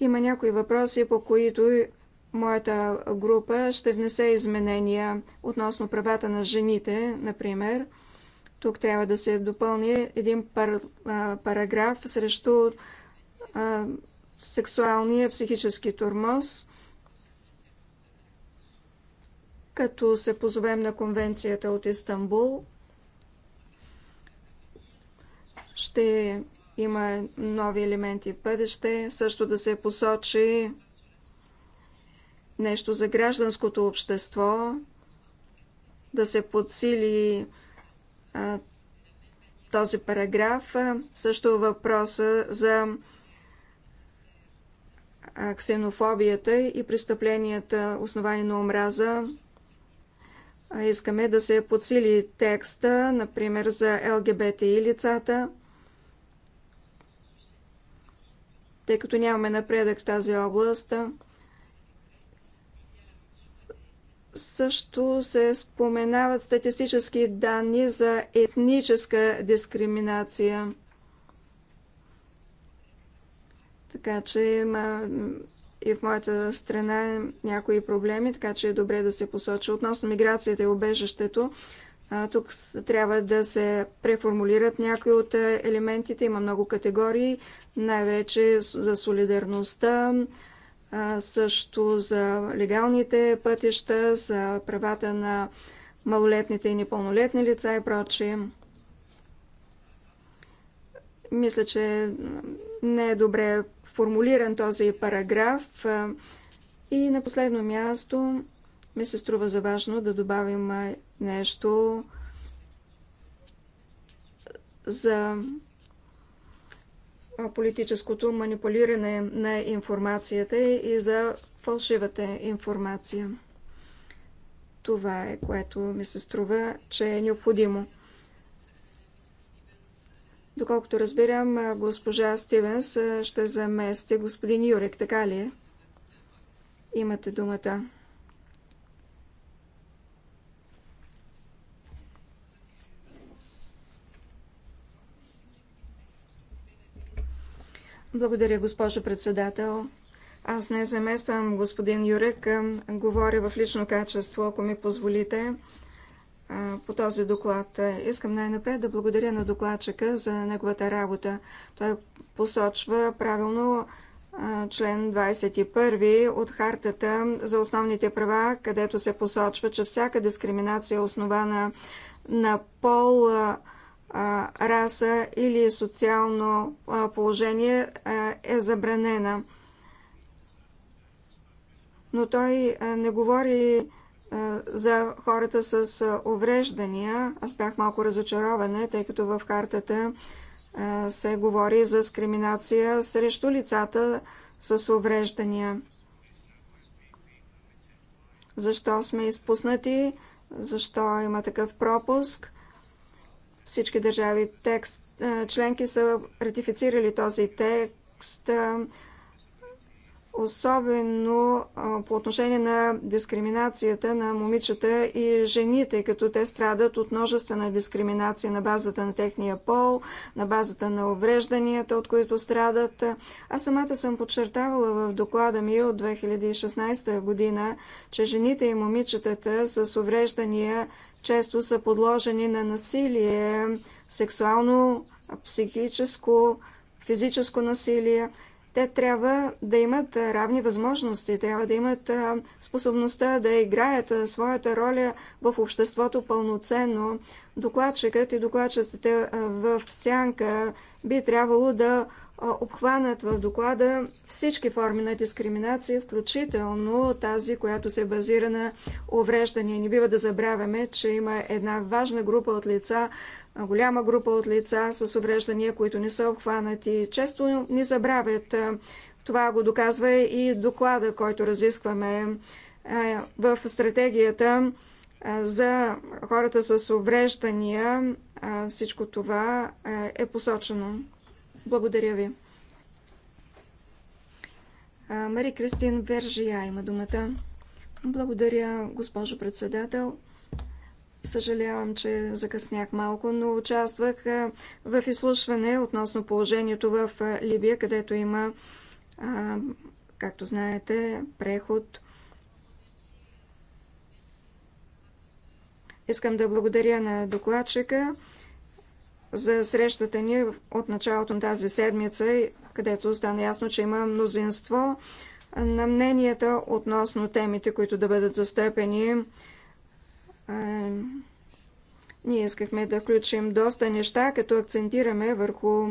Има някои въпроси, по които моята група ще внесе изменения относно правата на жените, например. Тук трябва да се допълни един пар, а, параграф срещу а, сексуалния психически тормоз като се позовем на конвенцията от Истанбул, ще има нови елементи в бъдеще, също да се посочи нещо за гражданското общество, да се подсили а, този параграф, също въпроса за ксенофобията и престъпленията основани на омраза Искаме да се подсили текста, например, за ЛГБТ и лицата, тъй като нямаме напредък в тази област. Също се споменават статистически данни за етническа дискриминация. Така че има и в моята страна е някои проблеми, така че е добре да се посочи. Относно миграцията и убежището. тук трябва да се преформулират някои от елементите. Има много категории, най-вече за солидарността, също за легалните пътища, за правата на малолетните и непълнолетни лица и прочие. Мисля, че не е добре формулиран този параграф. И на последно място ми се струва за важно да добавим нещо за политическото манипулиране на информацията и за фалшивата информация. Това е което ми се струва, че е необходимо. Доколкото разбирам, госпожа Стивенс ще замести господин Юрик, така ли е? Имате думата. Благодаря, госпожо председател. Аз не замествам господин Юрек, говоря в лично качество, ако ми позволите по този доклад. Искам най-напред да благодаря на докладчика за неговата работа. Той посочва правилно член 21 от Хартата за основните права, където се посочва, че всяка дискриминация е основана на пол, раса или социално положение е забранена. Но той не говори е, за хората с е, увреждания. Аз бях малко разочарована, тъй като в картата е, се говори за дискриминация срещу лицата с увреждания. Защо сме изпуснати? Защо има такъв пропуск? Всички държави текст, членки са ратифицирали този текст особено по отношение на дискриминацията на момичета и жените, тъй като те страдат от множествена дискриминация на базата на техния пол, на базата на уврежданията, от които страдат. Аз самата съм подчертавала в доклада ми от 2016 година, че жените и момичетата с увреждания често са подложени на насилие, сексуално, психическо, физическо насилие. Те трябва да имат равни възможности, трябва да имат способността да играят своята роля в обществото пълноценно. Докладчикът и докладчиците в сянка би трябвало да обхванат в доклада всички форми на дискриминация, включително тази, която се базира на увреждания. Не бива да забравяме, че има една важна група от лица, голяма група от лица с увреждания, които не са обхванати. Често ни забравят. Това го доказва и доклада, който разискваме в стратегията за хората с увреждания. Всичко това е посочено. Благодаря ви. Мари Кристин Вержия има думата. Благодаря, госпожо председател. Съжалявам, че закъснях малко, но участвах в изслушване относно положението в Либия, където има, както знаете, преход. Искам да благодаря на докладчика за срещата ни от началото на тази седмица, където стана ясно, че има мнозинство на мненията относно темите, които да бъдат застъпени. Е, ние искахме да включим доста неща, като акцентираме върху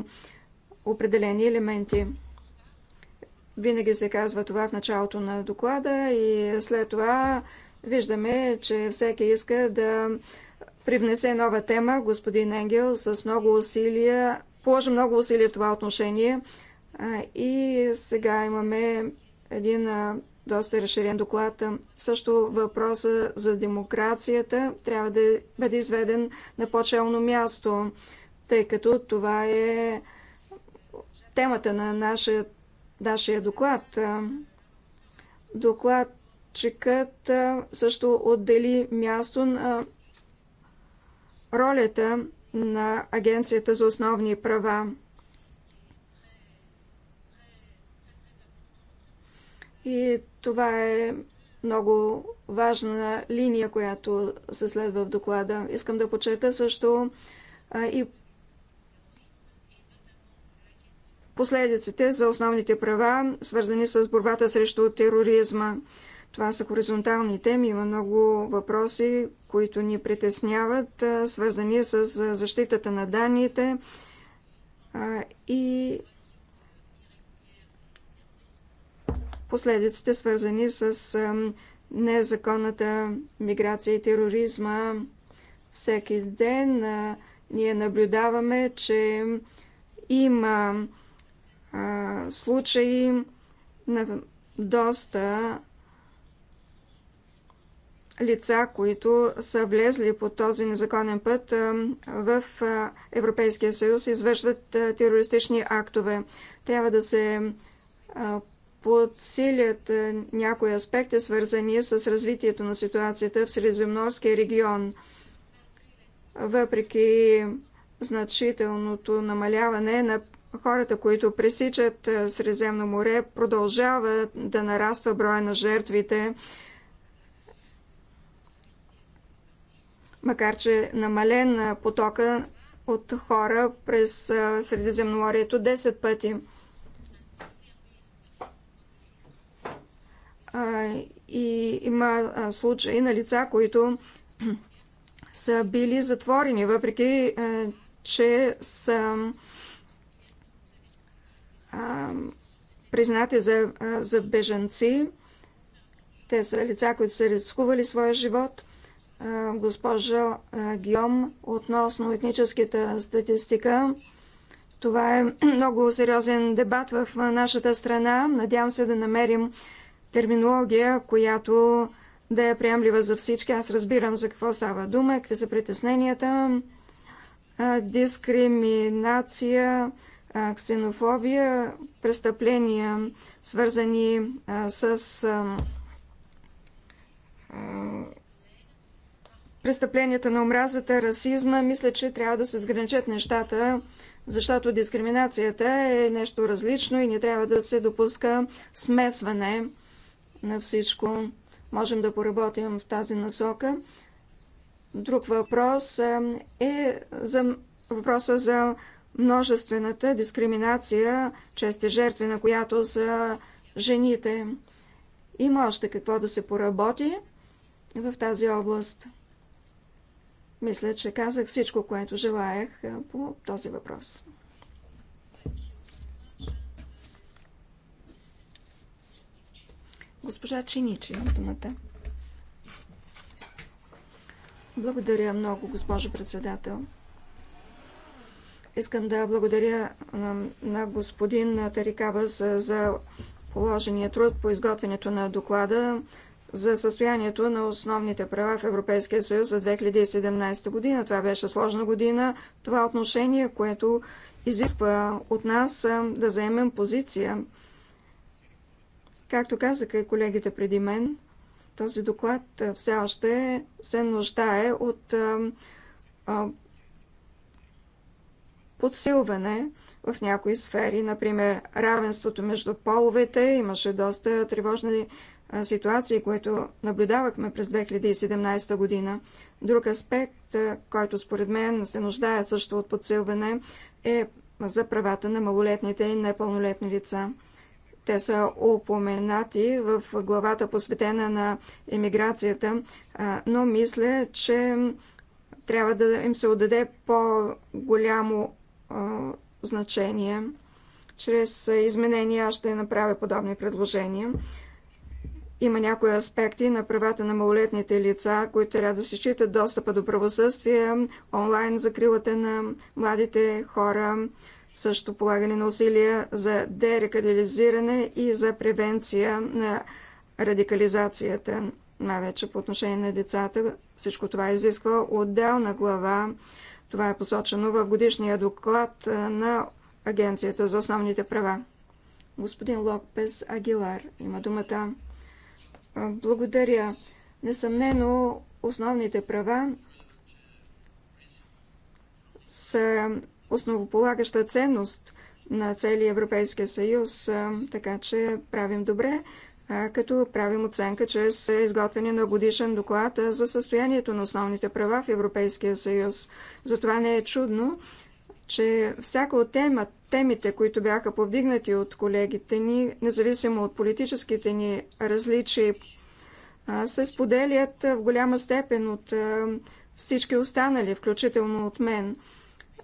определени елементи. Винаги се казва това в началото на доклада и след това виждаме, че всеки иска да привнесе нова тема. Господин Енгел с много усилия, положи много усилия в това отношение и сега имаме един доста разширен доклад. Също въпроса за демокрацията трябва да бъде изведен на по-челно място, тъй като това е темата на нашия, нашия доклад. Докладчикът също отдели място на ролята на Агенцията за основни права. И това е много важна линия, която се следва в доклада. Искам да подчерта също а, и последиците за основните права, свързани с борбата срещу тероризма. Това са хоризонтални теми. Има много въпроси, които ни притесняват, свързани с защитата на данните и последиците, свързани с незаконната миграция и тероризма. Всеки ден ние наблюдаваме, че има случаи на доста лица, които са влезли по този незаконен път в Европейския съюз, извършват терористични актове. Трябва да се подсилят някои аспекти, свързани с развитието на ситуацията в Средиземноморския регион. Въпреки значителното намаляване на хората, които пресичат Средиземно море, продължава да нараства броя на жертвите макар че намален потока от хора през Средиземноморието 10 пъти. И има случаи на лица, които са били затворени, въпреки че са признати за, за бежанци. Те са лица, които са рискували своя живот госпожа Гиом относно етническата статистика. Това е много сериозен дебат в нашата страна. Надявам се да намерим терминология, която да е приемлива за всички. Аз разбирам за какво става дума, какви са притесненията. Дискриминация, ксенофобия, престъпления, свързани с престъпленията на омразата, расизма, мисля, че трябва да се сграничат нещата, защото дискриминацията е нещо различно и не трябва да се допуска смесване на всичко. Можем да поработим в тази насока. Друг въпрос е, е за въпроса за множествената дискриминация, чести жертви на която са жените. Има още какво да се поработи в тази област. Мисля, че казах всичко, което желаях по този въпрос. Госпожа Чиничи, има думата. Благодаря много, госпожо председател. Искам да благодаря на господин Тарикабас за положения труд по изготвянето на доклада за състоянието на основните права в Европейския съюз за 2017 година. Това беше сложна година. Това отношение, което изисква от нас да заемем позиция. Както казаха и колегите преди мен, този доклад все още се нуждае от подсилване в някои сфери. Например, равенството между половете. Имаше доста тревожни ситуации, които наблюдавахме през 2017 година. Друг аспект, който според мен се нуждае също от подсилване, е за правата на малолетните и непълнолетни лица. Те са упоменати в главата посветена на емиграцията, но мисля, че трябва да им се отдаде по-голямо значение. Чрез изменения ще направя подобни предложения. Има някои аспекти на правата на малолетните лица, които трябва да се считат достъпа до правосъствие, онлайн закрилата на младите хора, също полагане на усилия за дерекадализиране и за превенция на радикализацията, най-вече по отношение на децата. Всичко това изисква отделна глава. Това е посочено в годишния доклад на Агенцията за основните права. Господин Лопес Агилар има думата. Благодаря. Несъмнено, основните права са основополагаща ценност на целия Европейския съюз, така че правим добре, като правим оценка чрез изготвяне на годишен доклад за състоянието на основните права в Европейския съюз. Затова не е чудно, че всяка от тема, темите, които бяха повдигнати от колегите ни, независимо от политическите ни различия, се споделят в голяма степен от всички останали, включително от мен.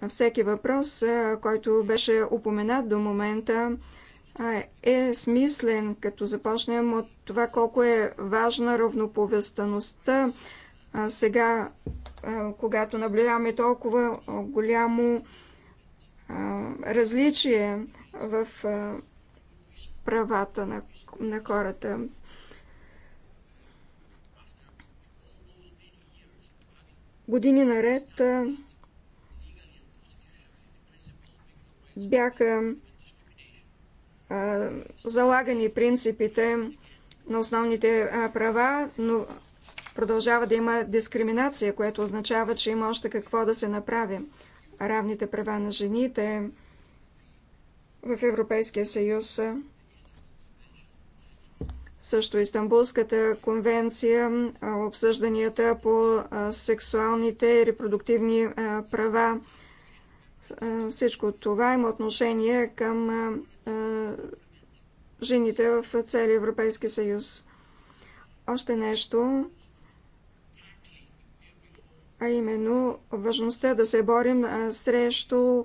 Всеки въпрос, който беше упоменат до момента, е смислен, като започнем от това колко е важна равноповестността сега, когато наблюдаваме толкова голямо различие в правата на, на хората. Години наред бяха залагани принципите на основните права, но продължава да има дискриминация, което означава, че има още какво да се направи равните права на жените в Европейския съюз. Също Истанбулската конвенция, обсъжданията по сексуалните и репродуктивни права. Всичко това има отношение към жените в целия Европейски съюз. Още нещо а именно важността да се борим срещу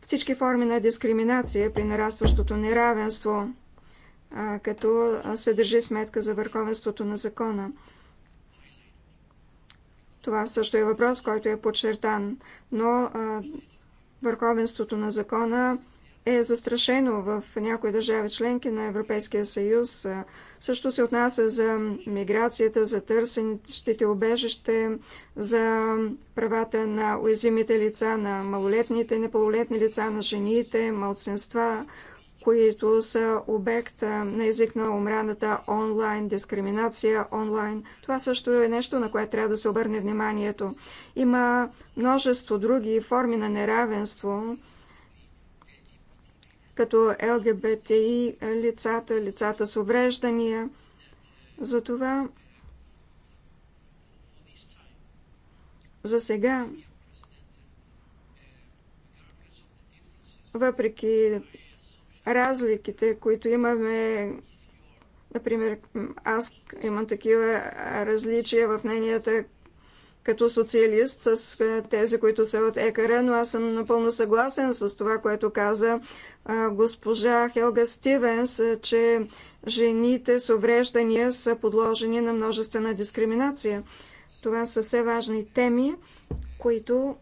всички форми на дискриминация при нарастващото неравенство, като се държи сметка за върховенството на закона. Това също е въпрос, който е подчертан, но върховенството на закона е застрашено в някои държави членки на Европейския съюз. Също се отнася за миграцията, за търсените убежище за правата на уязвимите лица, на малолетните, непълнолетни лица, на жените, малцинства, които са обект на език на омраната онлайн, дискриминация онлайн. Това също е нещо, на което трябва да се обърне вниманието. Има множество други форми на неравенство, като ЛГБТИ лицата, лицата с увреждания. Затова за сега, въпреки разликите, които имаме, например, аз имам такива различия в мненията като социалист с е, тези, които са от ЕКР, но аз съм напълно съгласен с това, което каза госпожа Хелга Стивенс, е, че жените с увреждания са подложени на множествена дискриминация. Това са все важни теми, които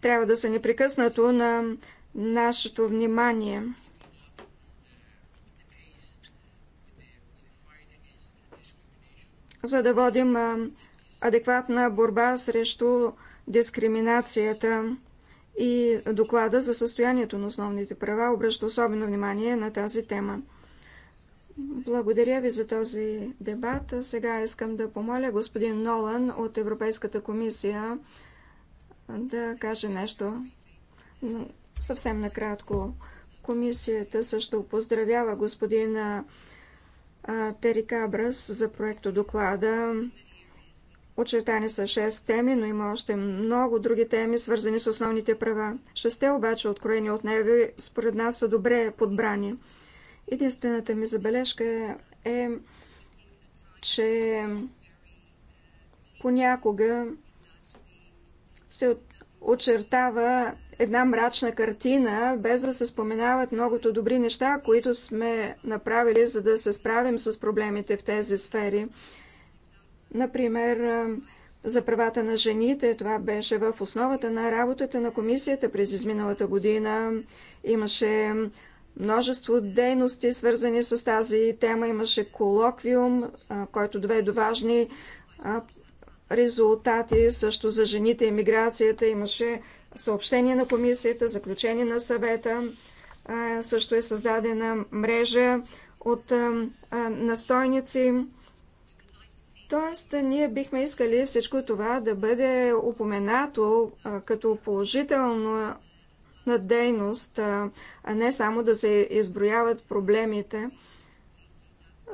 трябва да са непрекъснато на нашето внимание. за да водим адекватна борба срещу дискриминацията и доклада за състоянието на основните права обръща особено внимание на тази тема. Благодаря ви за този дебат. Сега искам да помоля господин Нолан от Европейската комисия да каже нещо. Съвсем накратко. Комисията също поздравява господина Тери Кабрас за проекто доклада. Очертани са 6 теми, но има още много други теми, свързани с основните права. Шесте обаче, откроени от него, според нас са добре подбрани. Единствената ми забележка е, че понякога се очертава една мрачна картина, без да се споменават многото добри неща, които сме направили, за да се справим с проблемите в тези сфери. Например, за правата на жените, това беше в основата на работата на комисията през изминалата година. Имаше множество дейности, свързани с тази тема. Имаше колоквиум, който доведе до важни резултати също за жените и миграцията. Имаше съобщение на комисията, заключение на съвета. Също е създадена мрежа от настойници. Тоест, ние бихме искали всичко това да бъде упоменато като положително на дейност, а не само да се изброяват проблемите,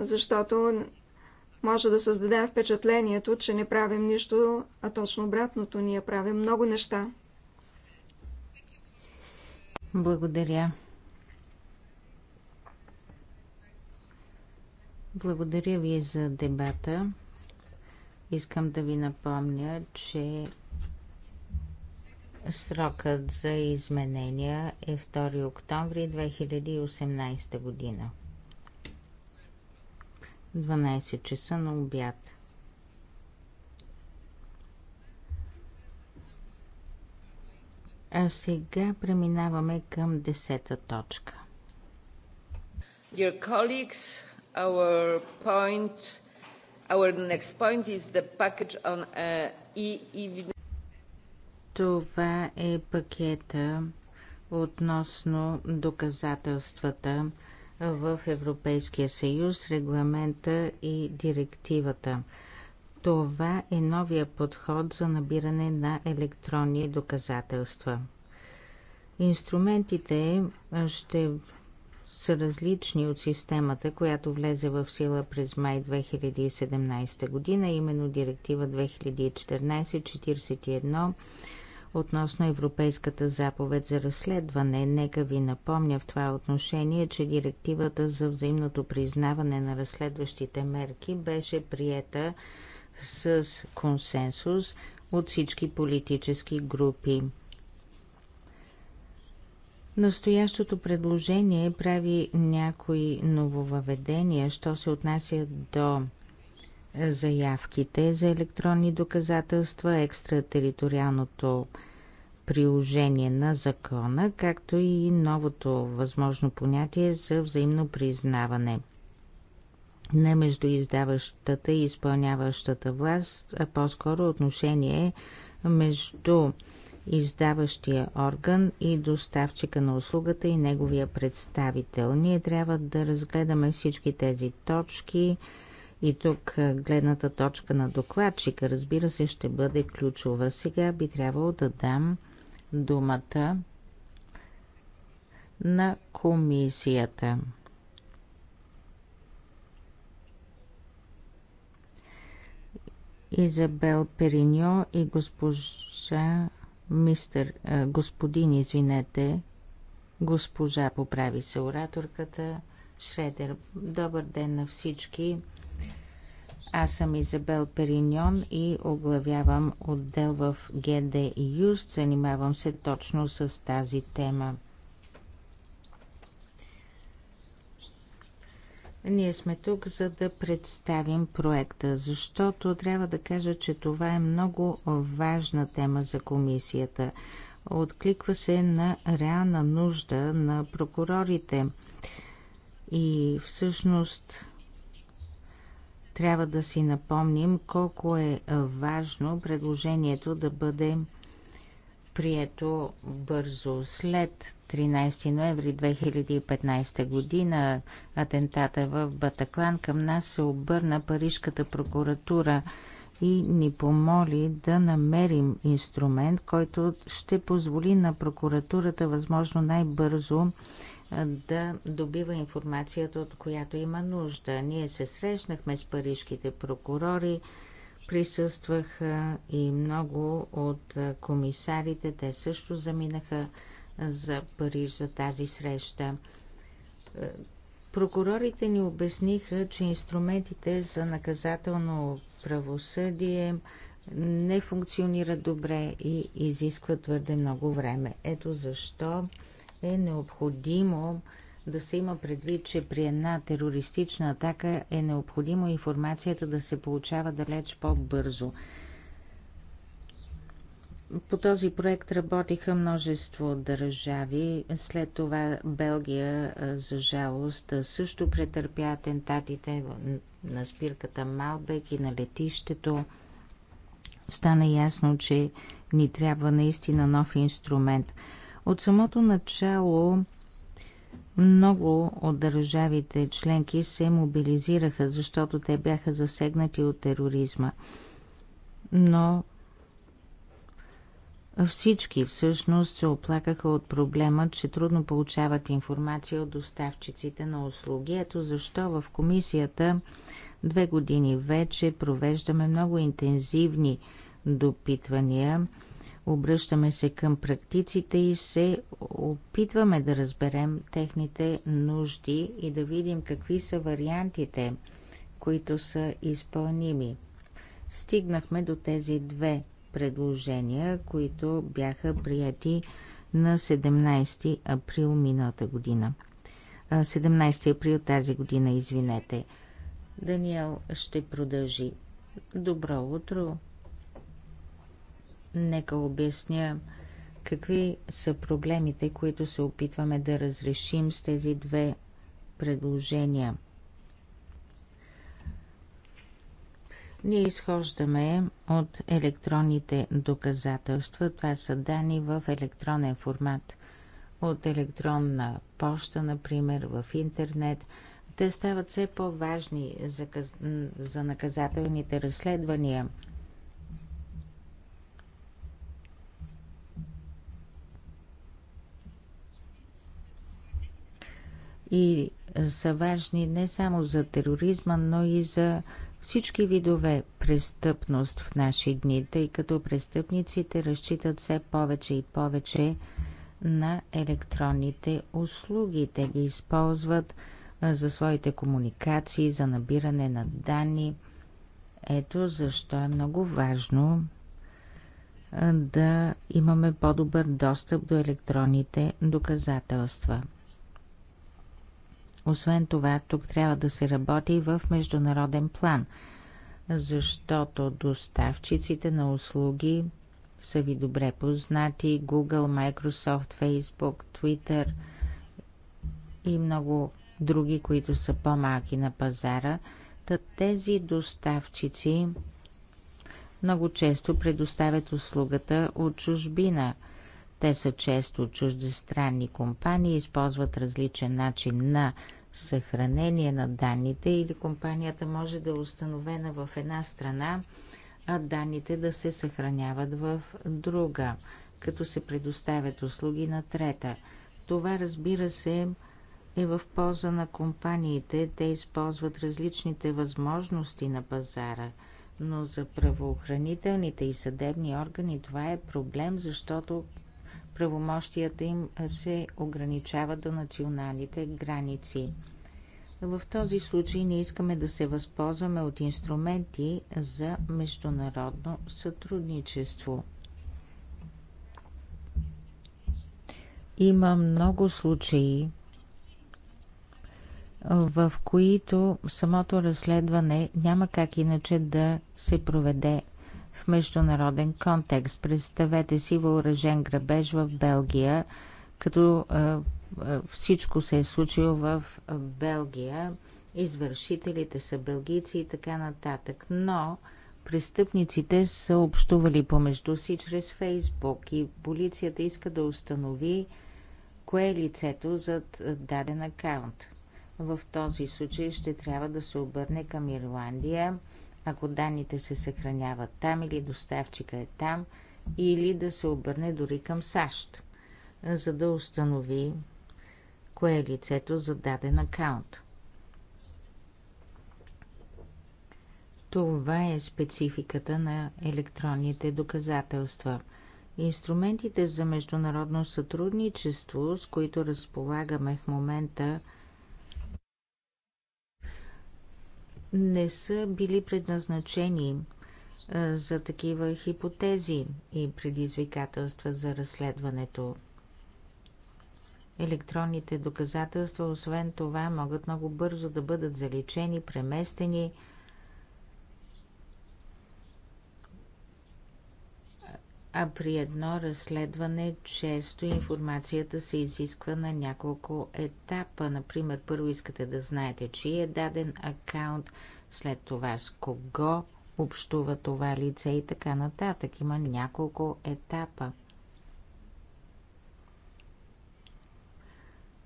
защото може да създадем впечатлението, че не правим нищо, а точно обратното, ние правим много неща. Благодаря. Благодаря ви за дебата. Искам да ви напомня, че срокът за изменения е 2 октомври 2018 година. 12 часа на обяд. А сега преминаваме към десета точка. Dear colleagues, our point, our next point is the package on uh, e-evidence. Това е пакета относно доказателствата в Европейския съюз, регламента и директивата. Това е новия подход за набиране на електронни доказателства. Инструментите ще са различни от системата, която влезе в сила през май 2017 година, именно директива 2014-41 относно Европейската заповед за разследване. Нека ви напомня в това отношение, че директивата за взаимното признаване на разследващите мерки беше приета с консенсус от всички политически групи. Настоящото предложение прави някои нововъведения, що се отнася до заявките за електронни доказателства, екстратериториалното приложение на закона, както и новото възможно понятие за взаимно признаване – не между издаващата и изпълняващата власт, а по-скоро отношение между издаващия орган и доставчика на услугата и неговия представител. Ние трябва да разгледаме всички тези точки и тук гледната точка на докладчика, разбира се, ще бъде ключова. Сега би трябвало да дам думата на комисията. Изабел Периньо и госпожа мистер, господин, извинете, госпожа поправи се ораторката Шредер. Добър ден на всички. Аз съм Изабел Периньон и оглавявам отдел в ГД Юст. Занимавам се точно с тази тема. Ние сме тук, за да представим проекта, защото трябва да кажа, че това е много важна тема за комисията. Откликва се на реална нужда на прокурорите. И всъщност трябва да си напомним колко е важно предложението да бъде прието бързо след 13 ноември 2015 година атентата в Батаклан към нас се обърна Парижката прокуратура и ни помоли да намерим инструмент, който ще позволи на прокуратурата възможно най-бързо да добива информацията, от която има нужда. Ние се срещнахме с парижките прокурори, присъстваха и много от комисарите. Те също заминаха за Париж за тази среща. Е, прокурорите ни обясниха, че инструментите за наказателно правосъдие не функционират добре и изискват твърде много време. Ето защо е необходимо да се има предвид, че при една терористична атака е необходимо информацията да се получава далеч по-бързо. По този проект работиха множество държави. След това Белгия, за жалост, също претърпя атентатите на спирката Малбек и на летището. Стана ясно, че ни трябва наистина нов инструмент. От самото начало много от държавите членки се мобилизираха, защото те бяха засегнати от тероризма. Но всички всъщност се оплакаха от проблема, че трудно получават информация от доставчиците на услуги. Ето защо в комисията две години вече провеждаме много интензивни допитвания – Обръщаме се към практиците и се опитваме да разберем техните нужди и да видим какви са вариантите, които са изпълними. Стигнахме до тези две предложения, които бяха прияти на 17 април миналата година. 17 април тази година, извинете. Даниел ще продължи. Добро утро! Нека обясня какви са проблемите, които се опитваме да разрешим с тези две предложения. Ние изхождаме от електронните доказателства. Това са данни в електронен формат. От електронна поща, например, в интернет. Те стават все по-важни за, за наказателните разследвания – и е, са важни не само за тероризма, но и за всички видове престъпност в наши дни, тъй като престъпниците разчитат все повече и повече на електронните услуги. Те ги използват е, за своите комуникации, за набиране на данни. Ето защо е много важно е, да имаме по-добър достъп до електронните доказателства. Освен това, тук трябва да се работи в международен план, защото доставчиците на услуги са ви добре познати Google, Microsoft, Facebook, Twitter и много други, които са по-малки на пазара. Та тези доставчици много често предоставят услугата от чужбина – те са често чуждестранни компании, използват различен начин на съхранение на данните или компанията може да е установена в една страна, а данните да се съхраняват в друга, като се предоставят услуги на трета. Това, разбира се, е в полза на компаниите. Те използват различните възможности на пазара, но за правоохранителните и съдебни органи това е проблем, защото правомощията им се ограничават до националните граници. В този случай не искаме да се възползваме от инструменти за международно сътрудничество. Има много случаи, в които самото разследване няма как иначе да се проведе в международен контекст. Представете си въоръжен грабеж в Белгия, като всичко се е случило в Белгия. Извършителите са белгийци и така нататък. Но престъпниците са общували помежду си чрез Фейсбук и полицията иска да установи кое е лицето зад даден акаунт. В този случай ще трябва да се обърне към Ирландия – ако данните се съхраняват там или доставчика е там, или да се обърне дори към САЩ, за да установи кое е лицето за даден акаунт. Това е спецификата на електронните доказателства. Инструментите за международно сътрудничество, с които разполагаме в момента, не са били предназначени за такива хипотези и предизвикателства за разследването. Електронните доказателства, освен това, могат много бързо да бъдат заличени, преместени, а при едно разследване често информацията се изисква на няколко етапа. Например, първо искате да знаете, чий е даден акаунт, след това с кого общува това лице и така нататък. Има няколко етапа.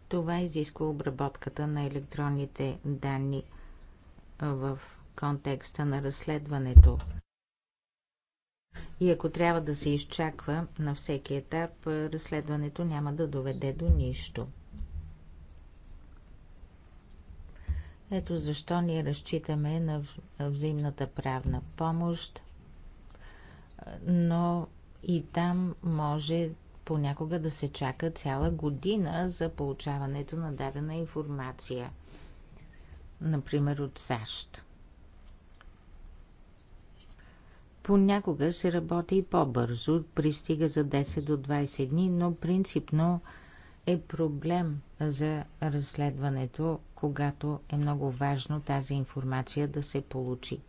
Това изисква обработката на електронните данни в контекста на разследването и ако трябва да се изчаква на всеки етап, разследването няма да доведе до нищо. Ето защо ние разчитаме на взаимната правна помощ, но и там може понякога да се чака цяла година за получаването на дадена информация, например от САЩ. Понякога се работи и по-бързо, пристига за 10 до 20 дни, но принципно е проблем за разследването, когато е много важно тази информация да се получи.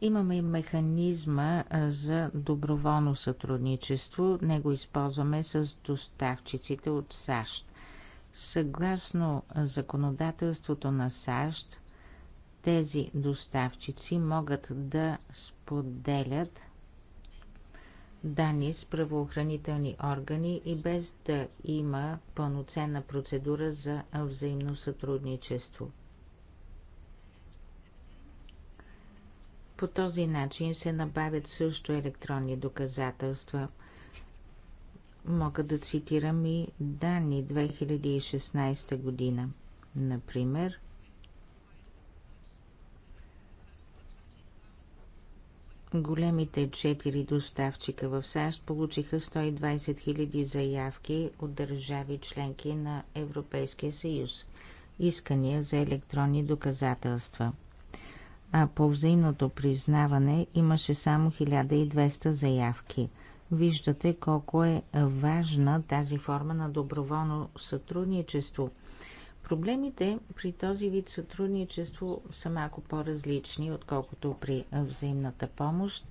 Имаме и механизма за доброволно сътрудничество. Него използваме с доставчиците от САЩ. Съгласно законодателството на САЩ, тези доставчици могат да споделят данни с правоохранителни органи и без да има пълноценна процедура за взаимно сътрудничество. По този начин се набавят също електронни доказателства. Мога да цитирам и данни 2016 година. Например, Големите четири доставчика в САЩ получиха 120 000 заявки от държави членки на Европейския съюз искания за електронни доказателства. А по взаимното признаване имаше само 1200 заявки. Виждате колко е важна тази форма на доброволно сътрудничество – Проблемите при този вид сътрудничество са малко по-различни, отколкото при взаимната помощ.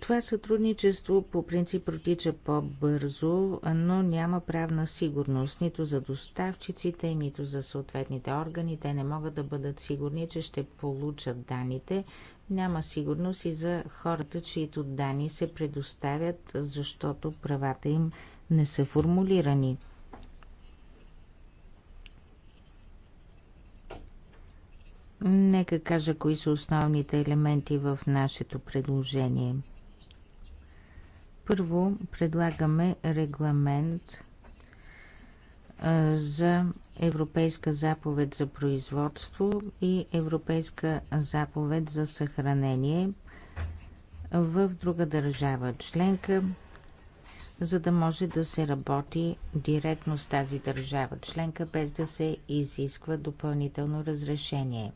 Това сътрудничество по принцип протича по-бързо, но няма правна сигурност нито за доставчиците, нито за съответните органи. Те не могат да бъдат сигурни, че ще получат данните. Няма сигурност и за хората, чието данни се предоставят, защото правата им не са формулирани. Нека кажа кои са основните елементи в нашето предложение. Първо предлагаме регламент за Европейска заповед за производство и Европейска заповед за съхранение в друга държава членка, за да може да се работи директно с тази държава членка, без да се изисква допълнително разрешение.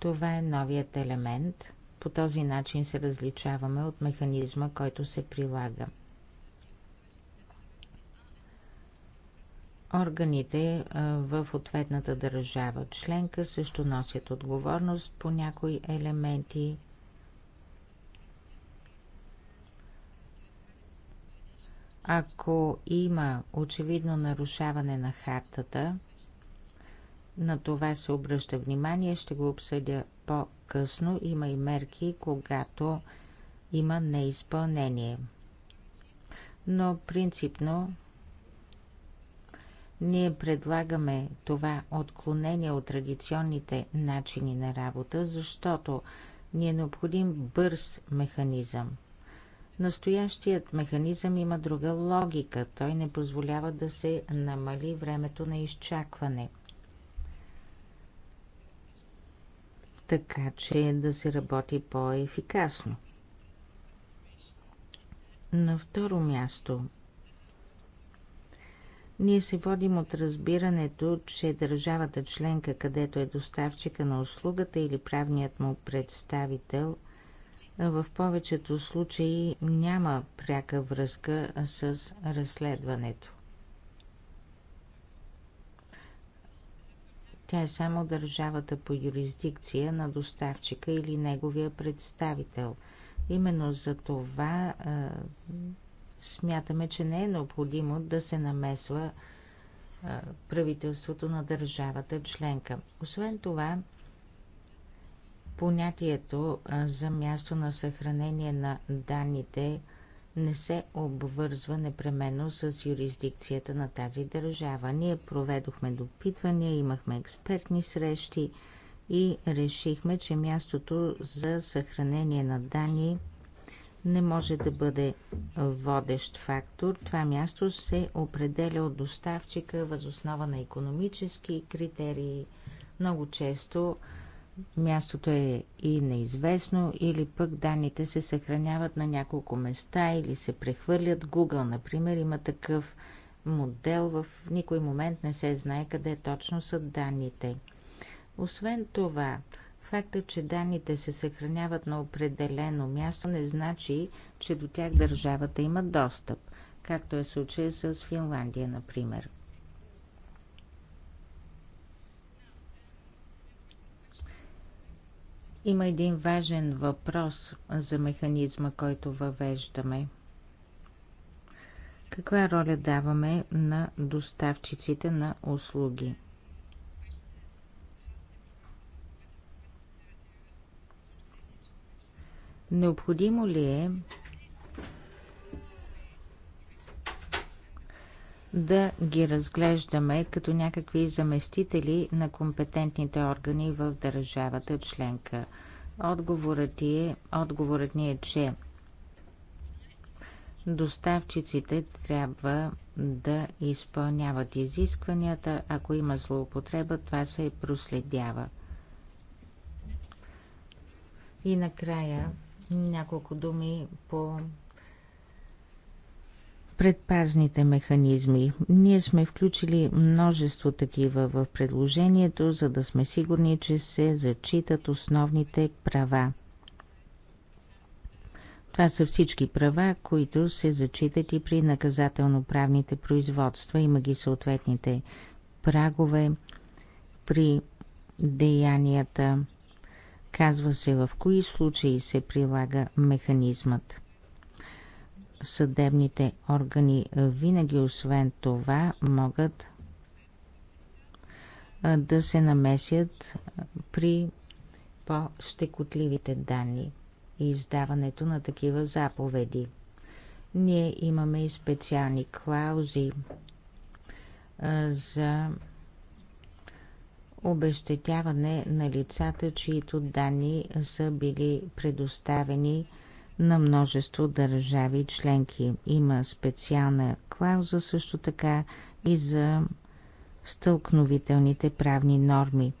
Това е новият елемент. По този начин се различаваме от механизма, който се прилага. Органите в ответната държава членка също носят отговорност по някои елементи. Ако има очевидно нарушаване на хартата, на това се обръща внимание, ще го обсъдя по-късно. Има и мерки, когато има неизпълнение. Но принципно ние предлагаме това отклонение от традиционните начини на работа, защото ни е необходим бърз механизъм. Настоящият механизъм има друга логика. Той не позволява да се намали времето на изчакване – така че да се работи по-ефикасно. На второ място, ние се водим от разбирането, че държавата членка, където е доставчика на услугата или правният му представител, в повечето случаи няма пряка връзка с разследването. Тя е само държавата по юрисдикция на доставчика или неговия представител. Именно за това а, смятаме, че не е необходимо да се намесва а, правителството на държавата членка. Освен това, понятието за място на съхранение на данните не се обвързва непременно с юрисдикцията на тази държава. Ние проведохме допитвания, имахме експертни срещи и решихме, че мястото за съхранение на данни не може да бъде водещ фактор. Това място се определя от доставчика възоснова на економически критерии. Много често мястото е и неизвестно, или пък данните се съхраняват на няколко места или се прехвърлят. Google, например, има такъв модел. В никой момент не се знае къде точно са данните. Освен това, фактът, че данните се съхраняват на определено място, не значи, че до тях държавата има достъп, както е случая с Финландия, например – Има един важен въпрос за механизма, който въвеждаме. Каква роля даваме на доставчиците на услуги? Необходимо ли е да ги разглеждаме като някакви заместители на компетентните органи в държавата членка. Отговорът, е, отговорът ни е, че доставчиците трябва да изпълняват изискванията. Ако има злоупотреба, това се проследява. И накрая няколко думи по предпазните механизми. Ние сме включили множество такива в предложението, за да сме сигурни, че се зачитат основните права. Това са всички права, които се зачитат и при наказателно-правните производства. Има ги съответните прагове при деянията. Казва се в кои случаи се прилага механизмът съдебните органи винаги освен това могат да се намесят при по-щекотливите данни и издаването на такива заповеди. Ние имаме и специални клаузи за обещетяване на лицата, чието данни са били предоставени на множество държави и членки. Има специална клауза също така и за стълкновителните правни норми.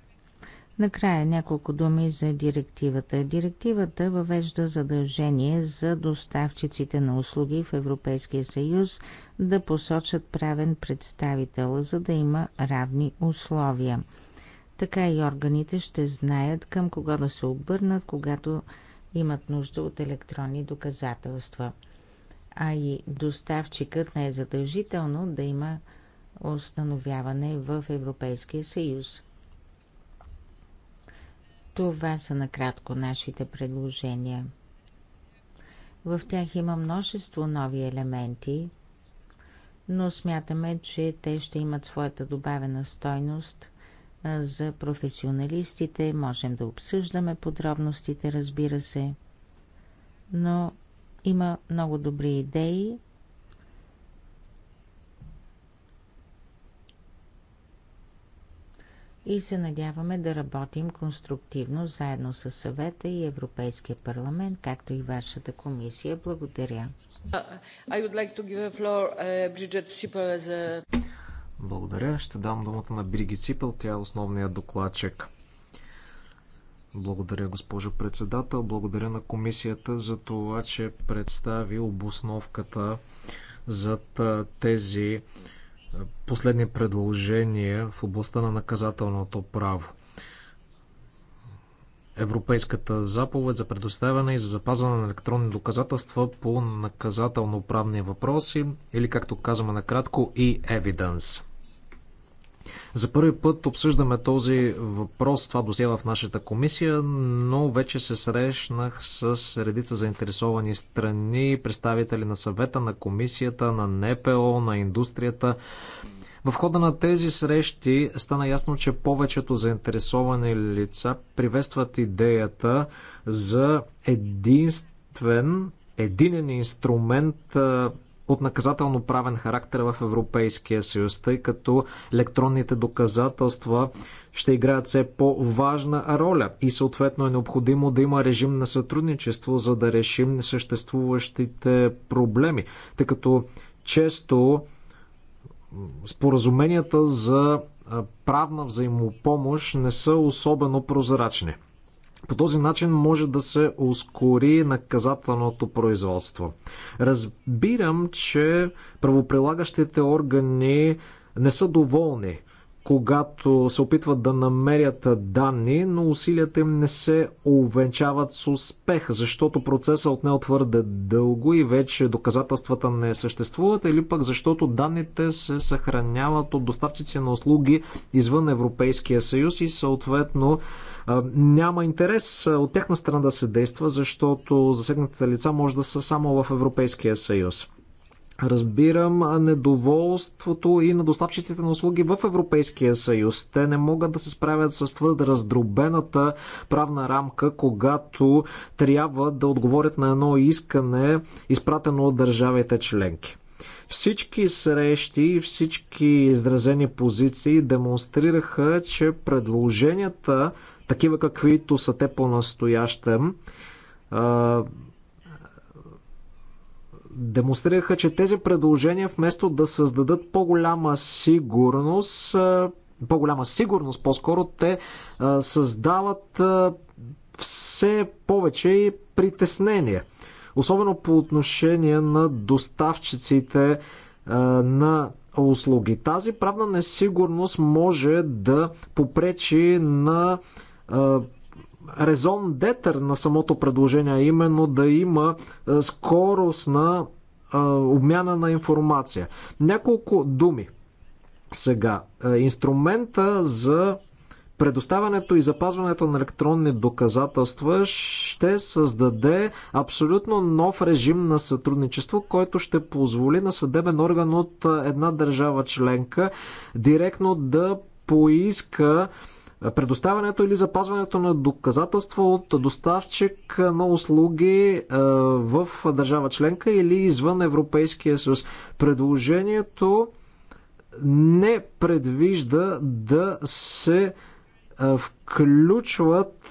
Накрая няколко думи за директивата. Директивата въвежда задължение за доставчиците на услуги в Европейския съюз да посочат правен представител, за да има равни условия. Така и органите ще знаят към кого да се обърнат, когато имат нужда от електронни доказателства. А и доставчикът не е задължително да има установяване в Европейския съюз. Това са накратко нашите предложения. В тях има множество нови елементи, но смятаме, че те ще имат своята добавена стойност за професионалистите. Можем да обсъждаме подробностите, разбира се. Но има много добри идеи. И се надяваме да работим конструктивно заедно с съвета и Европейския парламент, както и вашата комисия. Благодаря. Uh, I would like to give a floor, uh, благодаря. Ще дам думата на Бриги Ципъл. Тя е основния докладчик. Благодаря, госпожо председател. Благодаря на комисията за това, че представи обосновката за тези последни предложения в областта на наказателното право. Европейската заповед за предоставяне и за запазване на електронни доказателства по наказателно-правни въпроси или както казваме накратко и e-evidence. За първи път обсъждаме този въпрос, това досие в нашата комисия, но вече се срещнах с редица заинтересовани страни, представители на съвета, на комисията, на НПО, на индустрията. В хода на тези срещи стана ясно, че повечето заинтересовани лица приветстват идеята за единствен, единен инструмент от наказателно-правен характер в Европейския съюз, тъй като електронните доказателства ще играят все по-важна роля и съответно е необходимо да има режим на сътрудничество, за да решим съществуващите проблеми, тъй като често споразуменията за правна взаимопомощ не са особено прозрачни. По този начин може да се ускори наказателното производство. Разбирам, че правоприлагащите органи не са доволни, когато се опитват да намерят данни, но усилията им не се увенчават с успех, защото процесът отне твърде дълго и вече доказателствата не съществуват, или пък защото данните се съхраняват от доставчици на услуги извън Европейския съюз и съответно няма интерес от тяхна страна да се действа, защото засегнатите лица може да са само в Европейския съюз. Разбирам недоволството и на доставчиците на услуги в Европейския съюз. Те не могат да се справят с твърде раздробената правна рамка, когато трябва да отговорят на едно искане, изпратено от държавите членки. Всички срещи и всички изразени позиции демонстрираха, че предложенията такива каквито са те по-настоящем, демонстрираха, че тези предложения вместо да създадат по-голяма сигурност, по-голяма сигурност, по-скоро те създават все повече и притеснение. Особено по отношение на доставчиците на услуги. Тази правна несигурност може да попречи на резон детер на самото предложение, а именно да има скорост на обмяна на информация. Няколко думи сега. Инструмента за предоставянето и запазването на електронни доказателства ще създаде абсолютно нов режим на сътрудничество, който ще позволи на съдебен орган от една държава членка директно да поиска Предоставянето или запазването на доказателства от доставчик на услуги в държава членка или извън Европейския съюз. Предложението не предвижда да се включват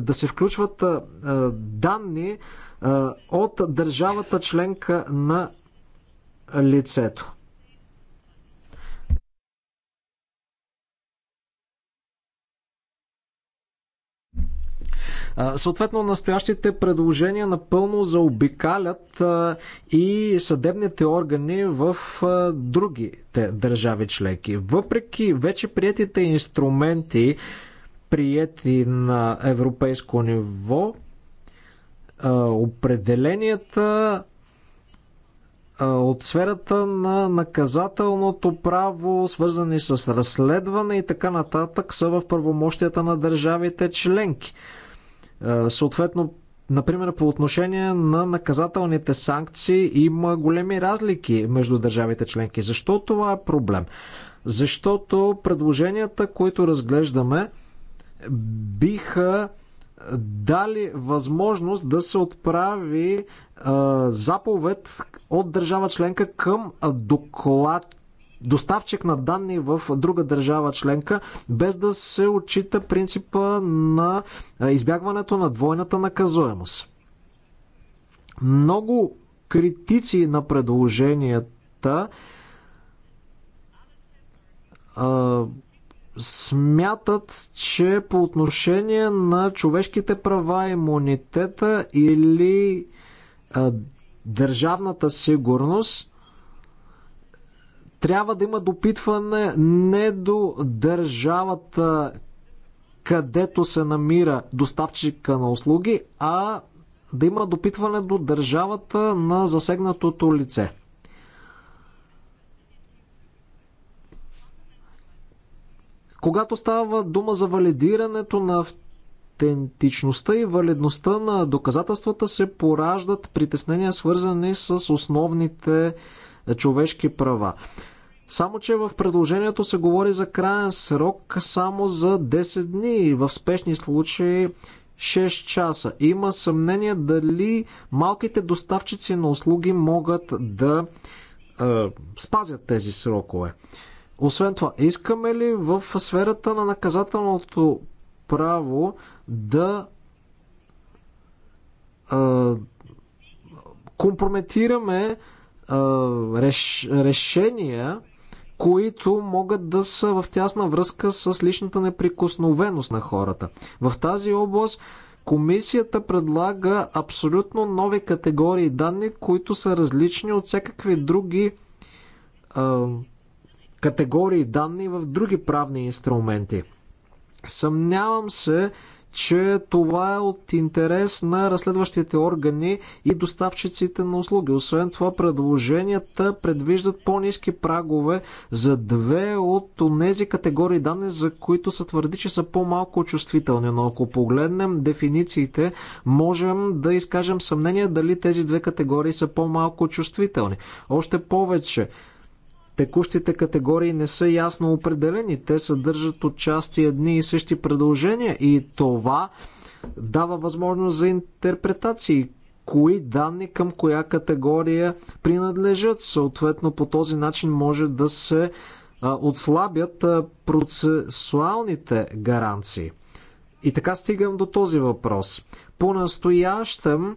да се включват данни от държавата членка на лицето. Съответно, настоящите предложения напълно заобикалят и съдебните органи в другите държави членки. Въпреки вече приятите инструменти, прияти на европейско ниво, определенията от сферата на наказателното право, свързани с разследване и така нататък, са в правомощията на държавите членки. Е, съответно, Например, по отношение на наказателните санкции има големи разлики между държавите членки. Защо това е проблем? Защото предложенията, които разглеждаме, биха дали възможност да се отправи е, заповед от държава членка към доклад доставчик на данни в друга държава членка, без да се отчита принципа на избягването на двойната наказуемост. Много критици на предложенията а, смятат, че по отношение на човешките права, имунитета или а, държавната сигурност, трябва да има допитване не до държавата, където се намира доставчика на услуги, а да има допитване до държавата на засегнатото лице. Когато става дума за валидирането на автентичността и валидността на доказателствата, се пораждат притеснения, свързани с основните човешки права. Само, че в предложението се говори за крайен срок само за 10 дни и в спешни случаи 6 часа. Има съмнение дали малките доставчици на услуги могат да е, спазят тези срокове. Освен това, искаме ли в сферата на наказателното право да е, компрометираме реш, решения, които могат да са в тясна връзка с личната неприкосновеност на хората. В тази област комисията предлага абсолютно нови категории данни, които са различни от всякакви други а, категории данни в други правни инструменти. Съмнявам се, че това е от интерес на разследващите органи и доставчиците на услуги. Освен това, предложенията предвиждат по-низки прагове за две от тези категории данни, за които се твърди, че са по-малко чувствителни. Но ако погледнем дефинициите, можем да изкажем съмнение дали тези две категории са по-малко чувствителни. Още повече, Текущите категории не са ясно определени. Те съдържат отчасти едни и същи предложения и това дава възможност за интерпретации. Кои данни към коя категория принадлежат? Съответно, по този начин може да се отслабят процесуалните гаранции. И така стигам до този въпрос. По-настоящем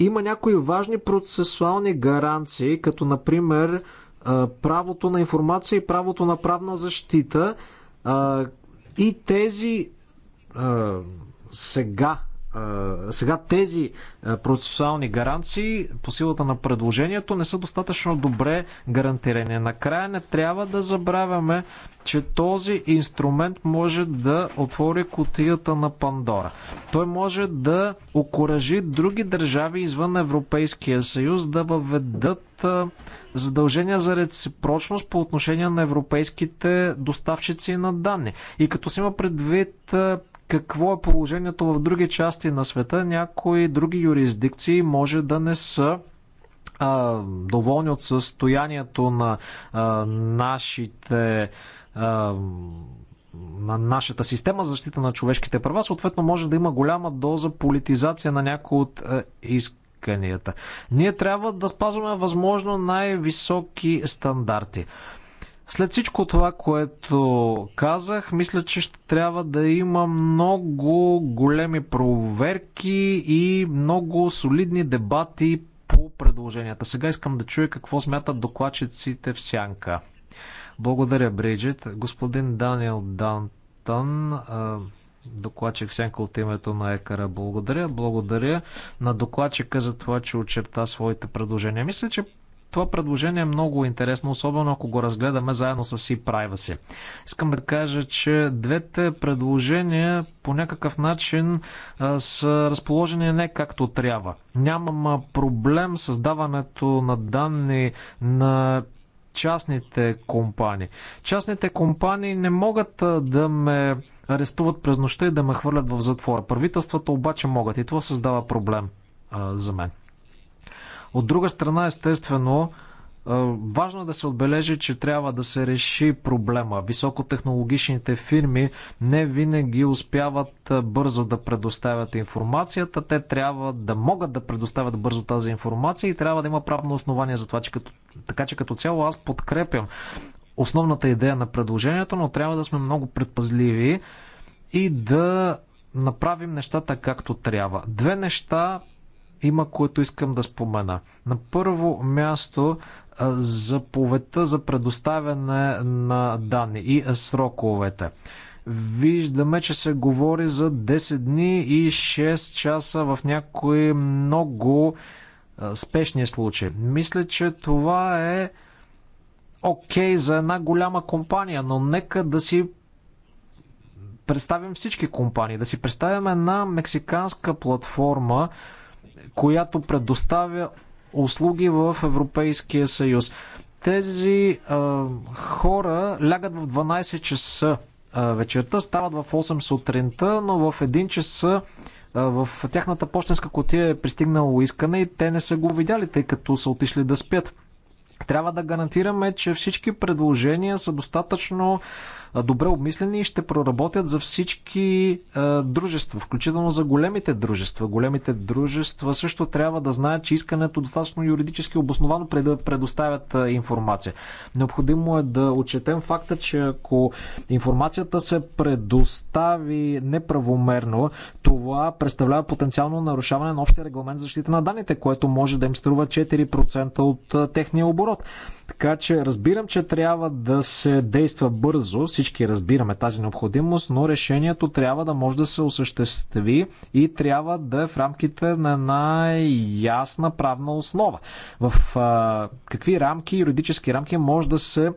има някои важни процесуални гаранции, като например правото на информация и правото на правна защита. И тези сега сега тези процесуални гаранции по силата на предложението не са достатъчно добре гарантирани. Накрая не трябва да забравяме, че този инструмент може да отвори котията на Пандора. Той може да окоръжи други държави извън Европейския съюз да въведат задължения за реципрочност по отношение на европейските доставчици на данни. И като си има предвид какво е положението в други части на света. Някои други юрисдикции може да не са а, доволни от състоянието на а, нашите. А, на нашата система за защита на човешките права, съответно може да има голяма доза политизация на някои от исканията. Ние трябва да спазваме възможно най-високи стандарти. След всичко това, което казах, мисля, че ще трябва да има много големи проверки и много солидни дебати по предложенията. Сега искам да чуя какво смятат докладчиците в сянка. Благодаря, Бриджит. Господин Даниел Дантън, докладчик Сянка от името на Екара. Благодаря. Благодаря на докладчика за това, че очерта своите предложения. Мисля, че това предложение е много интересно, особено ако го разгледаме заедно с e-privacy. Искам да кажа, че двете предложения по някакъв начин а, са разположени не както трябва. Нямам проблем с даването на данни на частните компании. Частните компании не могат да ме арестуват през нощта и да ме хвърлят в затвора. Правителствата обаче могат и това създава проблем а, за мен. От друга страна, естествено, Важно е да се отбележи, че трябва да се реши проблема. Високотехнологичните фирми не винаги успяват бързо да предоставят информацията. Те трябва да могат да предоставят бързо тази информация и трябва да има правно основание за това. Че като... Така че като цяло аз подкрепям основната идея на предложението, но трябва да сме много предпазливи и да направим нещата както трябва. Две неща има, които искам да спомена. На първо място заповедта за предоставяне на данни и сроковете. Виждаме, че се говори за 10 дни и 6 часа в някои много спешни случаи. Мисля, че това е окей okay за една голяма компания, но нека да си представим всички компании. Да си представим една мексиканска платформа, която предоставя услуги в Европейския съюз. Тези а, хора лягат в 12 часа а, вечерта, стават в 8 сутринта, но в 1 часа в тяхната почтенска котия е пристигнало искане и те не са го видяли, тъй като са отишли да спят. Трябва да гарантираме, че всички предложения са достатъчно добре обмислени и ще проработят за всички дружества, включително за големите дружества. Големите дружества също трябва да знаят, че искането е достатъчно юридически обосновано преди да предоставят информация. Необходимо е да отчетем факта, че ако информацията се предостави неправомерно, това представлява потенциално нарушаване на общия регламент за защита на данните, което може да им струва 4% от техния оборот. Така че разбирам, че трябва да се действа бързо, всички разбираме тази необходимост, но решението трябва да може да се осъществи и трябва да е в рамките на най-ясна правна основа. В а, какви рамки, юридически рамки може да се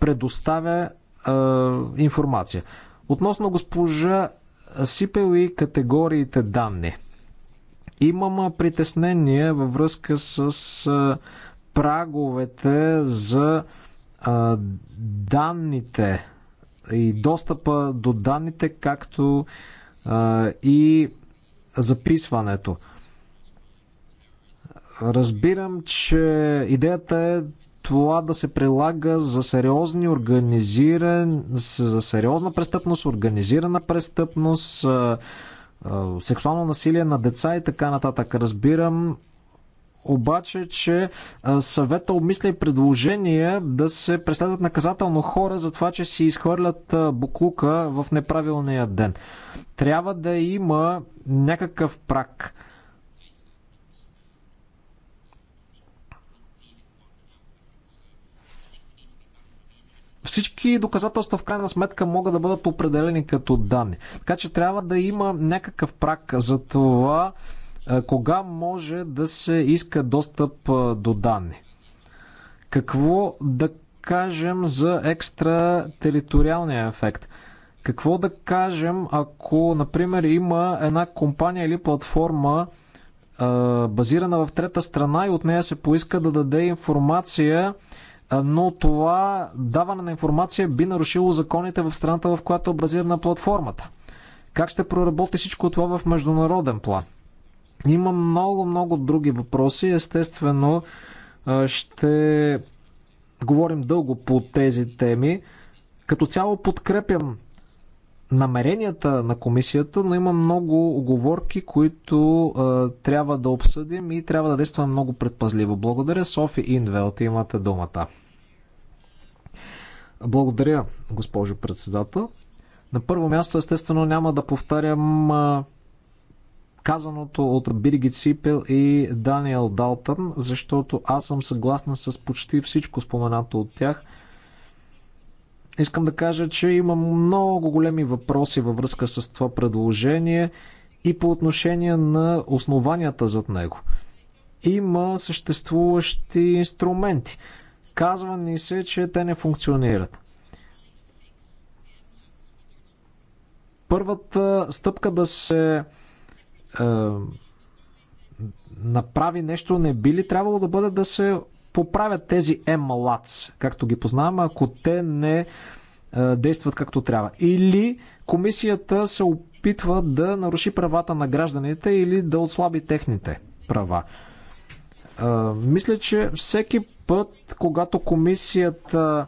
предоставя а, информация. Относно госпожа Сипел и категориите данни. Имам притеснение във връзка с а, праговете за а, данните и достъпа до данните, както а, и записването. Разбирам, че идеята е това да се прилага за сериозни организиран, за сериозна престъпност, организирана престъпност, сексуално насилие на деца и така нататък. Разбирам обаче, че съвета обмисля и предложение да се преследват наказателно хора за това, че си изхвърлят буклука в неправилния ден. Трябва да има някакъв прак. всички доказателства в крайна сметка могат да бъдат определени като данни. Така че трябва да има някакъв прак за това кога може да се иска достъп до данни. Какво да кажем за екстратериториалния ефект? Какво да кажем, ако, например, има една компания или платформа, базирана в трета страна и от нея се поиска да даде информация, но това даване на информация би нарушило законите в страната, в която е базирана платформата. Как ще проработи всичко това в международен план? Има много, много други въпроси. Естествено, ще говорим дълго по тези теми. Като цяло подкрепям намеренията на комисията, но има много оговорки, които а, трябва да обсъдим и трябва да действаме много предпазливо. Благодаря, Софи Инвелт, имате думата. Благодаря, госпожо председател. На първо място, естествено, няма да повтарям а, казаното от Биргит Сипел и Даниел Далтън, защото аз съм съгласна с почти всичко споменато от тях. Искам да кажа, че има много големи въпроси във връзка с това предложение и по отношение на основанията зад него. Има съществуващи инструменти. Казва ни се, че те не функционират. Първата стъпка да се направи нещо, не би ли трябвало да бъде да се поправят тези емалац, както ги познаваме, ако те не действат както трябва. Или комисията се опитва да наруши правата на гражданите или да отслаби техните права. мисля, че всеки път, когато комисията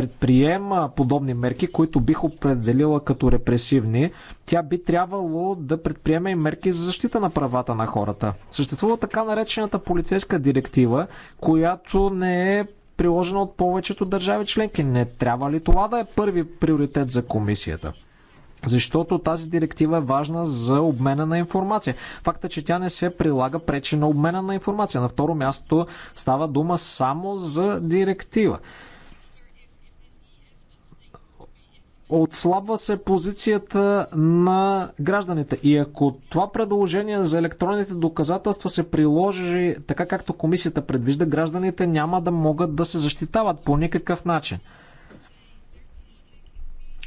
предприема подобни мерки, които бих определила като репресивни, тя би трябвало да предприеме и мерки за защита на правата на хората. Съществува така наречената полицейска директива, която не е приложена от повечето държави членки. Не трябва ли това да е първи приоритет за комисията? Защото тази директива е важна за обмена на информация. Факта, че тя не се прилага, пречи на обмена на информация. На второ място става дума само за директива. отслабва се позицията на гражданите. И ако това предложение за електронните доказателства се приложи така както комисията предвижда, гражданите няма да могат да се защитават по никакъв начин.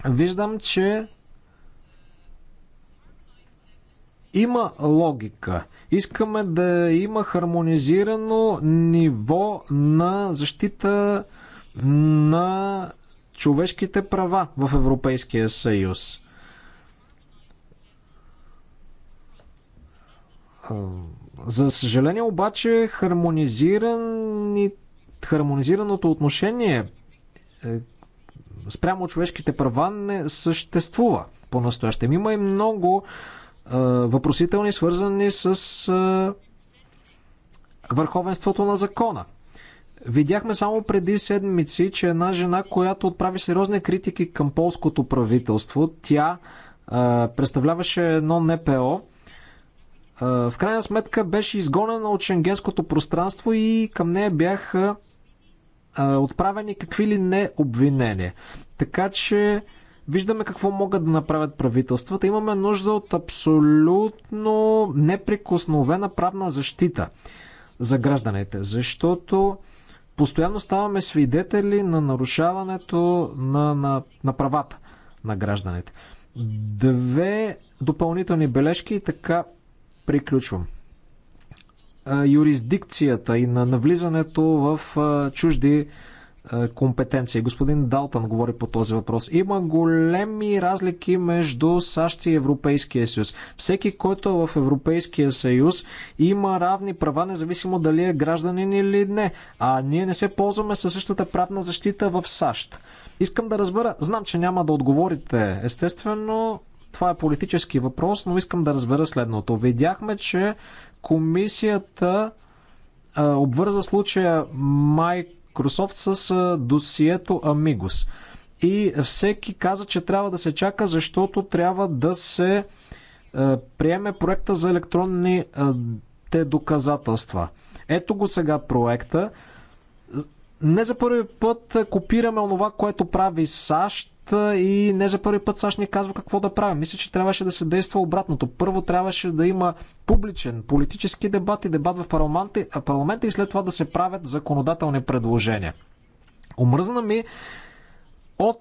Виждам, че има логика. Искаме да има хармонизирано ниво на защита на човешките права в Европейския съюз. За съжаление обаче хармонизираното отношение е, спрямо човешките права не съществува по-настоящем. Има и много е, въпросителни свързани с е, върховенството на закона. Видяхме само преди седмици, че една жена, която отправи сериозни критики към полското правителство, тя а, представляваше едно НПО, а, в крайна сметка беше изгонена от шенгенското пространство и към нея бяха а, отправени какви ли не обвинения. Така че виждаме какво могат да направят правителствата. Имаме нужда от абсолютно неприкосновена правна защита за гражданите, защото постоянно ставаме свидетели на нарушаването на, на, на правата на гражданите. Две допълнителни бележки и така приключвам. Юрисдикцията и на навлизането в чужди е, компетенции. Господин Далтън говори по този въпрос. Има големи разлики между САЩ и Европейския съюз. Всеки, който е в Европейския съюз, има равни права, независимо дали е гражданин или не. А ние не се ползваме със същата правна защита в САЩ. Искам да разбера, знам, че няма да отговорите, естествено, това е политически въпрос, но искам да разбера следното. Видяхме, че комисията е, обвърза случая Майк Microsoft с досието Amigos. И всеки каза, че трябва да се чака, защото трябва да се приеме проекта за електронните доказателства. Ето го сега проекта. Не за първи път копираме онова, което прави САЩ и не за първи път САЩ ни казва какво да правим. Мисля, че трябваше да се действа обратното. Първо трябваше да има публичен политически дебат и дебат в парламента, парламента и след това да се правят законодателни предложения. Омръзна ми от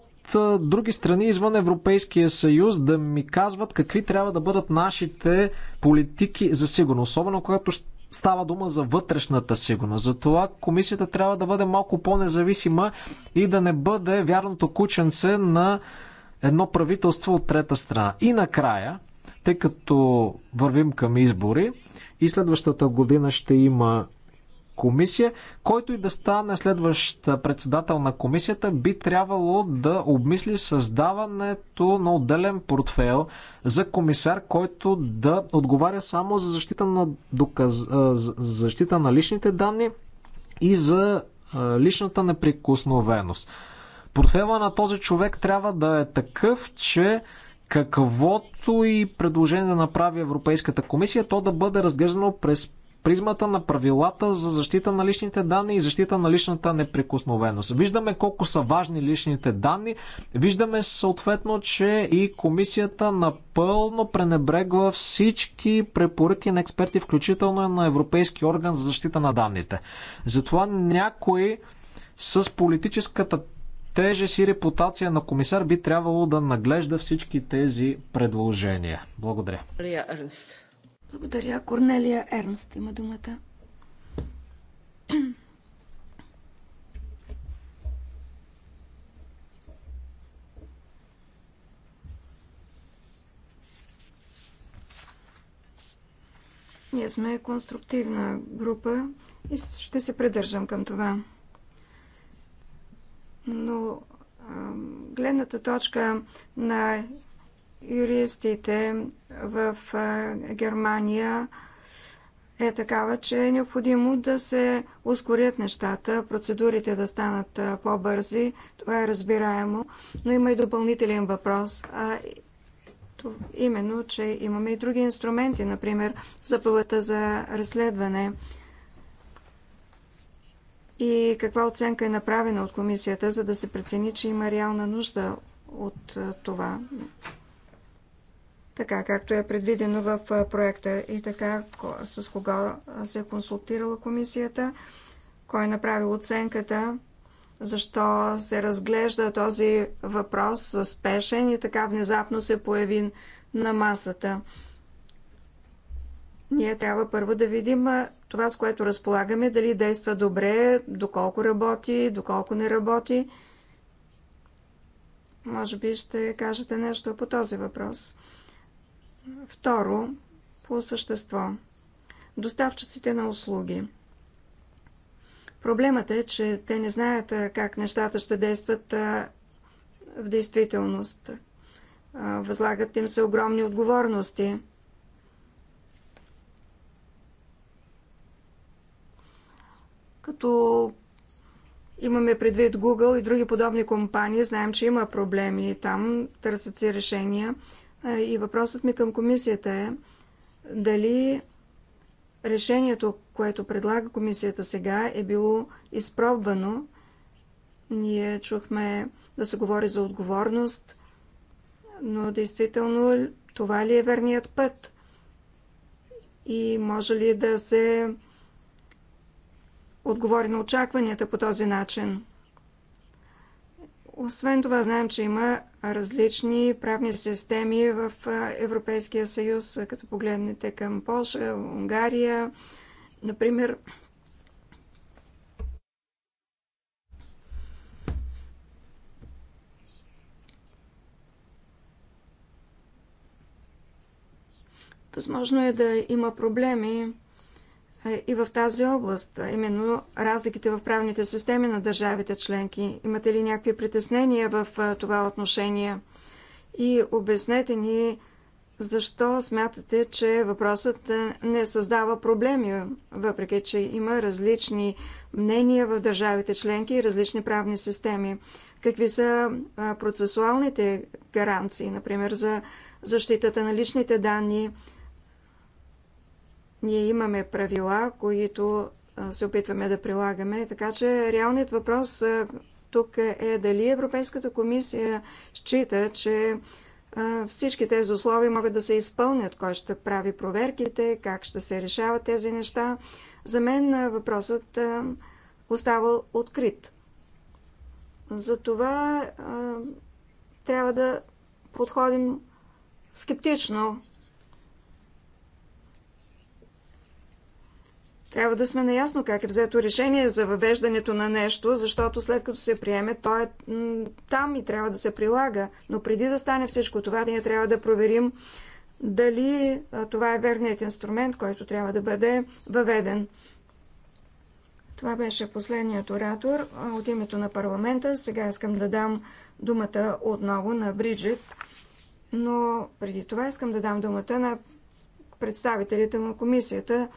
други страни извън Европейския съюз да ми казват какви трябва да бъдат нашите политики за сигурност. Особено когато става дума за вътрешната сигурност. Затова комисията трябва да бъде малко по-независима и да не бъде вярното кученце на едно правителство от трета страна. И накрая, тъй като вървим към избори и следващата година ще има комисия, който и да стане следващ председател на комисията, би трябвало да обмисли създаването на отделен портфел за комисар, който да отговаря само за защита на, доказ... защита на личните данни и за личната неприкосновеност. Портфела на този човек трябва да е такъв, че каквото и предложение да направи Европейската комисия, то да бъде разглеждано през призмата на правилата за защита на личните данни и защита на личната неприкосновеност. Виждаме колко са важни личните данни, виждаме съответно, че и комисията напълно пренебрегва всички препоръки на експерти, включително на Европейски орган за защита на данните. Затова някои с политическата тежест и репутация на комисар би трябвало да наглежда всички тези предложения. Благодаря. Благодаря. Корнелия Ернст има думата. Ние сме конструктивна група и ще се придържам към това. Но гледната точка на юристите в Германия е такава, че е необходимо да се ускорят нещата, процедурите да станат по-бързи. Това е разбираемо, но има и допълнителен въпрос. А, именно, че имаме и други инструменти, например заповедта за разследване. И каква оценка е направена от комисията, за да се прецени, че има реална нужда от това? така както е предвидено в проекта и така с кого се е консултирала комисията, кой е направил оценката, защо се разглежда този въпрос за спешен и така внезапно се появи на масата. Ние трябва първо да видим това, с което разполагаме, дали действа добре, доколко работи, доколко не работи. Може би ще кажете нещо по този въпрос. Второ, по същество. Доставчиците на услуги. Проблемът е, че те не знаят как нещата ще действат в действителност. Възлагат им се огромни отговорности. Като имаме предвид Google и други подобни компании, знаем, че има проблеми там, търсят си решения. И въпросът ми към комисията е дали решението, което предлага комисията сега, е било изпробвано. Ние чухме да се говори за отговорност, но действително това ли е верният път? И може ли да се отговори на очакванията по този начин? Освен това, знаем, че има различни правни системи в Европейския съюз, като погледнете към Польша, Унгария, например. Възможно е да има проблеми е, и в тази област, именно разликите в правните системи на държавите членки. Имате ли някакви притеснения в това отношение? И обяснете ни защо смятате, че въпросът не създава проблеми, въпреки че има различни мнения в държавите членки и различни правни системи. Какви са процесуалните гаранции, например, за защитата на личните данни? Ние имаме правила, които се опитваме да прилагаме, така че реалният въпрос тук е, е дали Европейската комисия счита, че всички тези условия могат да се изпълнят, кой ще прави проверките, как ще се решават тези неща. За мен въпросът остава открит. Затова трябва да подходим скептично Трябва да сме наясно как е взето решение за въвеждането на нещо, защото след като се приеме, то е там и трябва да се прилага. Но преди да стане всичко това, ние трябва да проверим дали това е верният инструмент, който трябва да бъде въведен. Това беше последният оратор от името на парламента. Сега искам да дам думата отново на Бриджит, но преди това искам да дам думата на представителите на комисията,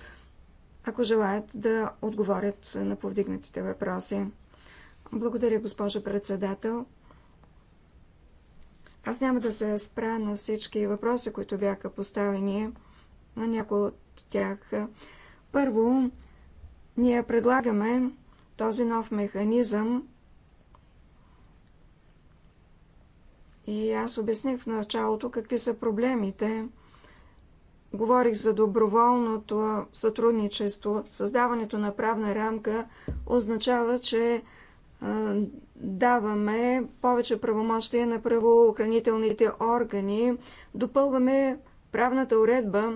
ако желаят да отговорят на повдигнатите въпроси. Благодаря, госпожо председател. Аз няма да се спра на всички въпроси, които бяха поставени, на някои от тях. Първо, ние предлагаме този нов механизъм и аз обясних в началото какви са проблемите, Говорих за доброволното сътрудничество. Създаването на правна рамка означава, че даваме повече правомощия на правоохранителните органи, допълваме правната уредба,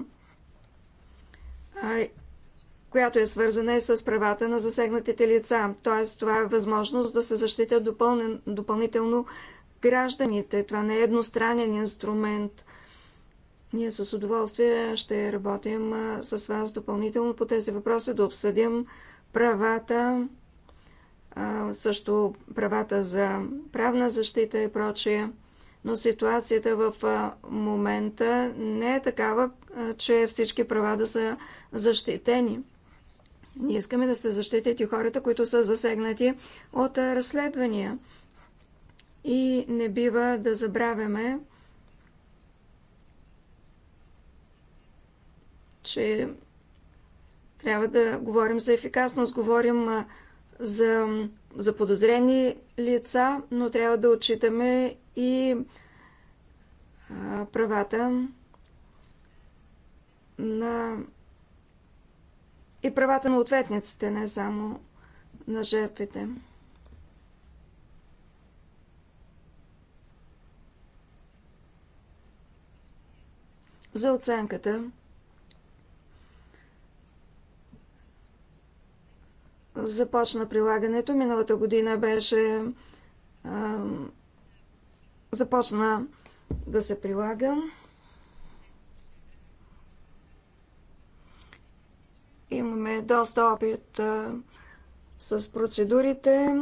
която е свързана и с правата на засегнатите лица. Тоест, това е възможност да се защитят допълнен, допълнително гражданите. Това не е едностранен инструмент – ние с удоволствие ще работим с вас допълнително по тези въпроси, да обсъдим правата, също правата за правна защита и прочие. Но ситуацията в момента не е такава, че всички права да са защитени. Ние искаме да се защитят и хората, които са засегнати от разследвания. И не бива да забравяме, че трябва да говорим за ефикасност, говорим за, за подозрени лица, но трябва да отчитаме и а, правата на и правата на ответниците, не само на жертвите. За оценката започна прилагането. Миналата година беше а, започна да се прилага. Имаме доста опит а, с процедурите.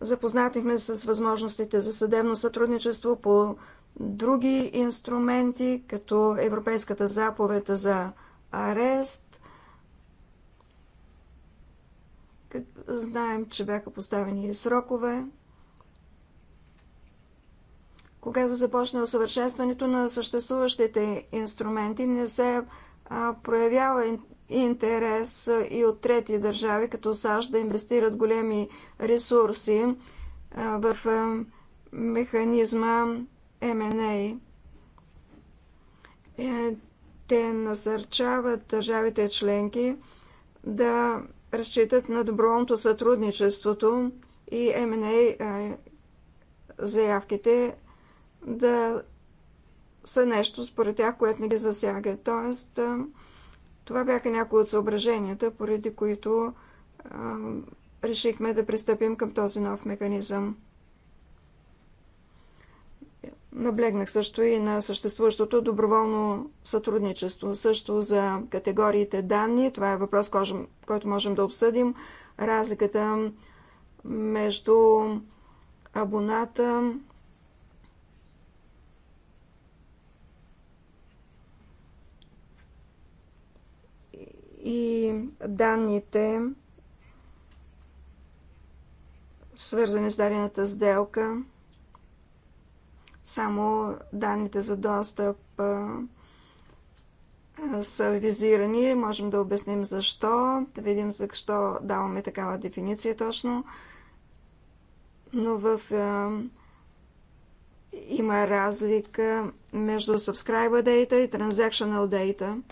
Запознатихме с възможностите за съдебно сътрудничество по други инструменти, като Европейската заповед за арест, Знаем, че бяха поставени срокове. Когато започне усъвършенстването на съществуващите инструменти, не се проявява интерес и от трети държави, като САЩ, да инвестират големи ресурси в механизма МНА. Е, те насърчават държавите членки да разчитат на доброволното сътрудничеството и M&A е, заявките да са нещо според тях, което не ги засяга. Тоест, това бяха някои от съображенията, поради които решихме да пристъпим към този нов механизъм. Наблегнах също и на съществуващото доброволно сътрудничество, също за категориите данни. Това е въпрос, който можем да обсъдим. Разликата между абоната и данните, свързани с дадената сделка. Само данните за достъп са визирани. Можем да обясним защо, да видим защо даваме такава дефиниция точно. Но в има разлика между subscriber data и transactional data.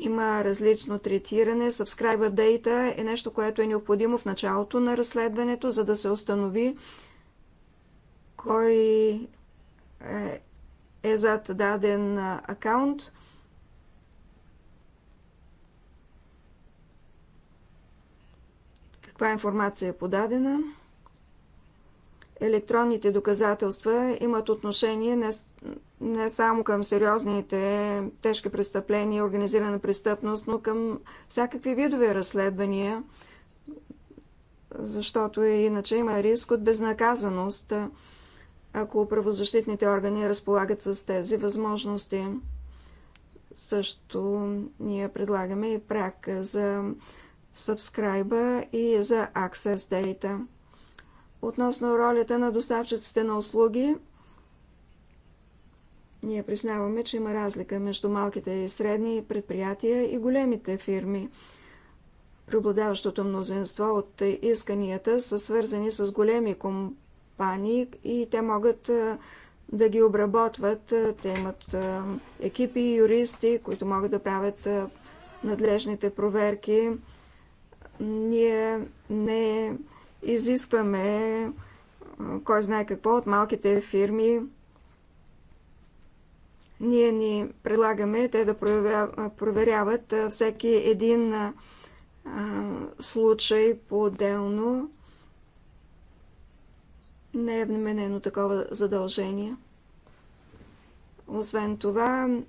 Има различно третиране. Subscriber data е нещо, което е необходимо в началото на разследването, за да се установи кой е, е зад даден акаунт. Каква информация е подадена? Електронните доказателства имат отношение не, не само към сериозните тежки престъпления, организирана престъпност, но към всякакви видове разследвания, защото иначе има риск от безнаказаност ако правозащитните органи разполагат с тези възможности. Също ние предлагаме и прак за subscribe и за Access Data. Относно ролята на доставчиците на услуги, ние признаваме, че има разлика между малките и средни предприятия и големите фирми. Преобладаващото мнозинство от исканията са свързани с големи компании, компании и те могат да ги обработват. Те имат екипи и юристи, които могат да правят надлежните проверки. Ние не изискваме кой знае какво от малките фирми. Ние ни предлагаме те да проверяват всеки един случай по-отделно не е вменено такова задължение. Освен това,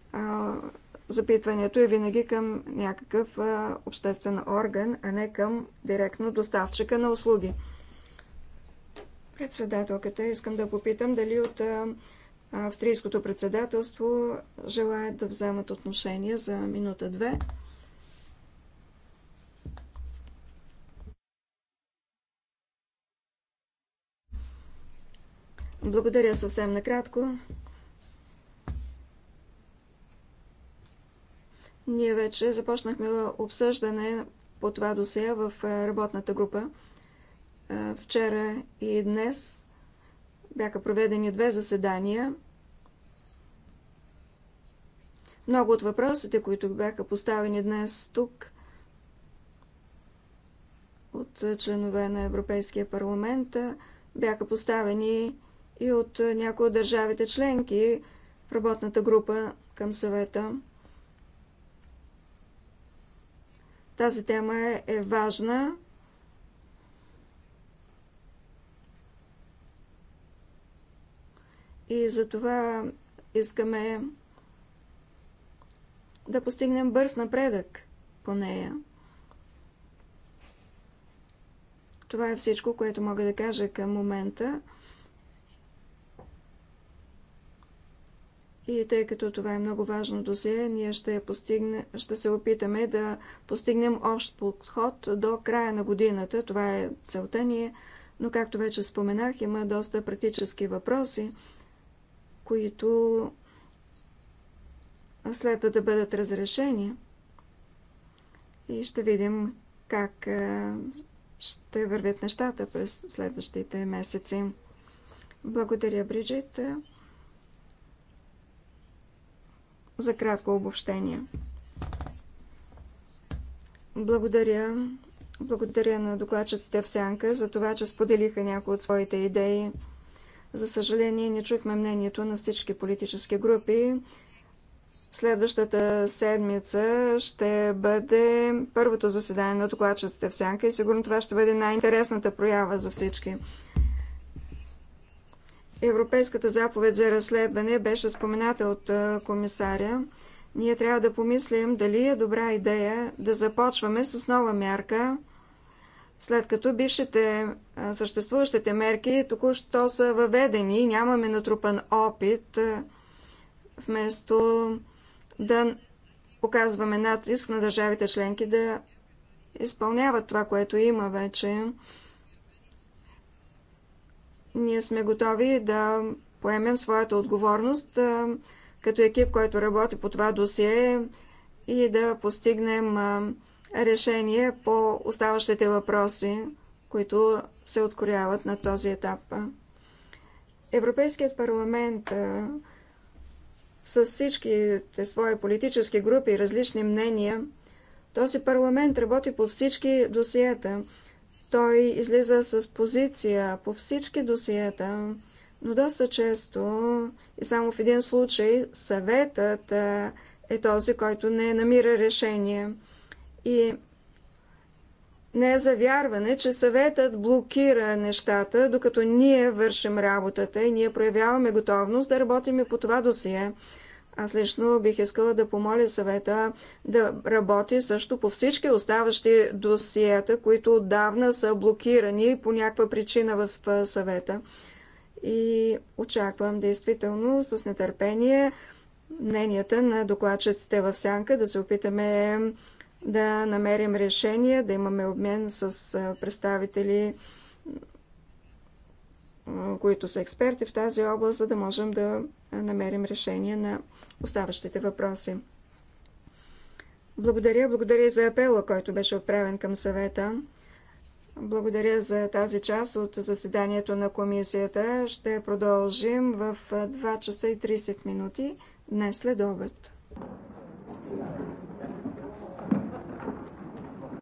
запитването е винаги към някакъв обществен орган, а не към директно доставчика на услуги. Председателката, искам да попитам дали от австрийското председателство желаят да вземат отношение за минута-две. Благодаря съвсем накратко. Ние вече започнахме обсъждане по това досея в е, работната група. Е, вчера и днес бяха проведени две заседания. Много от въпросите, които бяха поставени днес тук от е, членове на Европейския парламент, бяха поставени и от е, някои от държавите членки в работната група към съвета. Тази тема е, е важна. И за това искаме да постигнем бърз напредък по нея. Това е всичко, което мога да кажа към момента. И тъй като това е много важно досие, ние ще, постигне, ще се опитаме да постигнем общ подход до края на годината. Това е целта ни. Но, както вече споменах, има доста практически въпроси, които следва да бъдат разрешени. И ще видим как е, ще вървят нещата през следващите месеци. Благодаря, Бриджит. за кратко обобщение. Благодаря. Благодаря на докладчиците в Сянка за това, че споделиха някои от своите идеи. За съжаление, не чухме мнението на всички политически групи. Следващата седмица ще бъде първото заседание на докладчиците в Сянка и сигурно това ще бъде най-интересната проява за всички. Европейската заповед за разследване беше спомената от комисаря. Ние трябва да помислим дали е добра идея да започваме с нова мярка, след като бившите съществуващите мерки току-що са въведени и нямаме натрупан опит, вместо да оказваме натиск на държавите членки да изпълняват това, което има вече. Ние сме готови да поемем своята отговорност като екип, който работи по това досие и да постигнем решение по оставащите въпроси, които се откоряват на този етап. Европейският парламент с всичките свои политически групи и различни мнения, този парламент работи по всички досиета. Той излиза с позиция по всички досиета, но доста често и само в един случай съветът е този, който не намира решение. И не е за вярване, че съветът блокира нещата, докато ние вършим работата и ние проявяваме готовност да работим и по това досие. Аз лично бих искала да помоля съвета да работи също по всички оставащи досиета, които отдавна са блокирани по някаква причина в съвета. И очаквам действително с нетърпение мненията на докладчиците в сянка, да се опитаме да намерим решение, да имаме обмен с представители, които са експерти в тази област, за да можем да намерим решение на оставащите въпроси. Благодаря, благодаря за апела, който беше отправен към съвета. Благодаря за тази част от заседанието на комисията. Ще продължим в 2 часа и 30 минути днес след обед.